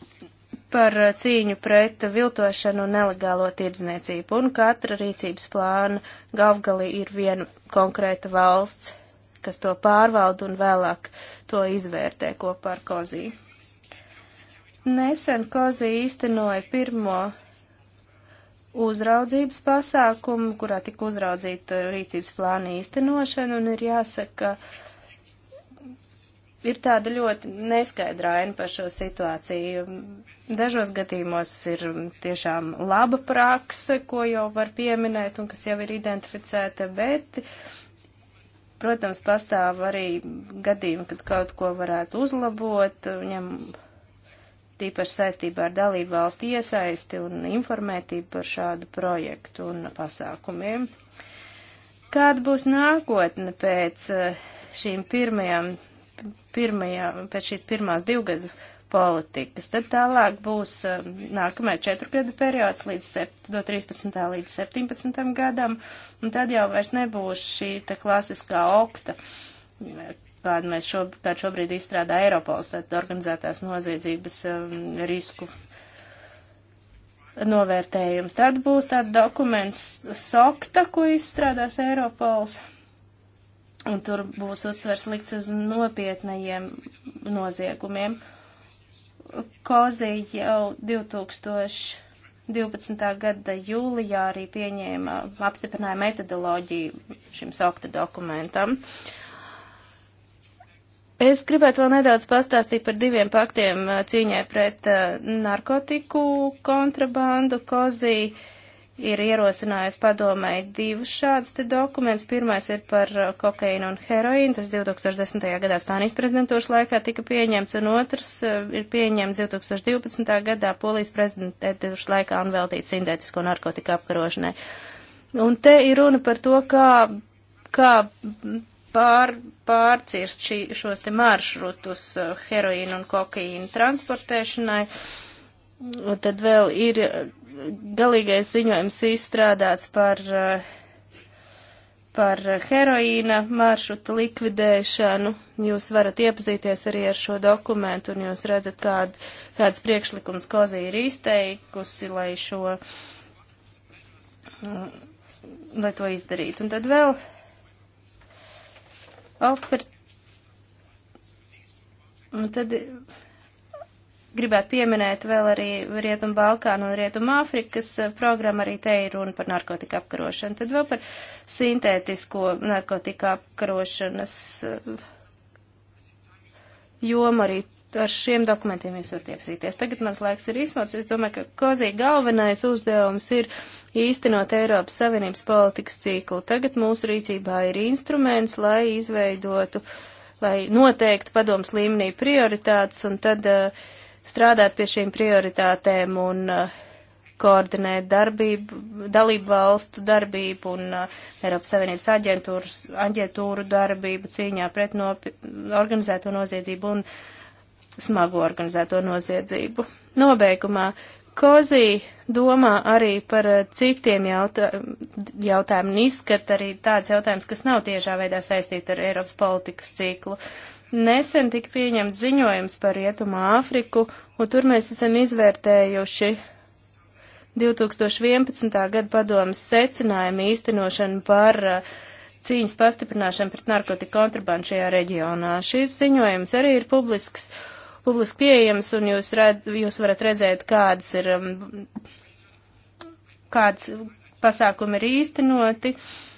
par eh, cīņu pret viltošanu un nelegālo tirdzniecību, un katra rīcības plāna galvgalī ir viena konkrēta valsts, kas to pārvalda un vēlāk to izvērtē kopā ar Kozī. Nesen Kozī īstenoja pirmo uzraudzības pasākumu, kurā tika uzraudzīta rīcības plāna īstenošana, un ir jāsaka, ka ir tāda ļoti neskaidra aina par šo situāciju. Dažos gadījumos ir tiešām laba prakse, ko jau var pieminēt un kas jau ir identificēta, bet, protams, pastāv arī gadījumi, kad kaut ko varētu uzlabot, ņem tīpaši saistībā ar dalību valstu iesaisti un informētību par šādu projektu un pasākumiem. Kāda būs nākotne pēc eh, šīm pirmajām pirmajā, pēc šīs pirmās divgadu politikas. Tad tālāk būs um, nākamais četru gadu periods līdz sept, no 13. līdz 17. gadam, un tad jau vairs nebūs šī ta klasiskā okta, kādu mēs šob, kādu šobrīd izstrādā Eiropols, tātad organizētās noziedzības um, risku novērtējums. Tad būs tāds dokuments SOKTA, ko izstrādās Eiropols un tur būs uzsvers likts uz nopietnajiem noziegumiem. Kozī jau 2012. gada jūlijā arī pieņēma, apstiprināja metodoloģiju šim sokta dokumentam. Es gribētu vēl nedaudz pastāstīt par diviem paktiem uh, cīņai pret uh, narkotiku kontrabandu. Kozī uh, ir ierosinājusi padomēji divus šādus te dokumentus. Pirmais ir par uh, kokainu un heroīnu, tas 2010. gadā Spānijas prezidentūras laikā tika pieņemts, un otrs uh, ir pieņemts 2012. gadā Polijas prezidentūras laikā un veltīts sintētisko narkotiku apkarošanai. Un te ir runa par to, kā, kā pār, pārcirst šī, šos te maršrutus uh, heroīnu un kokaīnu transportēšanai. Un tad vēl ir galīgais ziņojums izstrādāts par, par heroīna maršrutu likvidēšanu. Jūs varat iepazīties arī ar šo dokumentu, un jūs redzat, kād, kāds priekšlikums Kozī ir izteikusi, lai šo, lai to izdarītu. Un tad vēl oper... Un tad gribētu pieminēt vēl arī Rietumu Balkānu un Rietumu Āfrikas eh, programmu, arī te ir runa par narkotika apkarošanu. Tad vēl par sintētisko narkotika apkarošanas eh, jomu arī ar šiem dokumentiem jūs varat iepazīties. Tagad mans laiks ir izsmots. Es domāju, ka Kozī galvenais uzdevums ir īstenot Eiropas Savienības politikas ciklu. Tagad mūsu rīcībā ir instruments, lai izveidotu, lai noteiktu padoms līmenī prioritātes un tad uh, strādāt pie šīm prioritātēm un uh, koordinēt darbību, dalību valstu darbību un uh, Eiropas Savienības aģentūras, aģentūru darbību cīņā pret nopi, organizēto noziedzību un smagu organizēto noziedzību. Nobeigumā Kozī domā arī par uh, citiem jautā, jautājumiem un izskat arī tāds jautājums, kas nav tiešā veidā saistīta ar Eiropas politikas ciklu. Nesen tika pieņemts ziņojums par Rietumu Āfriku, un tur mēs esam izvērtējuši 2011. gada padomas secinājumu īstenošanu par uh, cīņas pastiprināšanu pret narkotiku kontrabandu šajā reģionā. Šis ziņojums arī ir publisks, publiski pieejams, un jūs, red, jūs varat redzēt, kādas ir, um, kādas pasākumi ir īstenoti. Uh,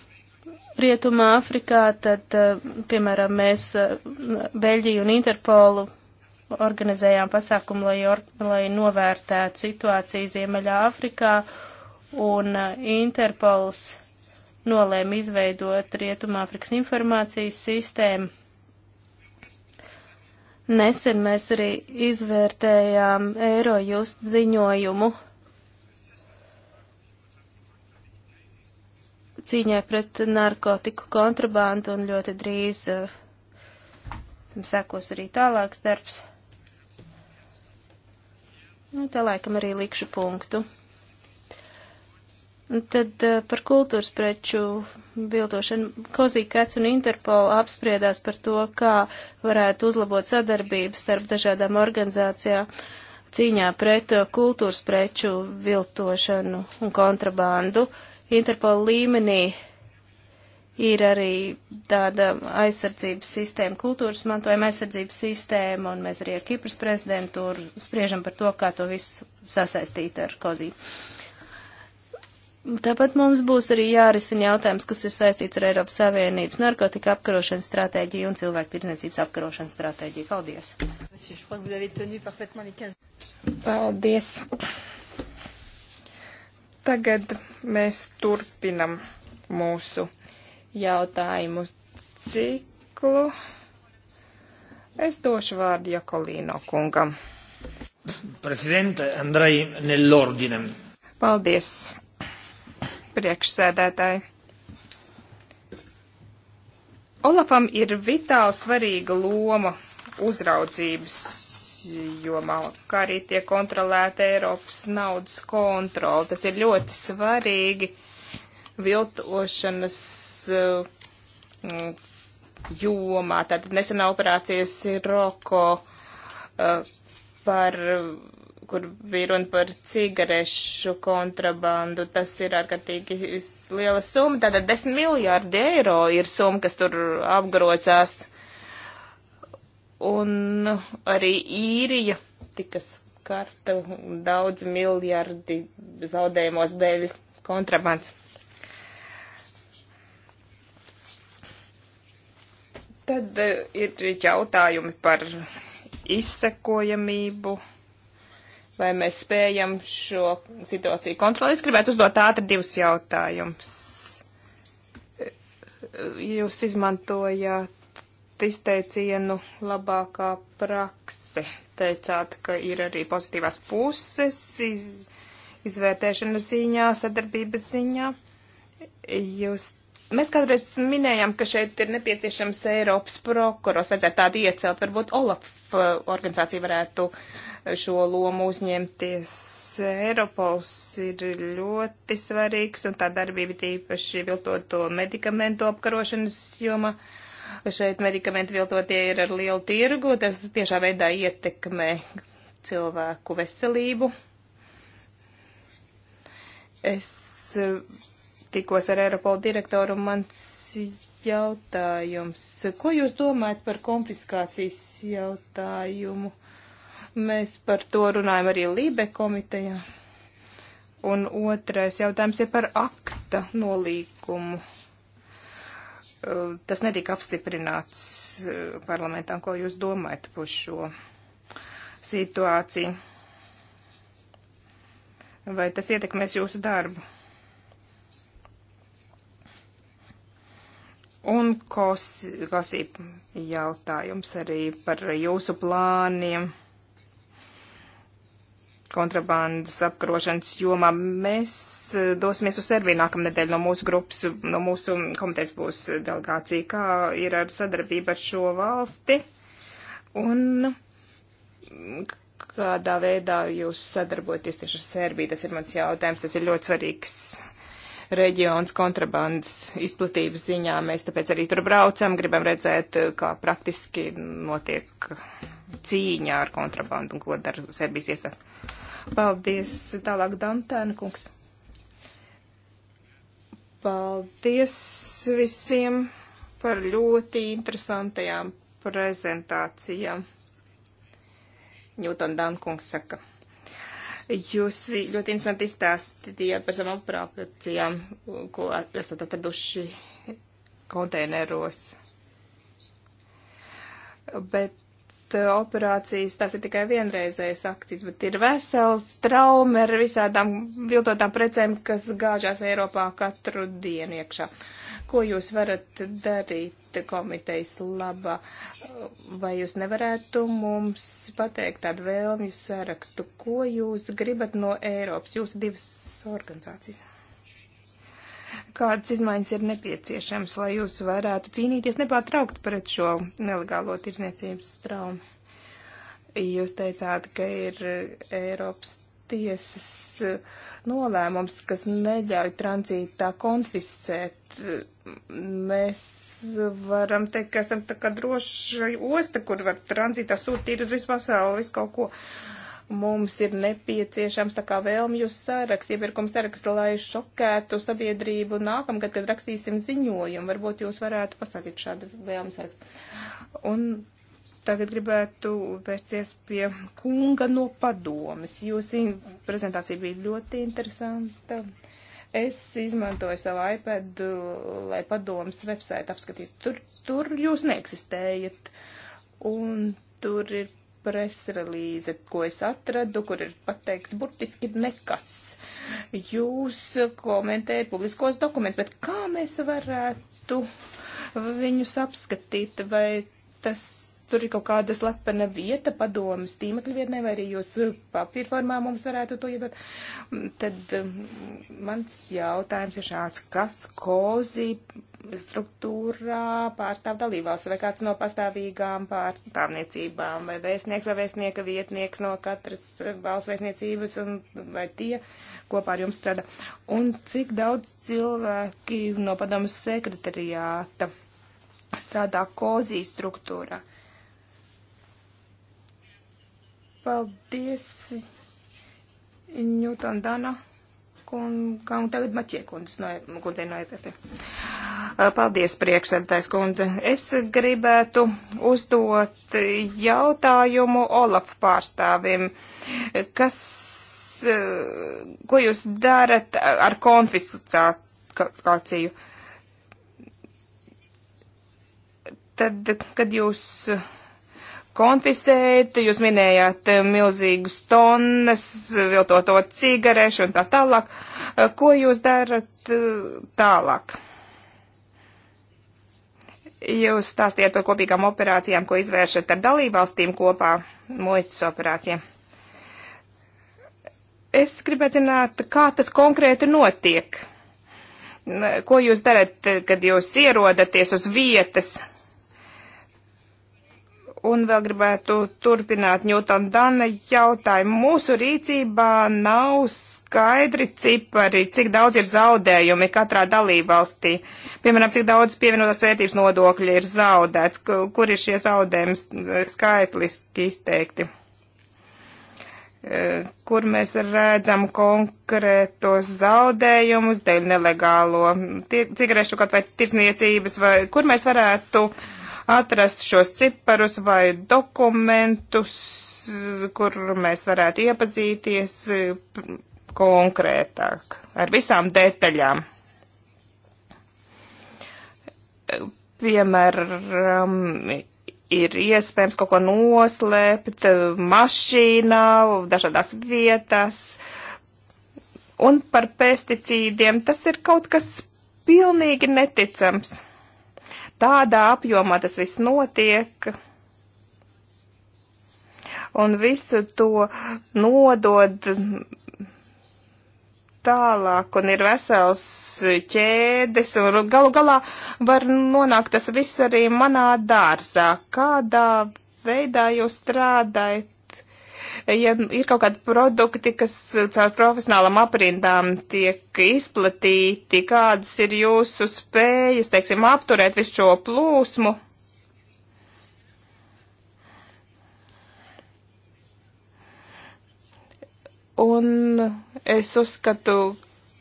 Rietumā Afrikā, tad, eh, piemēram, mēs eh, Beļģiju un Interpolu organizējām pasākumu, lai, or, lai novērtētu situāciju Ziemeļā Afrikā, un eh, Interpols nolēma izveidot Rietumāfrikas informācijas sistēmu. Nesen mēs arī izvērtējām Eirojust ziņojumu cīņai pret narkotiku kontrabandu un ļoti drīz uh, eh, tam sekos arī tālāks darbs. Nu, te laikam arī likšu punktu. Un tad uh, par kultūras preču viltošanu Kozīkats un Interpola apspriedās par to, kā varētu uzlabot sadarbību starp dažādām organizācijām cīņā pret eh, kultūras preču viltošanu un kontrabandu. Uh, Interpol līmenī ir arī tāda aizsardzības sistēma, kultūras mantojuma aizsardzības sistēma, un mēs arī ar Kipras prezidentūru spriežam par to, kā to visu sasaistīt ar kozī. Tāpat mums būs arī jārisina jautājums, kas ir saistīts ar Eiropas Savienības narkotika apkarošanas stratēģiju un cilvēku tirdzniecības apkarošanas stratēģiju. Paldies! Paldies! Tagad mēs turpinam mūsu jautājumu ciklu. Es došu vārdu Jakolīno kungam. Prezidente Andrei Nellordine. Paldies, priekšsēdētāji. Olafam ir vitāli svarīga loma uzraudzības jomā, kā arī tiek kontrolēta Eiropas naudas kontrola. Tas ir ļoti svarīgi viltošanas uh, jomā. Tātad nesenā operācijas Roko uh, par kur bija runa par cigarešu kontrabandu. Tas ir ārkārtīgi liela summa. Tātad 10 miljārdi eiro ir summa, kas tur apgrozās. Un arī īrija tika skarta daudz miljardi zaudējumos dēļ kontrabands. Tad eh, ir jautājumi par izsekojamību, vai mēs spējam šo situāciju kontrolēt. Es gribētu uzdot ātri divus jautājumus. Eh, eh, jūs izmantojāt izteicienu labākā prakse. Teicāt, ka ir arī pozitīvās puses iz, izvērtēšanas ziņā, sadarbības ziņā. Jūs, mēs kādreiz minējām, ka šeit ir nepieciešams Eiropas prokuros, vajadzētu tādu iecelt, varbūt Olaf eh, organizācija varētu šo lomu uzņemties. Eiropols ir ļoti svarīgs un tā darbība tīpaši viltoto medikamentu apkarošanas joma. Uh, šeit medikamenti viltotie ir ar lielu tirgu, tas tiešā veidā ietekmē cilvēku veselību. Es eh, tikos ar Eiropolu direktoru, mans jautājums, ko jūs domājat par konfiskācijas jautājumu? Mēs par to runājam arī Lībe komitejā. Un otrais jautājums ir par akta nolīkumu tas netika apstiprināts eh, parlamentām. Ko jūs domājat par šo situāciju? Vai tas ietekmēs jūsu darbu? Un kosīp jautājums arī par jūsu plāniem kontrabandas apkarošanas jomā. Mēs eh, dosimies uz Serbiju nākamnedēļ no mūsu grupas, no mūsu komitejas būs delegācija, kā ir ar sadarbību ar šo valsti un kādā veidā jūs sadarboties tieši ar Serbiju. Tas ir mans jautājums, tas ir ļoti svarīgs reģions kontrabandas izplatības ziņā. Mēs tāpēc arī tur braucam, gribam redzēt, eh, kā praktiski notiek cīņā ar kontrabandu un ko dara Serbijas iestādes. Paldies, tālāk Dantēna kungs. Paldies visiem par ļoti interesantajām prezentācijām. Ņūton Dankungs saka. Jūs ļoti interesanti izstāstījāt par savām operācijām, ko esat atraduši konteineros. Bet uh, operācijas, tās ir tikai vienreizējas akcijas, bet ir vesels traumi ar visādām viltotām precēm, kas gāžās Eiropā katru dienu iekšā. Uh, Ko jūs varat darīt komitejas labā? Vai jūs nevarētu mums pateikt tādu vēlmju sarakstu? Ko jūs gribat no Eiropas, jūsu divas organizācijas? Kādas izmaiņas ir nepieciešams, lai jūs varētu cīnīties nepārtraukt pret šo nelegālo tirzniecības traumu? Jūs teicāt, ka ir Eiropas tiesas eh, nolēmums, kas neļauj tranzītā konfiscēt. Mēs varam teikt, ka esam tā kā droša osta, kur var tranzītā sūtīt uz visu pasauli, visu kaut ko. Mums ir nepieciešams tā kā vēlmju saraksts, iepirkuma saraksts, lai šokētu sabiedrību nākamgad, kad rakstīsim ziņojumu. Varbūt jūs varētu pasakīt šādu vēlmju sarakstu. Un Tagad gribētu vērsties pie kunga no padomas. Jūsu prezentācija bija ļoti interesanta. Es izmantoju savu iPad, lai padomas website apskatītu. Tur, tur jūs neeksistējat. Un tur ir presrelīze, ko es atradu, kur ir pateikts burtiski nekas. Jūs komentējat publiskos dokumentus, bet kā mēs varētu viņus apskatīt, vai tas tur ir kaut kāda slepena vieta padomas tīmekļa vietnē, vai arī jūs uh, papīra formā mums varētu to iedot. Mm, tad um, mans jautājums ir šāds, kas kozi struktūrā pārstāv dalībvalsts vai kāds no pastāvīgām pārstāvniecībām vai vēstnieks vai vēstnieka vietnieks no katras uh, valsts vēstniecības un vai tie kopā ar jums strādā. Un cik daudz cilvēki no padomas sekretariāta strādā kozī struktūrā? Paldies Ņūton Dana kungam, tagad Maķiekundas no, kundze no EPP. Paldies, priekšsēdētājs kundze. Es gribētu uzdot jautājumu Olaf pārstāvim. Kas, ko jūs darat ar konfiskāciju? Tad, kad jūs konfiscēti, jūs minējāt eh, milzīgus tonnas, viltoto cigarešu un tā tālāk. Eh, ko jūs darat eh, tālāk? Jūs stāstījāt par kopīgām operācijām, ko izvēršat ar dalībvalstīm kopā muitas operācijām. Es gribētu zināt, kā tas konkrēti notiek. Ko jūs darat, kad jūs ierodaties uz vietas? Un vēl gribētu turpināt Ņūtona Dana jautājumu. Mūsu rīcībā nav skaidri cipari, cik daudz ir zaudējumi katrā dalībvalstī. Piemēram, cik daudz pievienotās vērtības nodokļi ir zaudēts, kur ir šie zaudējumi skaitliski izteikti. E, kur mēs redzam konkrētos zaudējumus dēļ nelegālo cigarešu kaut vai tirsniecības, vai kur mēs varētu uh, atrast šos ciparus vai dokumentus, kur mēs varētu iepazīties mm, konkrētāk ar visām detaļām. Piemēram, ir iespējams kaut ko noslēpt mašīnā, dažādās vietās. Un par pesticīdiem tas ir kaut kas pilnīgi neticams tādā apjomā tas viss notiek. Un visu to nodod tālāk, un ir vesels ķēdes, un galu galā var nonākt tas viss arī manā dārzā. Kādā veidā jūs strādājat ja ir kaut kādi produkti, kas caur profesionālam aprindām tiek izplatīti, kādas ir jūsu spējas, teiksim, apturēt visu šo plūsmu? Un es uzskatu,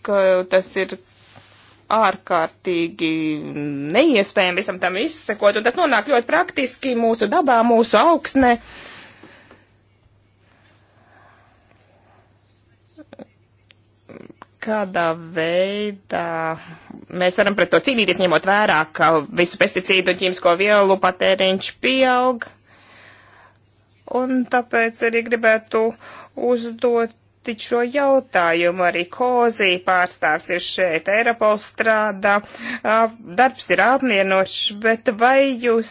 ka tas ir ārkārtīgi neiespējami visam tam izsekot, un tas nonāk ļoti praktiski mūsu dabā, mūsu augsnē. Uh, kādā veidā mēs varam pret to cīnīties, ņemot vērā, ka visu pesticīdu un ķīmisko vielu patēriņš pieaug. Un tāpēc arī gribētu uzdot šo jautājumu arī Kozī pārstāvs ir šeit, Eiropols strādā, darbs ir apmienošs, bet vai jūs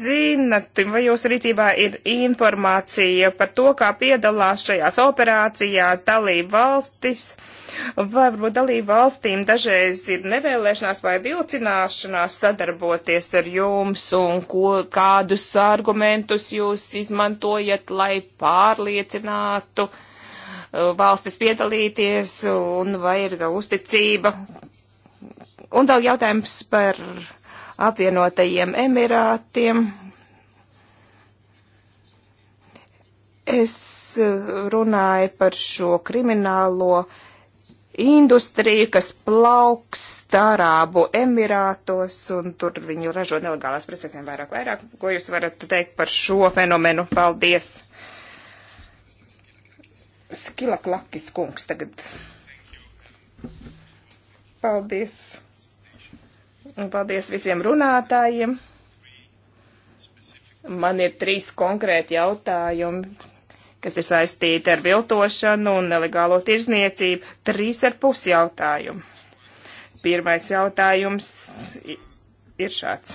zinat, vai jūsu rīcībā ir informācija par to, kā piedalās šajās operācijās dalība valstis? Vai varbūt dalību valstīm dažreiz ir nevēlēšanās vai vilcināšanās sadarboties ar jums un ko, kādus argumentus jūs izmantojat, lai pārliecinātu uh, valstis piedalīties un vai ir uzticība? Un vēl jautājums par apvienotajiem Emirātiem. Es uh, runāju par šo kriminālo uh, industriju, kas plauks Arābu Emirātos, un tur viņi ražo nelegālās preces vairāk, vairāk. Ko jūs varat teikt par šo fenomenu? Paldies! Skila Klakis kungs tagad. Paldies! Un paldies visiem runātājiem! Man ir trīs konkrēti jautājumi kas ir saistīti ar viltošanu un nelegālo tirzniecību. Trīs ar pus jautājumu. Pirmais jautājums ir šāds.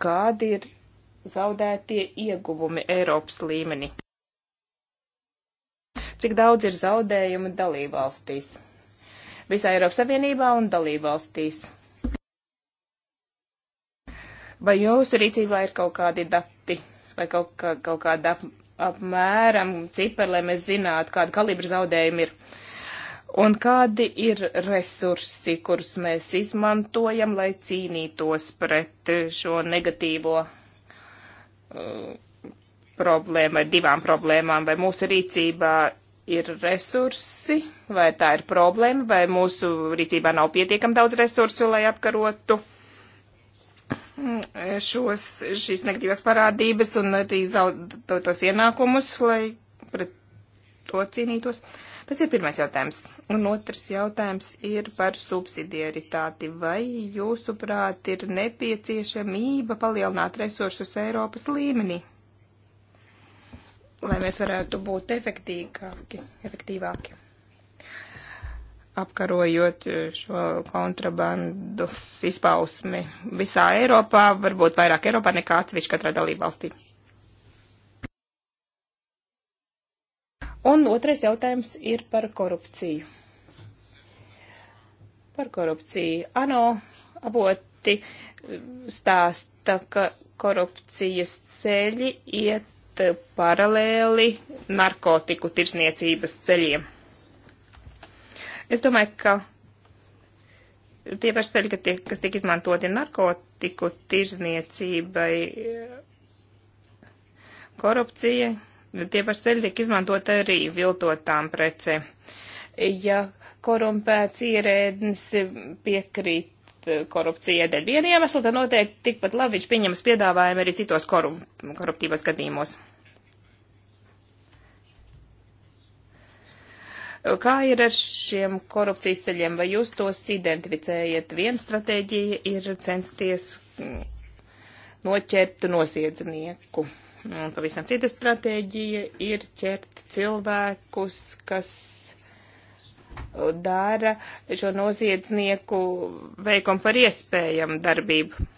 Kādi ir zaudētie ieguvumi Eiropas līmenī? Cik daudz ir zaudējumu dalībvalstīs? Visā Eiropas Savienībā un dalībvalstīs. Vai jūsu rīcībā ir kaut kādi dati vai kaut, kā, kaut kāda apmēram cipari, lai mēs zinātu, kāda kalibra zaudējumi ir. Un kādi ir resursi, kurus mēs izmantojam, lai cīnītos pret šo negatīvo uh, problēmu vai divām problēmām, vai mūsu rīcībā ir resursi, vai tā ir problēma, vai mūsu rīcībā nav pietiekam daudz resursu, lai apkarotu uh, šos, šīs negatīvās parādības un arī eh, zaudotos ienākumus, lai pret to cīnītos. Tas ir pirmais jautājums. Un otrs jautājums ir par subsidiaritāti. Vai jūsuprāt ir nepieciešamība palielināt resursus Eiropas līmenī, lai mēs varētu būt efektīvāki? efektīvāki? apkarojot eh, šo kontrabandus izpausmi visā Eiropā, varbūt vairāk Eiropā nekā atsevišķi katrā dalībvalstī. Un otrais jautājums ir par korupciju. Par korupciju. ANO avoti eh, stāsta, ka korupcijas ceļi iet paralēli narkotiku tirsniecības ceļiem. Es domāju, ka tie paši ceļi, ka tie, kas tiek izmantoti narkotiku tirzniecībai, korupcija, tie paši ceļi tiek izmantot arī viltotām precēm. Ja korumpēts ierēdnis piekrīt korupcija dēļ viena iemesla, tad noteikti tikpat labi viņš pieņems piedāvājumu arī citos korup koruptīvos gadījumos. Kā ir ar šiem korupcijas ceļiem? Vai jūs tos identificējat? Viena stratēģija ir censties mm, noķert nosiedznieku. Un pavisam cita stratēģija ir ķert cilvēkus, kas uh, dara šo noziedznieku veikumu par iespējamu darbību.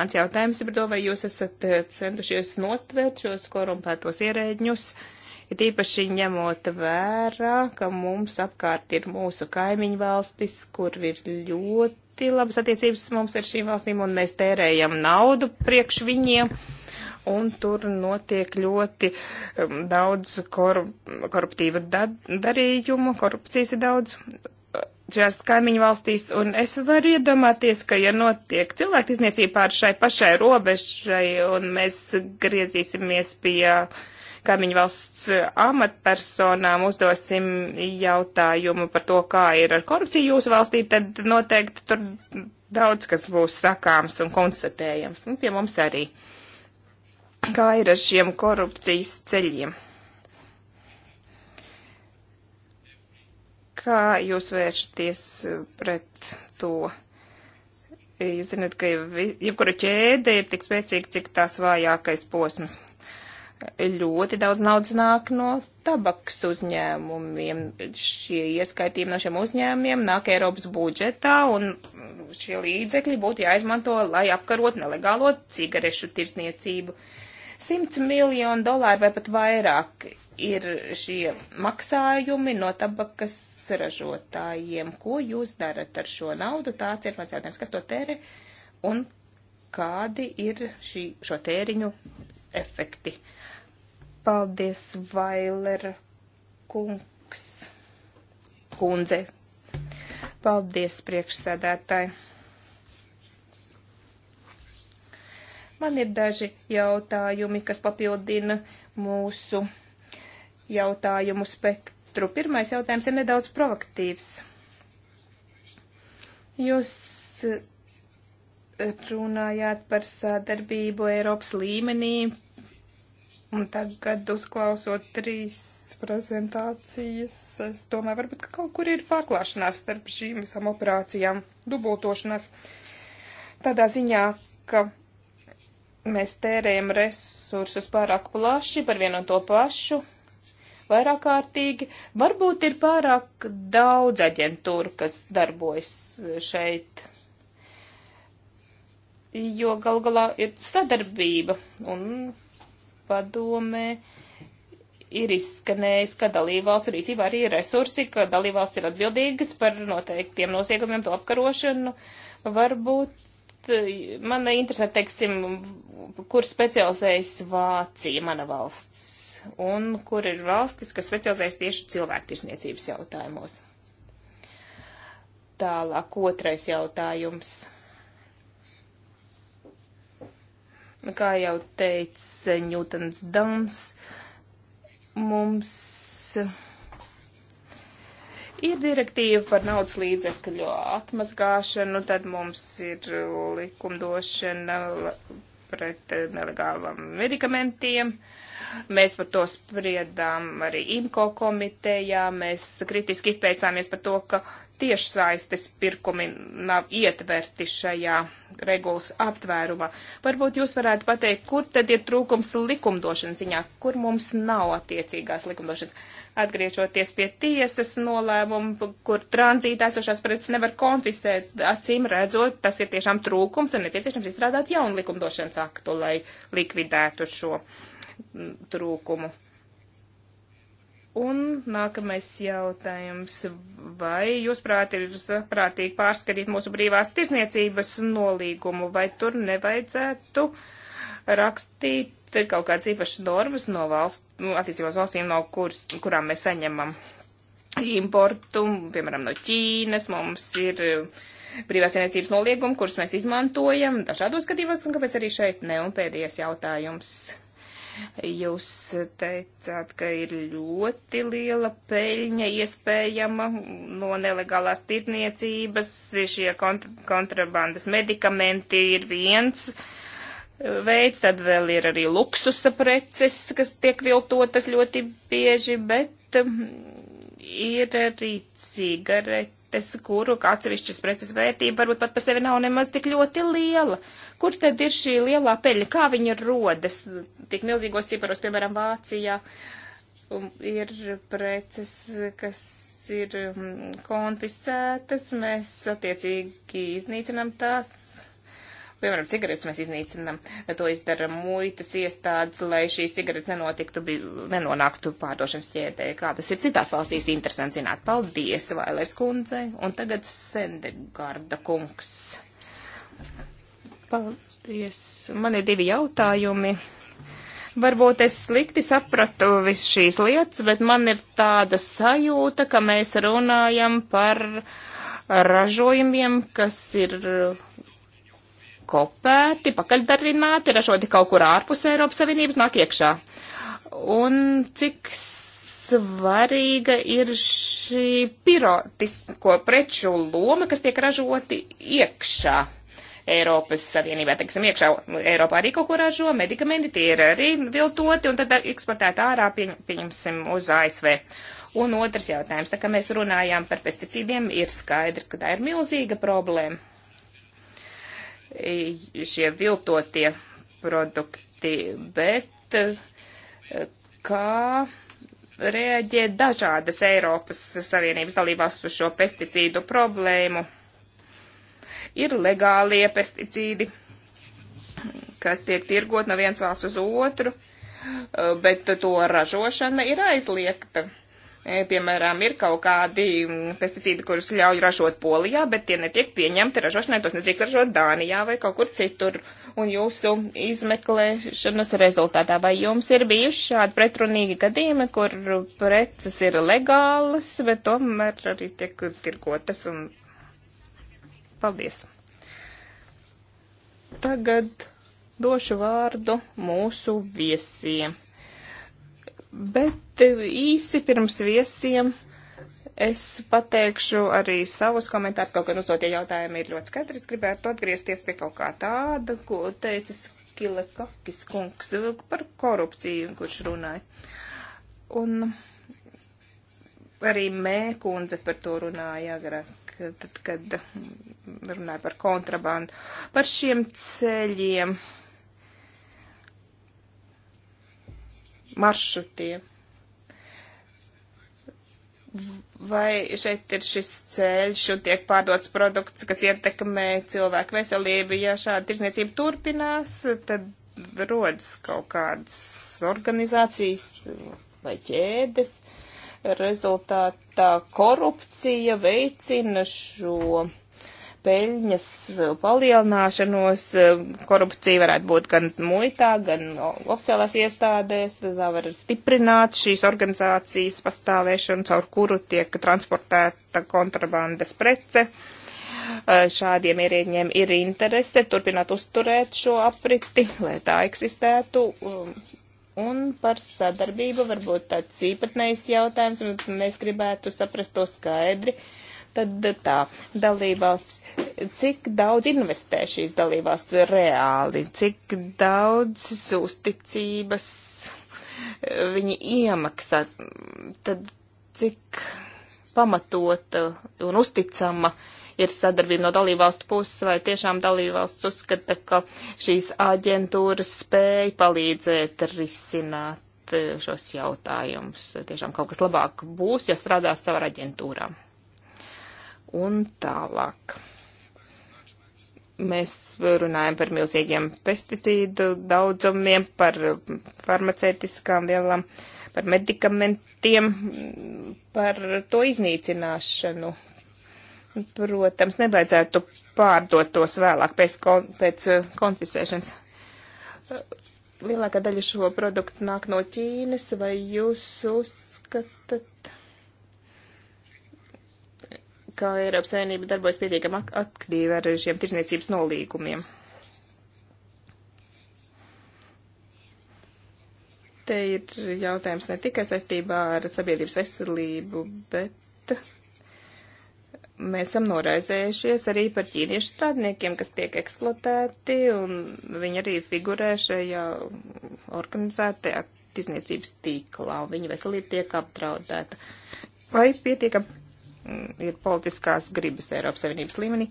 Mans jautājums ir par to, vai jūs esat uh, centušies notvērt šos korumpētos ierēģņus. Uh, ir īpaši ņemot vērā, ka mums apkārt ir mūsu kaimiņu valstis, kur ir ļoti labas attiecības mums ar šīm valstīm, un mēs tērējam naudu priekš viņiem un tur notiek ļoti um, daudz korup koruptīva da darījumu, korupcijas ir daudz uh, šajās kaimiņu valstīs, un es varu iedomāties, ka, ja notiek cilvēku izniecība pār šai pašai robežai, un mēs griezīsimies pie uh, kaimiņu valsts eh, amatpersonām uzdosim jautājumu par to, kā ir ar korupciju jūsu valstī, tad noteikti tur daudz kas būs sakāms un konstatējams. Un pie mums arī. Kā ir ar šiem korupcijas ceļiem? Kā jūs vēršaties eh, pret to? Jūs zināt, ka jebkura ķēde ir tik spēcīga, cik tās vājākais posms ļoti daudz naudas nāk no tabaks uzņēmumiem. Šie ieskaitījumi no šiem uzņēmumiem nāk Eiropas budžetā, un šie līdzekļi būtu jāizmanto, lai apkarot nelegālo cigarešu tirsniecību. 100 miljonu dolāru vai pat vairāk ir šie maksājumi no tabakas ražotājiem. Ko jūs darat ar šo naudu? Tāds ir mans jautājums. Kas to tērē? Un kādi ir šī, šo tēriņu efekti? Uh, Paldies, Vailera kungs, kundze. Paldies, priekšsēdētāji. Man ir daži jautājumi, kas papildina mūsu jautājumu spektru. Pirmais jautājums ir nedaudz provokatīvs. Jūs eh, runājāt par sadarbību Eiropas līmenī, Un tagad, uzklausot trīs prezentācijas, es domāju, varbūt, ka kaut kur ir pārklāšanās starp šīm visām operācijām, dubultošanās. Tādā ziņā, ka mēs tērējam resursus pārāk plaši par vienu un to pašu, vairāk kārtīgi. Varbūt ir pārāk daudz aģentūru, kas darbojas šeit. Jo gal galā ir sadarbība un padomē ir izskanējis, ka dalībvalstu rīcībā arī ir resursi, ka dalībvalsts ir atbildīgas par noteiktiem noziegumiem, to apkarošanu. Varbūt eh, man interesē, teiksim, kur specializējas Vācija, mana valsts, un kur ir valstis, kas specializējas tieši cilvēktiesniecības jautājumos. Tālāk otrais jautājums. Kā jau teica Ņūtons Dans, mums ir direktīva par naudas līdzekļu atmazgāšanu, tad mums ir likumdošana pret nelegālam medikamentiem. Mēs par to spriedām arī IMCO komitejā. Mēs kritiski izteicāmies par to, ka tiešsaistes pirkumi nav ietverti šajā regulas aptvērumā. Varbūt jūs varētu pateikt, kur tad ir trūkums likumdošanas ziņā, kur mums nav attiecīgās likumdošanas. Atgriežoties pie tiesas nolēmuma, kur tranzītā esošās preces nevar konfiscēt, acīm redzot, tas ir tiešām trūkums un nepieciešams izstrādāt jaunu likumdošanas aktu, lai likvidētu šo mm, trūkumu. Un nākamais jautājums. Vai jūs prāt ir saprātīgi pārskatīt mūsu brīvās tirdzniecības nolīgumu, vai tur nevajadzētu rakstīt kaut kādas īpašas normas no valsts, nu, attiecībā uz valstīm, no kuras, kurām mēs saņemam importu, piemēram, no Ķīnas, mums ir eh, brīvās vienības noliegumi, kurus mēs izmantojam dažādos skatījumos, un kāpēc arī šeit ne, un pēdējais jautājums. Jūs teicāt, ka ir ļoti liela peļņa iespējama no nelegālās tirniecības. Šie kontra kontrabandas medikamenti ir viens veids, tad vēl ir arī luksusa preces, kas tiek viltotas ļoti bieži, bet ir arī cigaretes vērtes, kuru atsevišķas preces vērtība varbūt pat par sevi nav nemaz tik ļoti liela. Kur tad ir šī lielā peļņa? Kā viņa rodas? Tik milzīgos ciparos, piemēram, Vācijā ir preces, kas ir mm, konfiscētas, mēs attiecīgi iznīcinām tās Piemēram, cigaretes mēs iznīcinām, to izdara muitas iestādes, lai šīs cigaretes nenotiktu, nenonāktu pārdošanas ķēdē. Kā tas ir citās valstīs, interesanti zināt. Paldies, Vailers kundze, un tagad Sendegarda kungs. Paldies. Man ir divi jautājumi. Varbūt es slikti sapratu visu šīs lietas, bet man ir tāda sajūta, ka mēs runājam par ražojumiem, kas ir kopēti, pakaļdarbināti, ražoti kaut kur ārpus Eiropas Savienības, nāk iekšā. Un cik svarīga ir šī pirotisko preču loma, kas tiek ražoti iekšā. Eiropas Savienībā, teiksim, iekšā Eiropā arī kaut ko ražo, medikamenti tie ir arī viltoti un tad eksportēta ārā, pieņ, pieņemsim, uz ASV. Un otrs jautājums, tā kā mēs runājām par pesticīdiem, ir skaidrs, ka tā ir milzīga problēma šie viltotie produkti, bet eh, kā reaģē dažādas Eiropas Savienības dalībās uz šo pesticīdu problēmu. Ir legālie pesticīdi, kas tiek tirgot no viens valsts uz otru, eh, bet to ražošana ir aizliegta. E, piemēram, ir kaut kādi pesticīdi, kurus ļauj ražot Polijā, bet tie netiek pieņemti ražošanai, tos nedrīkst ražot Dānijā vai kaut kur citur. Un jūsu izmeklēšanas rezultātā vai jums ir bijuši šādi pretrunīgi gadījumi, kur preces ir legālas, bet tomēr arī tiek tirgotas un paldies. Tagad došu vārdu mūsu viesiem. Bet īsi pirms viesiem es pateikšu arī savus komentārus. Kaut gan uzdotie jautājumi ir ļoti skaidri. Es gribētu atgriezties pie kaut kā tāda, ko teicis Kila Kakis kungs par korupciju, kurš runāja. Un arī mēkundze par to runāja agrāk, tad, kad runāja par kontrabandu, par šiem ceļiem. maršrutiem. Vai šeit ir šis ceļš un tiek pārdots produkts, kas ietekmē cilvēku veselību? Ja šāda tirsniecība turpinās, tad rodas kaut kādas organizācijas vai ķēdes. Rezultātā korupcija veicina šo peļņas palielināšanos. Korupcija varētu būt gan muitā, gan oficiālās iestādēs. Tā var stiprināt šīs organizācijas pastāvēšanu, caur kuru tiek transportēta kontrabandas prece. Šādiem ierēģiem ir interese turpināt uzturēt šo apriti, lai tā eksistētu. Um, un par sadarbību varbūt tāds īpatnējs jautājums, mēs gribētu saprast to skaidri. Uh, Tad tā dalībvalsts, cik daudz investē šīs dalībvalsts reāli, cik daudz uzticības viņi iemaksā, tad cik pamatota un uzticama ir sadarbība no dalībvalstu puses, vai tiešām dalībvalsts uzskata, ka šīs aģentūras spēja palīdzēt risināt šos jautājumus. Tiešām kaut kas labāk būs, ja strādās savā aģentūrā un tālāk. Mēs runājam par milzīgiem pesticīdu daudzumiem, par farmaceitiskām vielām, par medikamentiem, par to iznīcināšanu. Protams, nebaidzētu pārdot tos vēlāk pēc, kon pēc eh, konfisēšanas. Lielākā daļa šo produktu nāk no Ķīnas, vai jūs uzskatāt? ka Eiropas Savienība darbojas pietiekami ak aktīvi ar šiem tirzniecības nolīgumiem. Te ir jautājums ne tikai saistībā ar sabiedrības veselību, bet mēs esam noraizējušies arī par ķīniešu strādniekiem, kas tiek eksploatēti, un viņi arī figurē šajā organizētajā tirzniecības tīklā, un viņu veselība tiek apdraudēta. Vai pietiekami Mm, ir politiskās gribas Eiropas Savienības līmenī?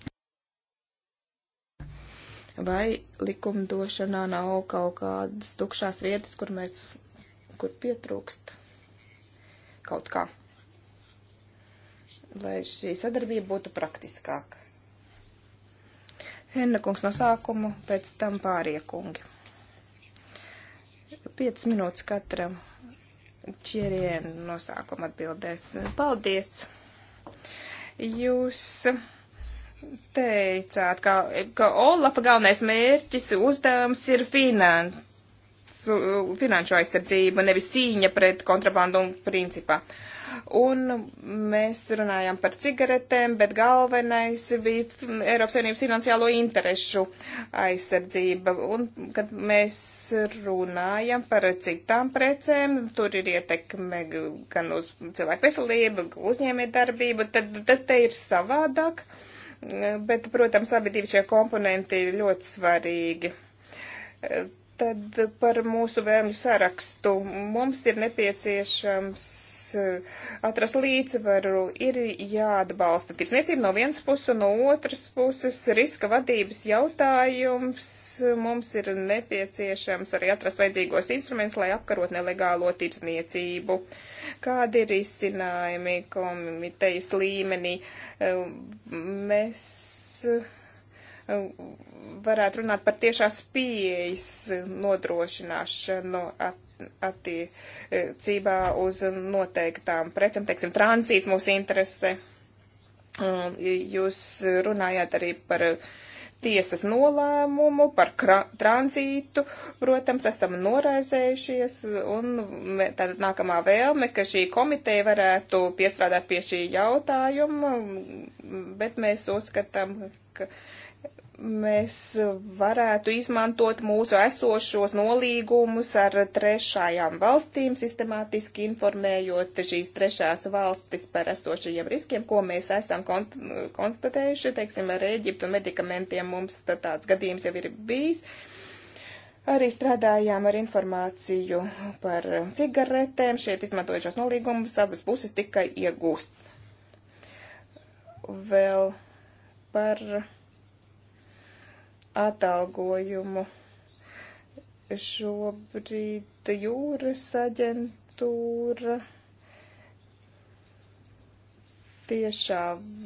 Vai likumdošanā nav kaut kādas tukšās vietas, kur mēs, kur pietrūkst kaut kā? Lai šī sadarbība būtu praktiskāka. Hennekungs no sākumu, pēc tam pārie kungi. 5 minūtes katram ķirien no sākuma atbildēs. Paldies! Jūs teicāt, ka, ka Olafa galvenais mērķis uzdevums ir finan, finanšu aizsardzība, nevis cīņa pret kontrabandu un principā. Un mēs runājām par cigaretēm, bet galvenais bija Eiropas Savienības finansiālo interešu aizsardzība. Un, kad mēs runājam par citām precēm, tur ir ietekme gan uz cilvēku veselību, uzņēmēt darbību, tad tas te ir savādāk. Bet, protams, abi divi šie komponenti ir ļoti svarīgi Tad par mūsu vēlmju sarakstu. Mums ir nepieciešams eh, atrast līdzsvaru, ir jāatbalsta tirsniecība no vienas puses, no otras puses riska vadības jautājums. Mums ir nepieciešams arī atrast vajadzīgos instrumentus, lai apkarot nelegālo tirsniecību. Kādi ir izcinājumi komitejas līmenī? Eh, mēs varētu runāt par tiešās pieejas nodrošināšanu attiecībā uz noteiktām precēm, teiksim, tranzīts mūs interese. Jūs runājāt arī par tiesas nolēmumu, par tranzītu, protams, esam noraizējušies, un tad nākamā vēlme, ka šī komiteja varētu piestrādāt pie šī jautājuma, bet mēs uzskatām, ka mēs varētu izmantot mūsu esošos nolīgumus ar trešajām valstīm, sistemātiski informējot šīs trešās valstis par esošajiem riskiem, ko mēs esam kont konstatējuši, teiksim, ar Eģiptu medikamentiem mums tāds gadījums jau ir bijis. Arī strādājām ar informāciju par cigaretēm, šeit izmantojušos nolīgumus, abas puses tikai iegūst. Vēl par atalgojumu. Šobrīd jūras aģentūra tiešā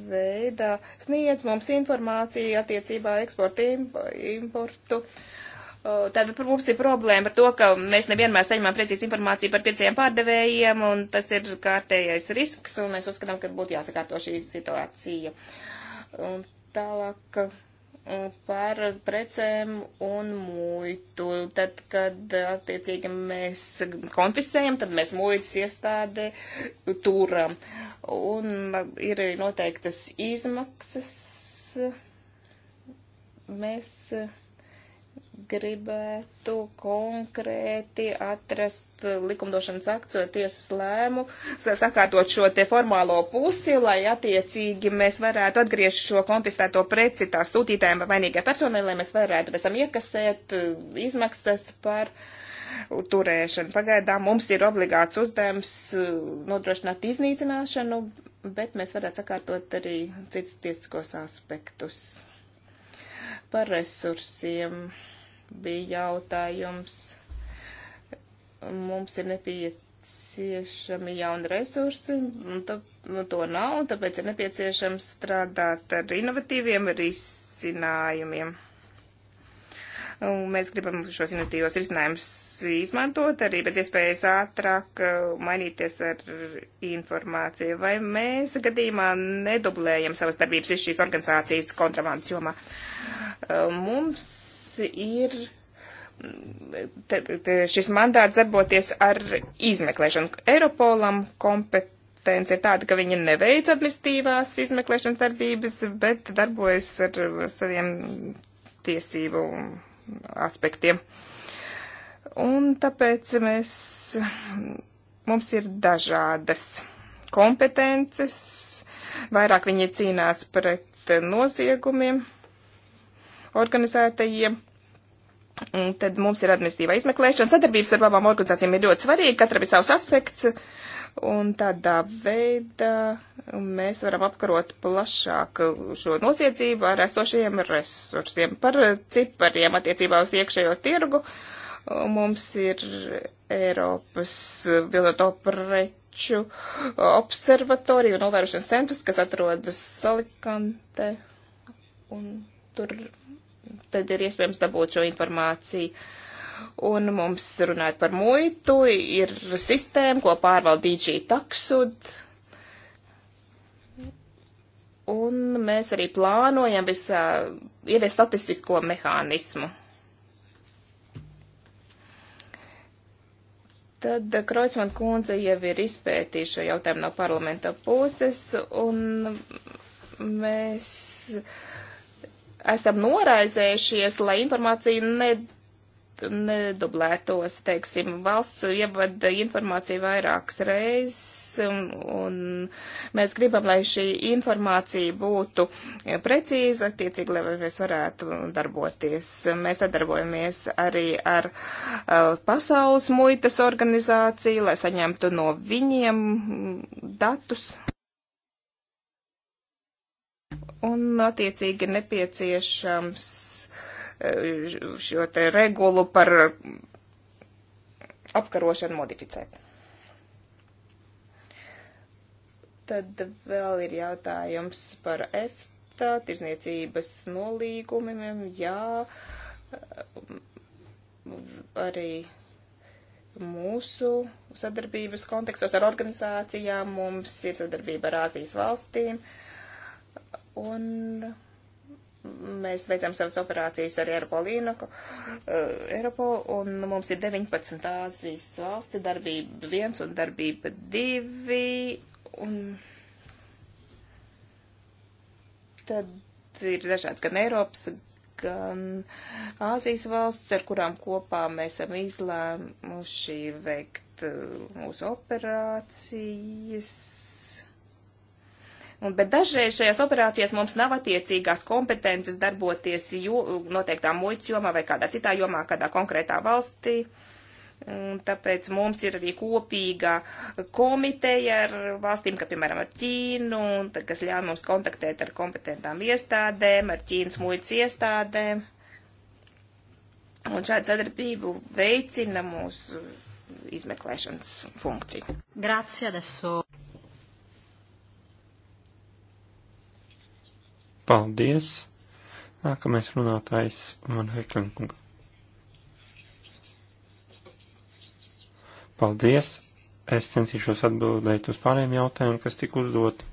veidā sniedz mums informāciju attiecībā eksportu importu. Tātad mums ir problēma ar to, ka mēs nevienmēr saņemam precīzi informāciju par pircējiem pārdevējiem, un tas ir kārtējais risks, un mēs uzskatām, ka būtu jāsakārto šī situācija. Un tālāk par precēm un muitu. Tad, kad attiecīgi mēs konfiscējam, tad mēs muitas iestādi turam. Un ir noteiktas izmaksas. Mēs gribētu konkrēti atrast likumdošanas aktu vai tiesas lēmu, sakārtot šo te formālo pusi, lai attiecīgi mēs varētu atgriezt šo konfiscēto preci tā sūtītājiem vai vainīgai personai, lai mēs varētu pēc tam iekasēt uh, izmaksas par turēšanu. Pagaidām mums ir obligāts uzdevums uh, nodrošināt iznīcināšanu, bet mēs varētu sakārtot arī citus tiesiskos aspektus par resursiem bija jautājums. Mums ir nepieciešami jauni resursi, un to, nu, to nav, un tāpēc ir nepieciešams strādāt ar inovatīviem risinājumiem. Un mēs gribam šos inovatīvos risinājumus izmantot arī pēc iespējas ātrāk, uh, mainīties ar informāciju. Vai mēs gadījumā nedublējam savas darbības visu šīs organizācijas kontrabandas jomā? Uh, mums ir te, te, šis mandāts darboties ar izmeklēšanu. Eiropolam kompetence ir tāda, ka viņi neveic administratīvās izmeklēšanas darbības, bet darbojas ar saviem tiesību aspektiem. Un tāpēc mēs, mums ir dažādas kompetences, vairāk viņi cīnās pret noziegumiem organizētajiem. Un tad mums ir administratīvā izmeklēšana. Sadarbības ar labām organizācijām ir ļoti svarīga, katram ir savs aspekts. Un tādā veidā mēs varam apkarot plašāk šo noziedzību ar esošajiem resursiem. Par cipariem attiecībā uz iekšējo tirgu mums ir Eiropas vilnoto preču observatorija un novērošanas centrs, kas atrodas Salikante. Un tur tad ir iespējams dabūt šo informāciju. Un mums runājot par muitu, ir sistēma, ko pārvalda DG Taksud. Un mēs arī plānojam visā ievies statistisko mehānismu. Tad Kreutzmann kundze jau ir izpētījuši šo jautājumu no parlamenta puses, un mēs esam noraizējušies, lai informācija ned, nedublētos, teiksim, valsts ievada informāciju vairākas reizes, un, un mēs gribam, lai šī informācija būtu precīza, attiecīgi, lai mēs varētu darboties. Mēs sadarbojamies arī ar uh, Pasaules muitas organizāciju, lai saņemtu no viņiem datus. Un, attiecīgi, nepieciešams e, šo te regulu par apkarošanu modificēt. Tad vēl ir jautājums par EFTA, tirzniecības nolīgumiem. Jā, arī mūsu sadarbības kontekstos ar organizācijām mums ir sadarbība ar Āzijas valstīm. Uh, Un mēs veicam savas operācijas ar Eiropolinu, eh, Eiropo, un mums ir 19 Āzijas valsti, darbība 1 un darbība 2, un tad ir dažāds gan Eiropas, gan Āzijas valsts, ar kurām kopā mēs esam izlēmuši veikt eh, mūsu operācijas Un, bet dažreiz šajās operācijās mums nav attiecīgās kompetences darboties jo, noteiktā muitas jomā vai kādā citā jomā, kādā konkrētā valstī. Un tāpēc mums ir arī kopīga komiteja ar valstīm, kā piemēram ar Ķīnu, tad, kas ļauj mums kontaktēt ar kompetentām iestādēm, ar Ķīnas muitas iestādēm. Un šādu sadarbību veicina mūsu izmeklēšanas funkciju. Grazie, adesso. Paldies! Nākamais runātājs man Heklinkunga. Paldies! Es centīšos atbildēt uz pārējiem jautājumiem, kas tika uzdoti.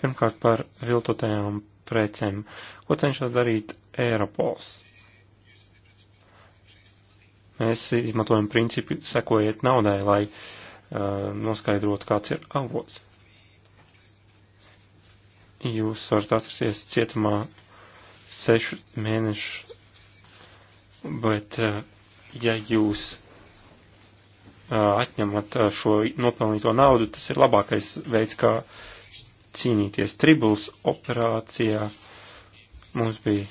Pirmkārt par viltotajām precēm. Ko cenšas darīt Eiropols? Mēs izmantojam principu sekojiet naudai, lai uh, noskaidrotu, kāds ir avots jūs varat atrasties cietumā sešu mēnešu, bet eh, ja jūs eh, atņemat eh, šo nopelnīto naudu, tas ir labākais veids, kā cīnīties. Tribuls operācijā mums bija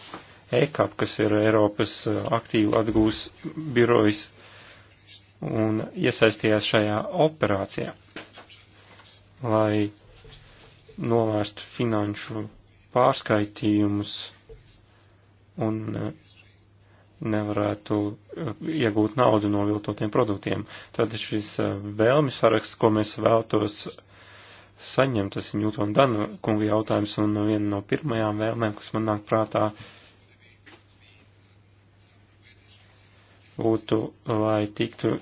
EKAP, kas ir Eiropas aktīvu atgūs birojas un iesaistījās šajā operācijā, lai novērst finanšu pārskaitījumus un eh, nevarētu eh, iegūt naudu no viltotiem produktiem. Tad šis eh, vēlmi saraksts, ko mēs vēltos saņemt, tas ir Newton Dana kunga jautājums, un viena no pirmajām vēlmēm, kas man nāk prātā, būtu, lai tiktu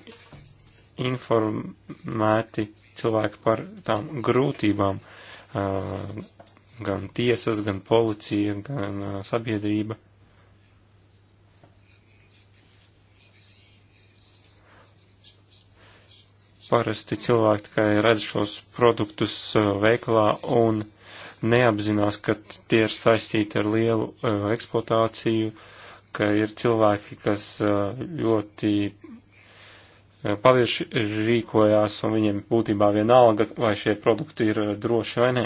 informēti cilvēki par tām grūtībām, uh, gan tiesas, gan policija, gan sabiedrība. Parasti cilvēki tikai redz šos produktus veiklā un neapzinās, ka tie ir saistīti ar lielu eksploatāciju, ka ir cilvēki, kas ļoti Eh, pavirši rīkojās, un viņiem būtībā vienalga, vai šie produkti ir eh, droši vai nē.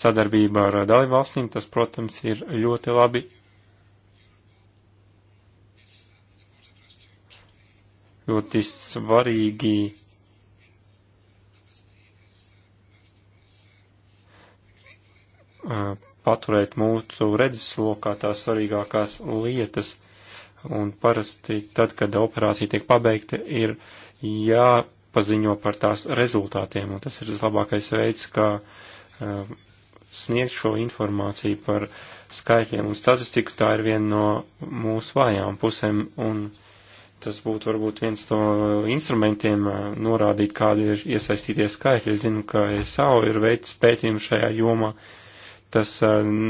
Sadarbība ar eh, dalībvalstīm, tas, protams, ir ļoti labi. Ļoti svarīgi paturēt mūsu redzeslokā tās svarīgākās lietas un parasti tad, kad operācija tiek pabeigta, ir jāpaziņo par tās rezultātiem, un tas ir tas labākais veids, kā uh, sniegt šo informāciju par skaitļiem un statistiku, tā ir viena no mūsu vājām pusēm, un tas būtu varbūt viens no instrumentiem uh, norādīt, kādi ir iesaistīties skaitļi. Es zinu, ka e SAO ir veids pētījumu šajā jomā, uh, tas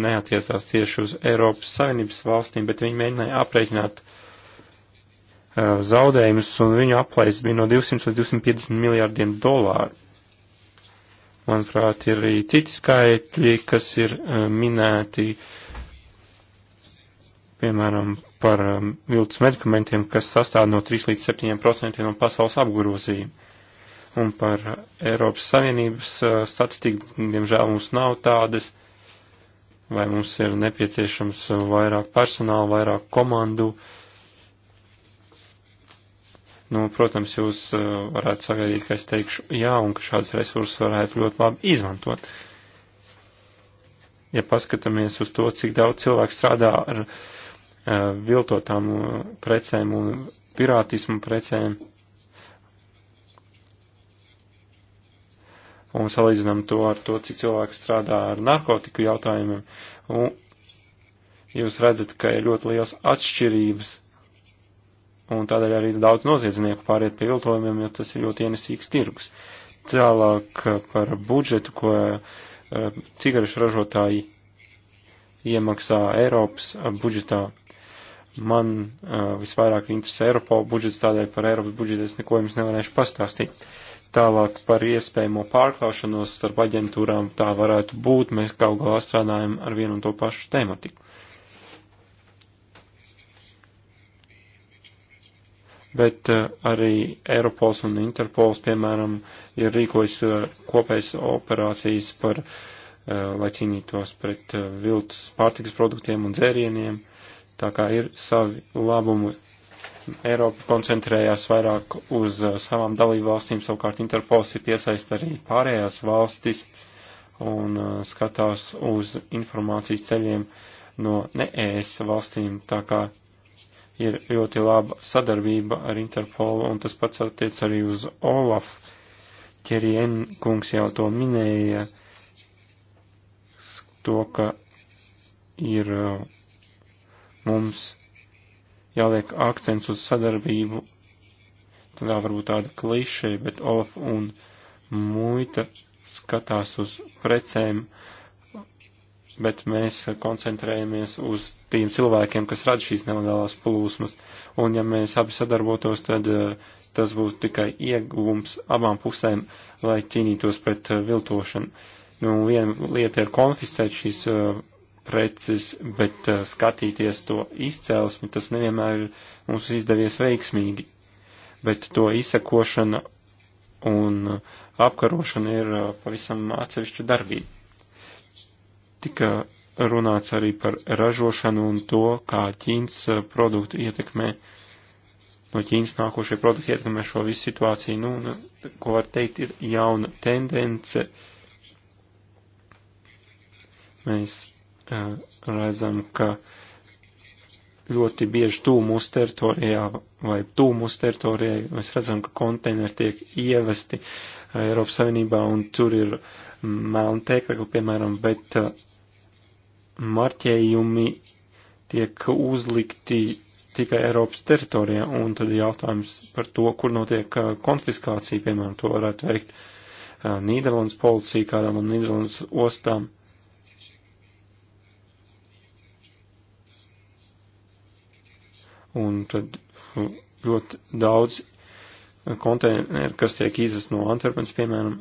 neatiecās tieši uz Eiropas Savienības valstīm, bet viņi mēģināja aprēķināt zaudējumus, un viņu aplaists bija no 200 līdz 250 miljārdiem dolāru. Manuprāt, ir arī citi skaitļi, kas ir minēti, piemēram, par viltus medikamentiem, kas sastāv no 3 līdz 7% no pasaules apgrozījuma un par Eiropas Savienības statistiku, diemžēl mums nav tādas, vai mums ir nepieciešams vairāk personāla, vairāk komandu. Nu, protams, jūs uh, varētu sagaidīt, ka es teikšu jā un ka šādas resursus varētu ļoti labi izmantot. Ja paskatāmies uz to, cik daudz cilvēku strādā ar uh, viltotām uh, precēm un pirātismu precēm, uh, un salīdzinām to ar to, cik cilvēki strādā ar narkotiku jautājumiem, un jūs redzat, ka ir ļoti liels atšķirības, un tādēļ arī daudz noziedznieku pāriet pie viltojumiem, jo tas ir ļoti ienesīgs tirgus. Tālāk par budžetu, ko eh, cigarešu ražotāji iemaksā Eiropas budžetā. Man uh, visvairāk interesē Eiropa budžets, tādēļ par Eiropas budžetu es neko jums nevarēšu pastāstīt. Uh, Tālāk par iespējamo pārklāšanos starp aģentūrām tā varētu būt, mēs kaut galā strādājam ar vienu un to pašu tematiku. bet eh, arī Eiropols un Interpols, piemēram, ir rīkojis eh, kopējas operācijas par, eh, lai cīnītos pret viltus pārtikas produktiem un dzērieniem. Tā kā ir savi labumi Eiropa koncentrējās vairāk uz uh, savām dalību valstīm, savukārt Interpols ir piesaist arī pārējās valstis un uh, skatās uz informācijas ceļiem no ne-ES valstīm, tā kā ir ļoti laba sadarbība ar Interpolu, un tas pats attiec arī uz Olaf. Ķerien kungs jau to minēja, to, ka ir uh, mums jāliek akcents uz sadarbību. Tā varbūt tāda klišeja, bet Olaf un muita skatās uz precēm, bet mēs koncentrējamies uz tiem cilvēkiem, kas rada šīs nelegālās plūsmas. Un ja mēs abi sadarbotos, tad eh, tas būtu tikai ieguvums abām pusēm, lai cīnītos pret eh, viltošanu. Nu, viena lieta ir konfiscēt šīs eh, preces, bet uh, skatīties to izcelsmi, tas nevienmēr ir mums izdevies veiksmīgi. Bet to izsekošana un apkarošana ir uh, pavisam atsevišķa darbība. Tika runāts arī par ražošanu un to, kā Ķīnas uh, produkti ietekmē, no Ķīnas nākošie produkti ietekmē šo visu situāciju. Nu, nu, ko var teikt, ir jauna tendence. Mēs redzam, ka ļoti bieži tūm mūsu teritorijā vai tūm mūsu teritorijai mēs redzam, ka konteineri tiek ievesti Eiropas Savienībā un tur ir melna tēkla, piemēram, bet marķējumi tiek uzlikti tikai Eiropas teritorijā, un tad jautājums par to, kur notiek konfiskācija, piemēram, to varētu veikt Nīderlandes policija kādā no Nīderlandes ostām un tad ļoti daudz uh, konteineru, kas tiek izvest no Antverpenes, piemēram.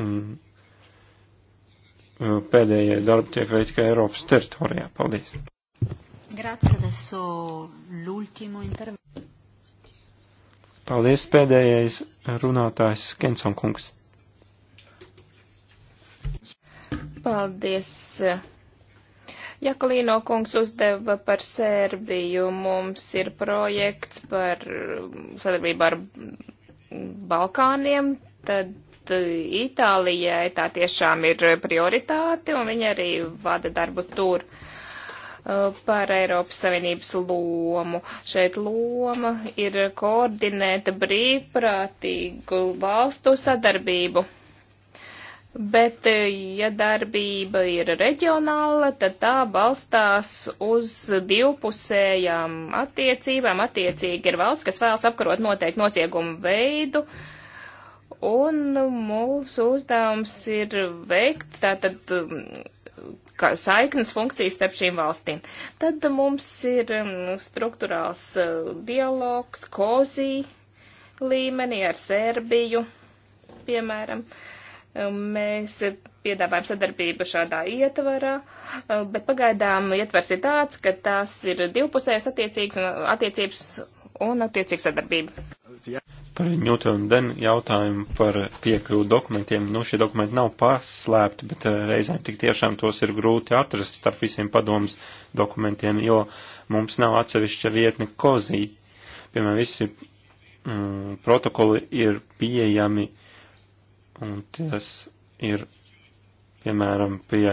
Un uh, pēdējie darbi tiek veikti tikai Eiropas teritorijā. Paldies! Grazie, adesso l'ultimo intervento. Paldies, pēdējais runātājs Kenson kungs. Paldies. Jakolīno kungs uzdeva par Sērbiju. Mums ir projekts par um, sadarbību ar Balkāniem. Tad uh, Itālijai tā tiešām ir prioritāte, un viņa arī vada darbu tur uh, par Eiropas Savienības lomu. Šeit loma ir koordinēta brīvprātīgu valstu sadarbību. Bet, ja darbība ir reģionāla, tad tā balstās uz divpusējām attiecībām. Attiecīgi ir valsts, kas vēlas apkarot noteikti noziegumu veidu, un mūsu uzdevums ir veikt tātad um, saiknes funkcijas starp šīm valstīm. Tad mums ir um, struktūrāls uh, dialogs, kozī līmenī ar Serbiju, piemēram. Uh, Um, mēs piedāvājam sadarbību šādā ietvarā, um, bet pagaidām ietvers ir tāds, ka tās ir divpusējas attiecības un attiecības un attiecīga sadarbība. Par Newton Den jautājumu par piekļuvu dokumentiem. Nu, šie dokumenti nav paslēpti, bet eh, reizēm tik tiešām tos ir grūti atrast starp visiem padomus dokumentiem, jo mums nav atsevišķa vietne kozī. Piemēram, visi mm, protokoli ir pieejami uh, Un tas ir, piemēram, pie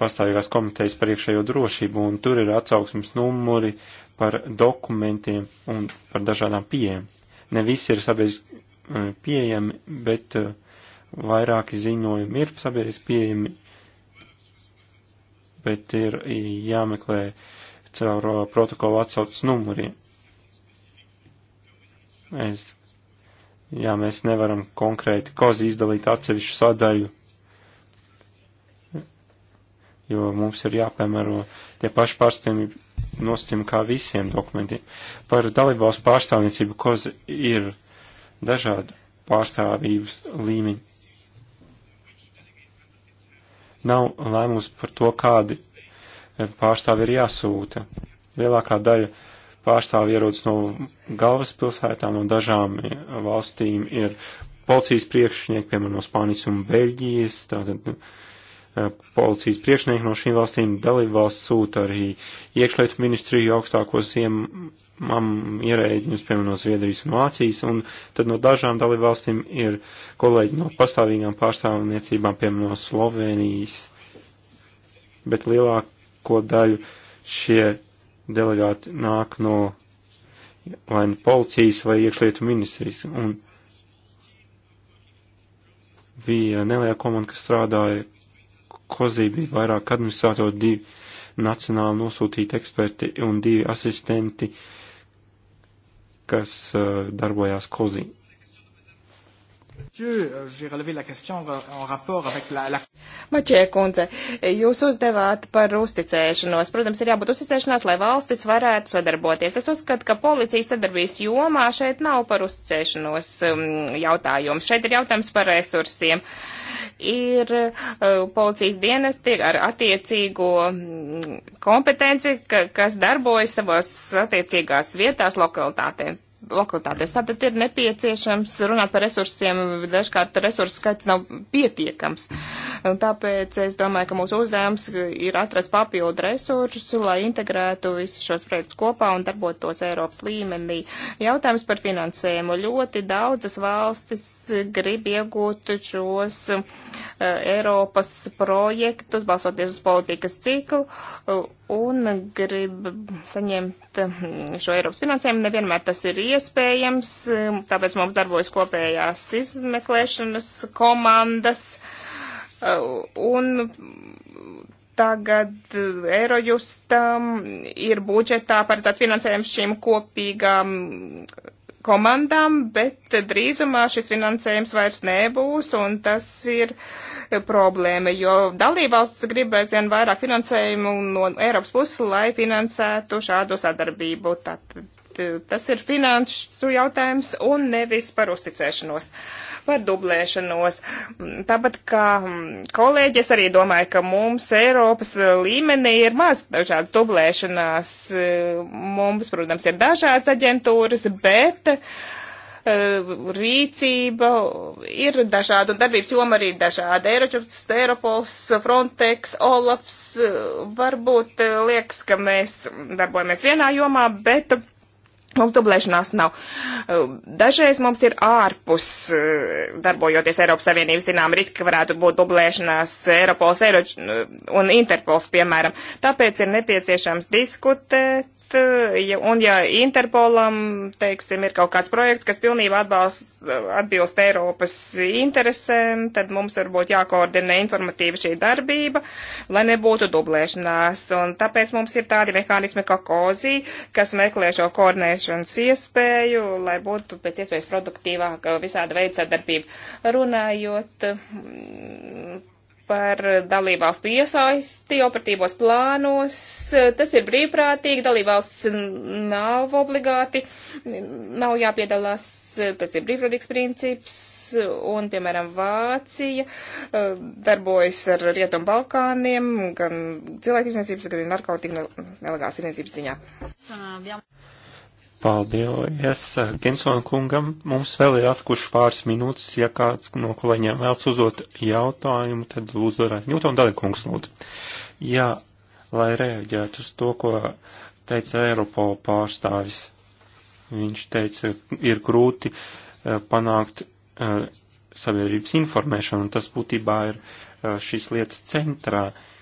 pastāvīgās komitejas par iekšējo drošību, un tur ir atsauksmes numuri par dokumentiem un par dažādām pieejām. Ne visi ir sabiedriski eh, pieejami, bet eh, vairāki ziņojumi ir sabiedriski pieejami, bet ir jāmeklē caur eh, protokolu atsaucas numuriem. Es ja mēs nevaram konkrēti kozi izdalīt atsevišķu sadaļu, jo mums ir jāpiemēro tie paši pārstāvji nostim kā visiem dokumentiem. Par dalībvalstu pārstāvniecību kozi ir dažādu pārstāvības līmeņi. Nav lēmums par to, kādi pārstāvi ir jāsūta. Lielākā daļa uh, pārstāvi ierodas no galvaspilsētām, no dažām eh, valstīm ir policijas priekšnieki, piemēram, no Spānijas un Beļģijas, tātad eh, policijas priekšnieki no šīm valstīm dalībvalsts sūta arī iekšlietu ministriju augstākos iemam ierēģiņus, piemēram, no Zviedrijas un Vācijas, un tad no dažām dalībvalstīm ir kolēģi no pastāvīgām pārstāvniecībām, piemēram, no Slovenijas, bet lielāko daļu šie delegāti nāk no vai nu policijas vai iekšlietu ministrijas. Un bija neliela komanda, kas strādāja Kozī, bija vairāk administrātori, divi nacionāli nosūtīti eksperti un divi asistenti, kas uh, darbojās Kozī. Euh, Maķie kundze, jūs uzdevāt par uzticēšanos. Protams, ir jābūt uzticēšanās, lai valstis varētu sadarboties. Es uzskatu, ka policijas sadarbības jomā šeit nav par uzticēšanos um, jautājums. Šeit ir jautājums par resursiem. Ir uh, policijas dienesti ar attiecīgo mm, kompetenci, kas darbojas savos attiecīgās vietās, lokalitātēm lokalitātēs. Tātad ir nepieciešams runāt par resursiem, dažkārt resursu skaits nav pietiekams. Tāpēc es domāju, ka mūsu uzdevums ir atrast papildu resursus, lai integrētu visus šos projektus kopā un darbotos Eiropas līmenī. Jautājums par finansējumu. Ļoti daudzas valstis grib iegūt šos uh, Eiropas projektus, balsoties uz politikas ciklu. Uh, un grib saņemt šo Eiropas finansējumu. Nevienmēr tas ir iespējams, tāpēc mums darbojas kopējās izmeklēšanas komandas. Un tagad Eirojustam ir budžetā paredzēt finansējums šīm kopīgām komandām, bet drīzumā šis finansējums vairs nebūs, un tas ir problēma, jo dalībvalsts gribēs vien vairāk finansējumu no Eiropas puses, lai finansētu šādu sadarbību. Tad, tas ir finanšu jautājums un nevis par uzticēšanos. Uh, par dublēšanos. Tāpat kā kolēģis arī domāju, ka mums Eiropas līmenī ir maz dažādas dublēšanās. Mums, protams, ir dažādas aģentūras, bet eh, rīcība ir dažāda, un darbības joma arī ir dažāda. Eiročups, Eiropols, Frontex, Olaps, eh, varbūt eh, liekas, ka mēs darbojamies vienā jomā, bet Mums dublēšanās nav. Ehm, dažreiz mums ir ārpus, ehm, darbojoties Eiropas Savienības, zinām, riski, ka varētu būt dublēšanās Eiropols Eiroč, ehm, un Interpols, piemēram. Tāpēc ir nepieciešams diskutēt Eh, ja, un ja Interpolam, teiksim, ir kaut kāds projekts, kas pilnībā atbalst, atbilst Eiropas interesēm, tad mums varbūt jākoordinē informatīva šī darbība, lai nebūtu dublēšanās. Un tāpēc mums ir tādi mehānismi kā kozī, kas meklē šo koordinēšanas iespēju, lai būtu pēc iespējas produktīvāka visāda veida sadarbība. Runājot par dalībvalstu iesaisti operatīvos plānos. Tas ir brīvprātīgi, dalībvalsts nav obligāti, nav jāpiedalās, tas ir brīvprātīgs princips. Un, piemēram, Vācija eh, darbojas ar Rietumu Balkāniem gan cilvēku izniecības, gan narkotiku nelegālas izniecības ziņā. Paldies eh, Gensona kungam. Mums vēl ir atlikuši pāris minūtes. Ja kāds no kolēģiem vēlas uzdot jautājumu, tad lūdzu varētu. Ņūton Dali kungs lūdzu. Jā, lai reaģētu uz to, ko teica Eiropola pārstāvis. Viņš teica, ir grūti eh, panākt eh, sabiedrības informēšanu, un tas būtībā ir šīs lietas centrā. Uh,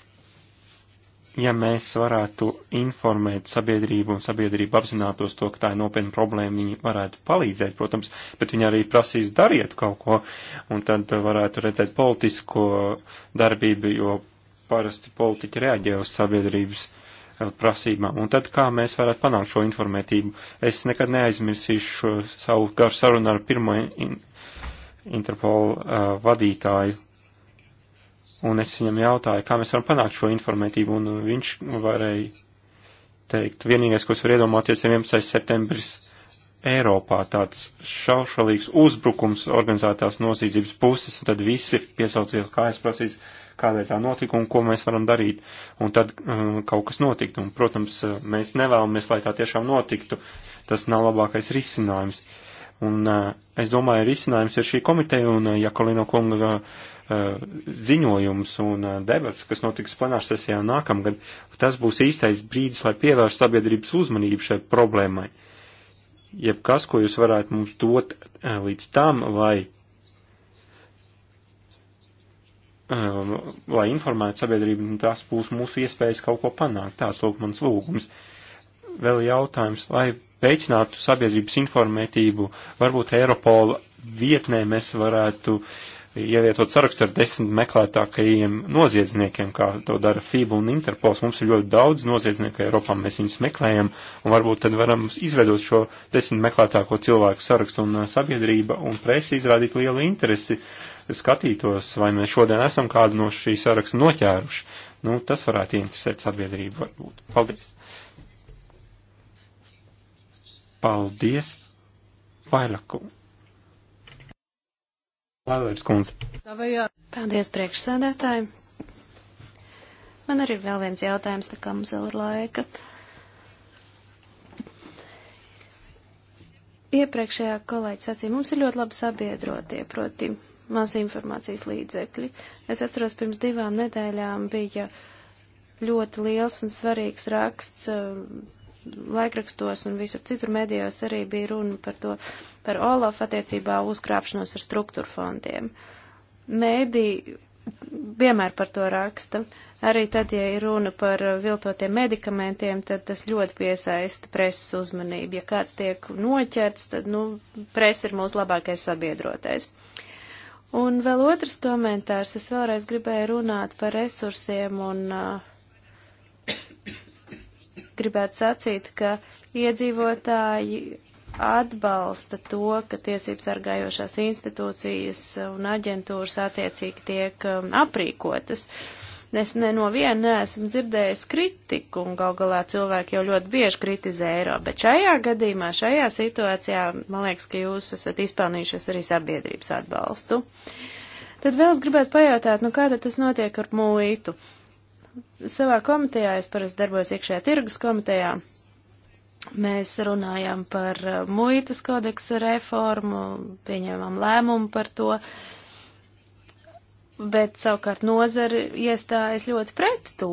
ja mēs varētu informēt sabiedrību un sabiedrība apzinātos to, ka tā ir nopietna problēma, viņi varētu palīdzēt, protams, bet viņi arī prasīs dariet kaut ko, un tad varētu redzēt politisko darbību, jo parasti politiķi reaģē uz sabiedrības eh, prasībām. Un tad kā mēs varētu panākt šo informētību? Es nekad neaizmirsīšu savu garu sarunu ar pirmo in Interpolu uh, eh, vadītāju Un es viņam jautāju, kā mēs varam panākt šo informētību, un viņš varēja teikt, vienīgais, ko es varu iedomāties, ir 11. septembris Eiropā, tāds šaušalīgs uzbrukums organizētās nozīdzības puses, un tad visi piesaucies, kā es prasīju, kādēļ tā notika un ko mēs varam darīt. Un tad um, kaut kas notiktu, un, protams, uh, mēs nevēlamies, lai tā tiešām notiktu. Tas nav labākais risinājums. Un uh, es domāju, risinājums ir šī komiteja, un uh, Jakolino kunga. Uh, Uh, ziņojums un uh, debats, kas notiks plenārsesijā nākamgad, tas būs īstais brīdis, lai pievērst sabiedrības uzmanību šai problēmai. Jebkas, ko jūs varētu mums dot uh, līdz tam, lai, lai informētu sabiedrību, un nu, tās būs mūsu iespējas kaut ko panākt. Tās lūk mans lūgums. Vēl jautājums, lai veicinātu sabiedrības informētību, varbūt Eiropola vietnē mēs varētu uh, ievietot sarakstu ar desmit meklētākajiem noziedzniekiem, kā to dara FIBA un Interpols. Mums ir ļoti daudz noziedznieku Eiropā, mēs viņus meklējam, un varbūt tad varam izveidot šo desmit meklētāko cilvēku sarakstu, un uh, sabiedrība un presa izrādīt lielu interesi skatītos, vai mēs šodien esam kādu no šī saraksta noķēruši. Nu, tas varētu interesēt sabiedrību varbūt. Paldies! Paldies! Vairāk kungs! Lēlērs kundze. Paldies, priekšsēdētāji. Man arī ir vēl viens jautājums, tā kā mums vēl ir laika. Iepriekšējā kolēģis sacīja, mums ir ļoti labi sabiedrotie, proti maz informācijas līdzekļi. Es atceros, pirms divām nedēļām bija ļoti liels un svarīgs raksts um, laikrakstos un visur citur medijos arī bija runa par to par Olaf attiecībā uzkrāpšanos ar struktūra fondiem. Mēdī vienmēr par to raksta. Arī tad, ja ir runa par viltotiem medikamentiem, tad tas ļoti piesaista preses uzmanību. Ja kāds tiek noķerts, tad, nu, presa ir mūsu labākais sabiedrotais. Un vēl otrs komentārs. Es vēlreiz gribēju runāt par resursiem un uh, gribētu sacīt, ka iedzīvotāji atbalsta to, ka tiesības sargājošās institūcijas un aģentūras attiecīgi tiek um, aprīkotas. Es ne no viena neesmu dzirdējis kritiku, un gal galā cilvēki jau ļoti bieži kritizē eiro, bet šajā gadījumā, šajā situācijā, man liekas, ka jūs esat izpelnījušies arī sabiedrības atbalstu. Tad vēl es gribētu pajautāt, nu kāda tas notiek ar mūītu? Savā komitejā es parasti darbojos iekšējā tirgus komitejā, Mēs runājam par uh, muitas kodeksa reformu, pieņēmām lēmumu par to, bet savukārt nozari iestājas ļoti pret to.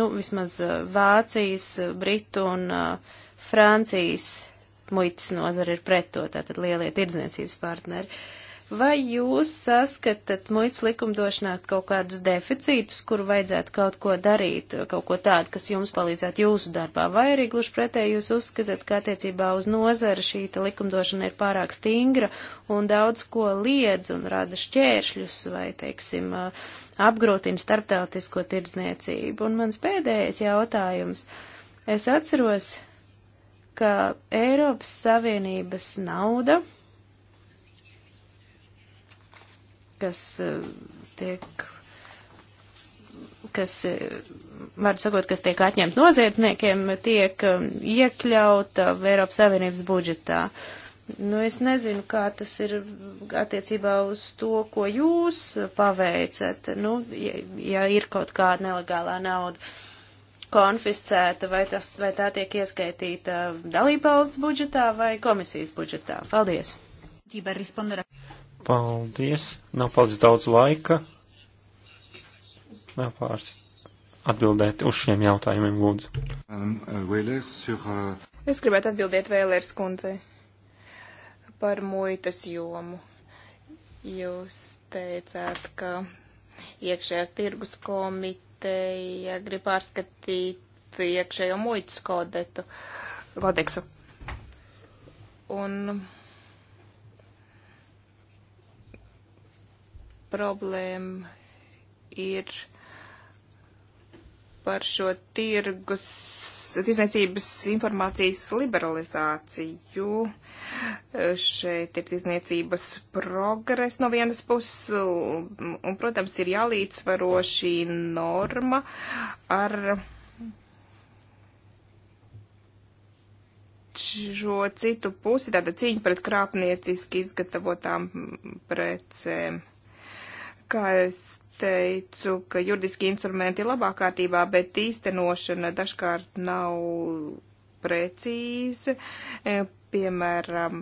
Nu, vismaz uh, Vācijas, uh, Britu un uh, Francijas muitas nozara ir pret to, tātad lielie tirdzniecības partneri. Uh, Vai jūs saskatat muitas likumdošanā kaut kādus deficītus, kuru vajadzētu kaut ko darīt, kaut ko tādu, kas jums palīdzētu jūsu darbā, vai arī gluži pretēji jūs uzskatāt, ka attiecībā uz nozara šī likumdošana ir pārāk stingra un daudz ko liedz un rada šķēršļus vai, teiksim, apgrūtina starptautisko tirdzniecību? Un mans pēdējais jautājums. Es atceros, ka Eiropas Savienības nauda kas eh, tiek kas, eh, var sakot, kas tiek atņemt noziedzniekiem, tiek eh, iekļauta Eiropas Savienības budžetā. Nu, es nezinu, kā tas ir attiecībā uz to, ko jūs paveicat. Nu, ja, ja ir kaut kāda nelegālā nauda konfiscēta, vai, tas, vai tā tiek ieskaitīta dalībvalsts budžetā vai komisijas budžetā? Paldies! Paldies. Nav palicis daudz laika. Nav pāris atbildēt uz šiem jautājumiem, lūdzu. Uh, uh, es gribētu atbildēt Vēlērs kundzei par muitas jomu. Jūs teicāt, ka iekšējā tirgus komiteja grib pārskatīt iekšējo muitas kodetu, kodeksu. Un problēma ir par šo tirgus, tirsniecības informācijas liberalizāciju. Šeit ir tirsniecības progress no vienas puses, un, un, protams, ir jālīdzvaro šī norma ar šo citu pusi, tāda cīņa pret krāpnieciski izgatavotām precēm. Kā es teicu, ka juridiski instrumenti ir labā kārtībā, bet īstenošana dažkārt nav precīza. E, piemēram,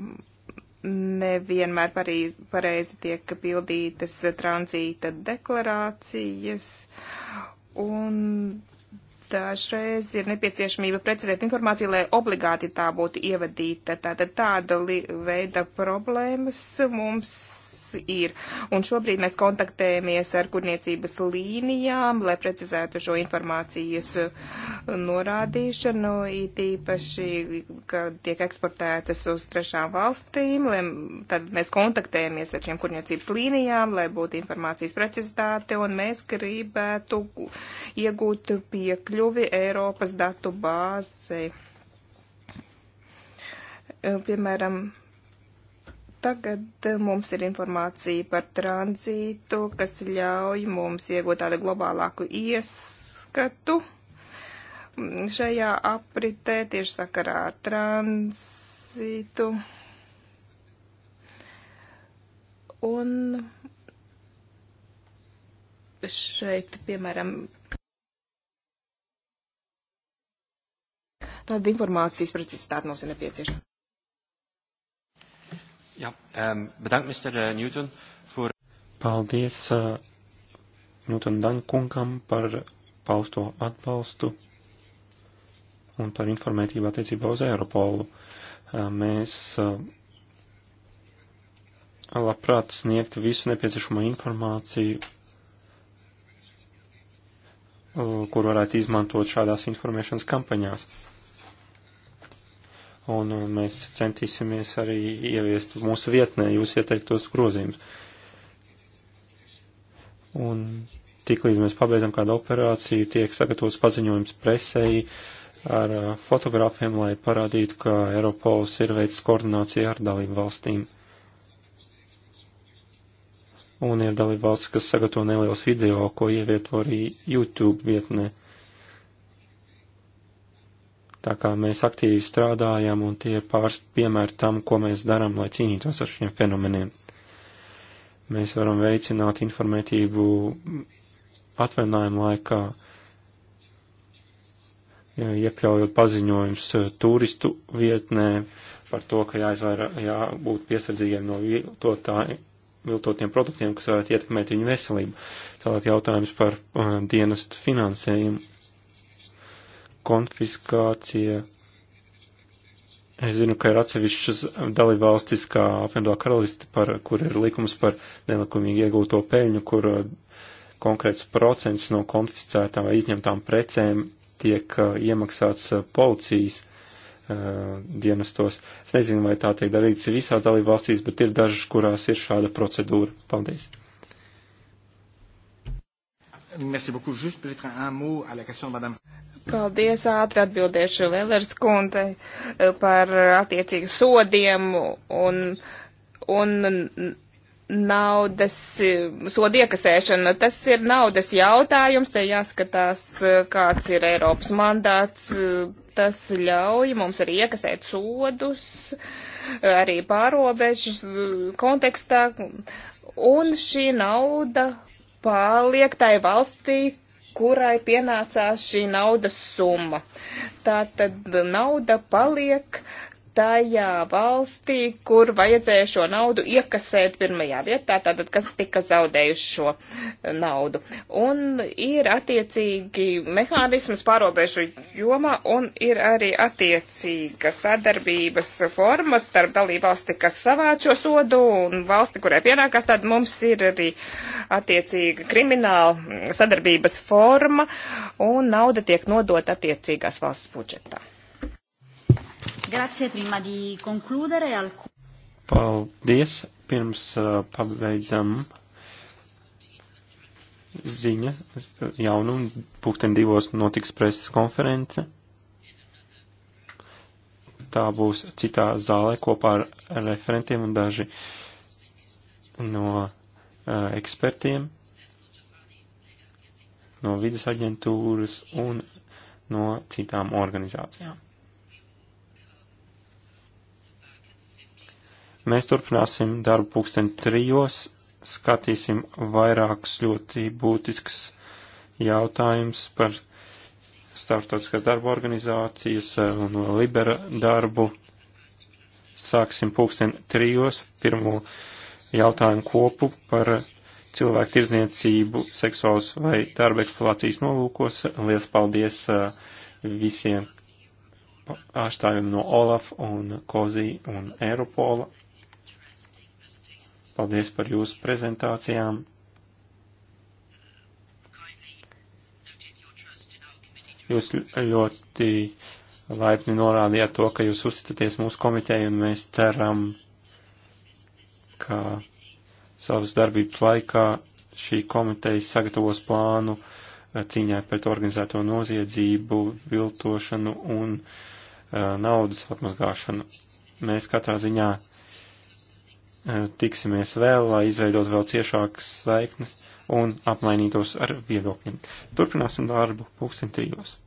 nevienmēr pareiz, pareizi tiek pildītas tranzīta deklarācijas, un dažreiz ir nepieciešamība precizēt informāciju, lai obligāti tā būtu ievadīta. Tātad tāda veida problēmas mums ir. Un šobrīd mēs kontaktējamies ar kurniecības līnijām, lai precizētu šo informācijas uh, norādīšanu, it īpaši, kad tiek eksportētas uz trešām valstīm, lai, tad mēs kontaktējamies ar šiem kurniecības līnijām, lai būtu informācijas precizitāte, un mēs gribētu iegūt piekļuvi Eiropas datu bāzei piemēram, Tagad eh, mums ir informācija par tranzītu, kas ļauj mums iegūt tādu globālāku ieskatu mm, šajā apritē tieši sakarā ar tranzītu. Un šeit, piemēram, tāda informācijas precizitāte mums ir nepieciešama. Jā, um, ehm, bedankt, Mr. Eh, Newton, for... Paldies uh, Newton Dankungam par pausto atbalstu un par informētību attiecībā uz Eiropolu. Uh, mēs uh, labprāt sniegt visu nepieciešamo informāciju, uh, kur varētu izmantot šādās informēšanas kampaņās. Uh, un uh, mēs centīsimies arī ieviest mūsu vietnē jūs ieteiktos grozījumus. Un tiklīdz mēs pabeidzam kādu operāciju, tiek sagatavots paziņojums presēji ar uh, fotografiem, lai parādītu, ka Eiropols ir veids koordināciju ar dalību valstīm. Un ir dalību valsts, kas sagatavo neliels video, ko ievieto arī YouTube vietnē. Tā kā mēs aktīvi strādājam un tie pāris piemēri tam, ko mēs darām, lai cīnītos ar šiem fenomeniem. Mēs varam veicināt informētību atvainājumu laikā, iekļaujot paziņojums eh, turistu vietnē par to, ka jāizvairā, jābūt piesardzīgiem no viltotājiem viltotiem produktiem, kas varētu ietekmēt viņu veselību. Tālāk jautājums par uh, dienestu finansējumu konfiskācija. Es zinu, ka ir atsevišķas dalībvalstis, kā apvienotā karalisti, par, kur ir likums par nelikumīgi iegūto peļņu, kur uh, konkrēts procents no konfiscētām vai izņemtām precēm tiek uh, iemaksāts uh, policijas uh, dienestos. Es nezinu, vai tā tiek darīts visās dalībvalstīs, bet ir dažas, kurās ir šāda procedūra. Paldies! Merci beaucoup. Juste peut-être un mot à la question de Madame. Paldies, ātri atbildēšu Lelers kundzei eh, par attiecīgu sodiem un, un naudas eh, sodu iekasēšanu. Tas ir naudas jautājums, te jāskatās, eh, kāds ir Eiropas mandāts. Tas ļauj mums arī iekasēt sodus, arī pārobežu kontekstā. Un šī nauda paliek tai valstī, kurai pienācās šī naudas summa. Tā tad nauda paliek tajā valstī, kur vajadzēja šo naudu iekasēt pirmajā vietā, tātad kas tika zaudējuši šo eh, naudu. Un ir attiecīgi mehānismas pārobežu jomā un ir arī attiecīga sadarbības formas starp dalībvalsti, kas savāc šo sodu un valsti, kurai pienākās, tad mums ir arī attiecīga krimināla mm, sadarbības forma un nauda tiek nodota attiecīgās valsts budžetā. Grazie, prima di concludere. Alku... Paldies, pirms uh, pabeidzam ziņa jaunumu. Pūksteni divos notiks preses konference. Tā būs citā zālē kopā ar referentiem un daži no uh, ekspertiem no vidas aģentūras un no citām organizācijām. Mēs turpināsim darbu pulksten trijos, skatīsim vairākus ļoti būtisks jautājums par starptautiskās darba organizācijas eh, un libera darbu. Sāksim pulksten trijos pirmo jautājumu kopu par cilvēku tirzniecību seksuāls vai darba eksploatācijas nolūkos. Lielas paldies eh, visiem pārstāvjiem no Olaf un Kozī un Eiropola Paldies par jūsu prezentācijām. Jūs ļoti laipni norādījāt to, ka jūs uzticaties mūsu komiteju, un mēs ceram, ka savas darbības laikā šī komiteja sagatavos plānu cīņai pret organizēto noziedzību, viltošanu un uh, naudas atmazgāšanu. Mēs katrā ziņā uh, Eh, tiksimies vēl, lai izveidot vēl ciešākas saiknes un apmainītos ar viedokļiem. Turpināsim darbu pulksten trijos.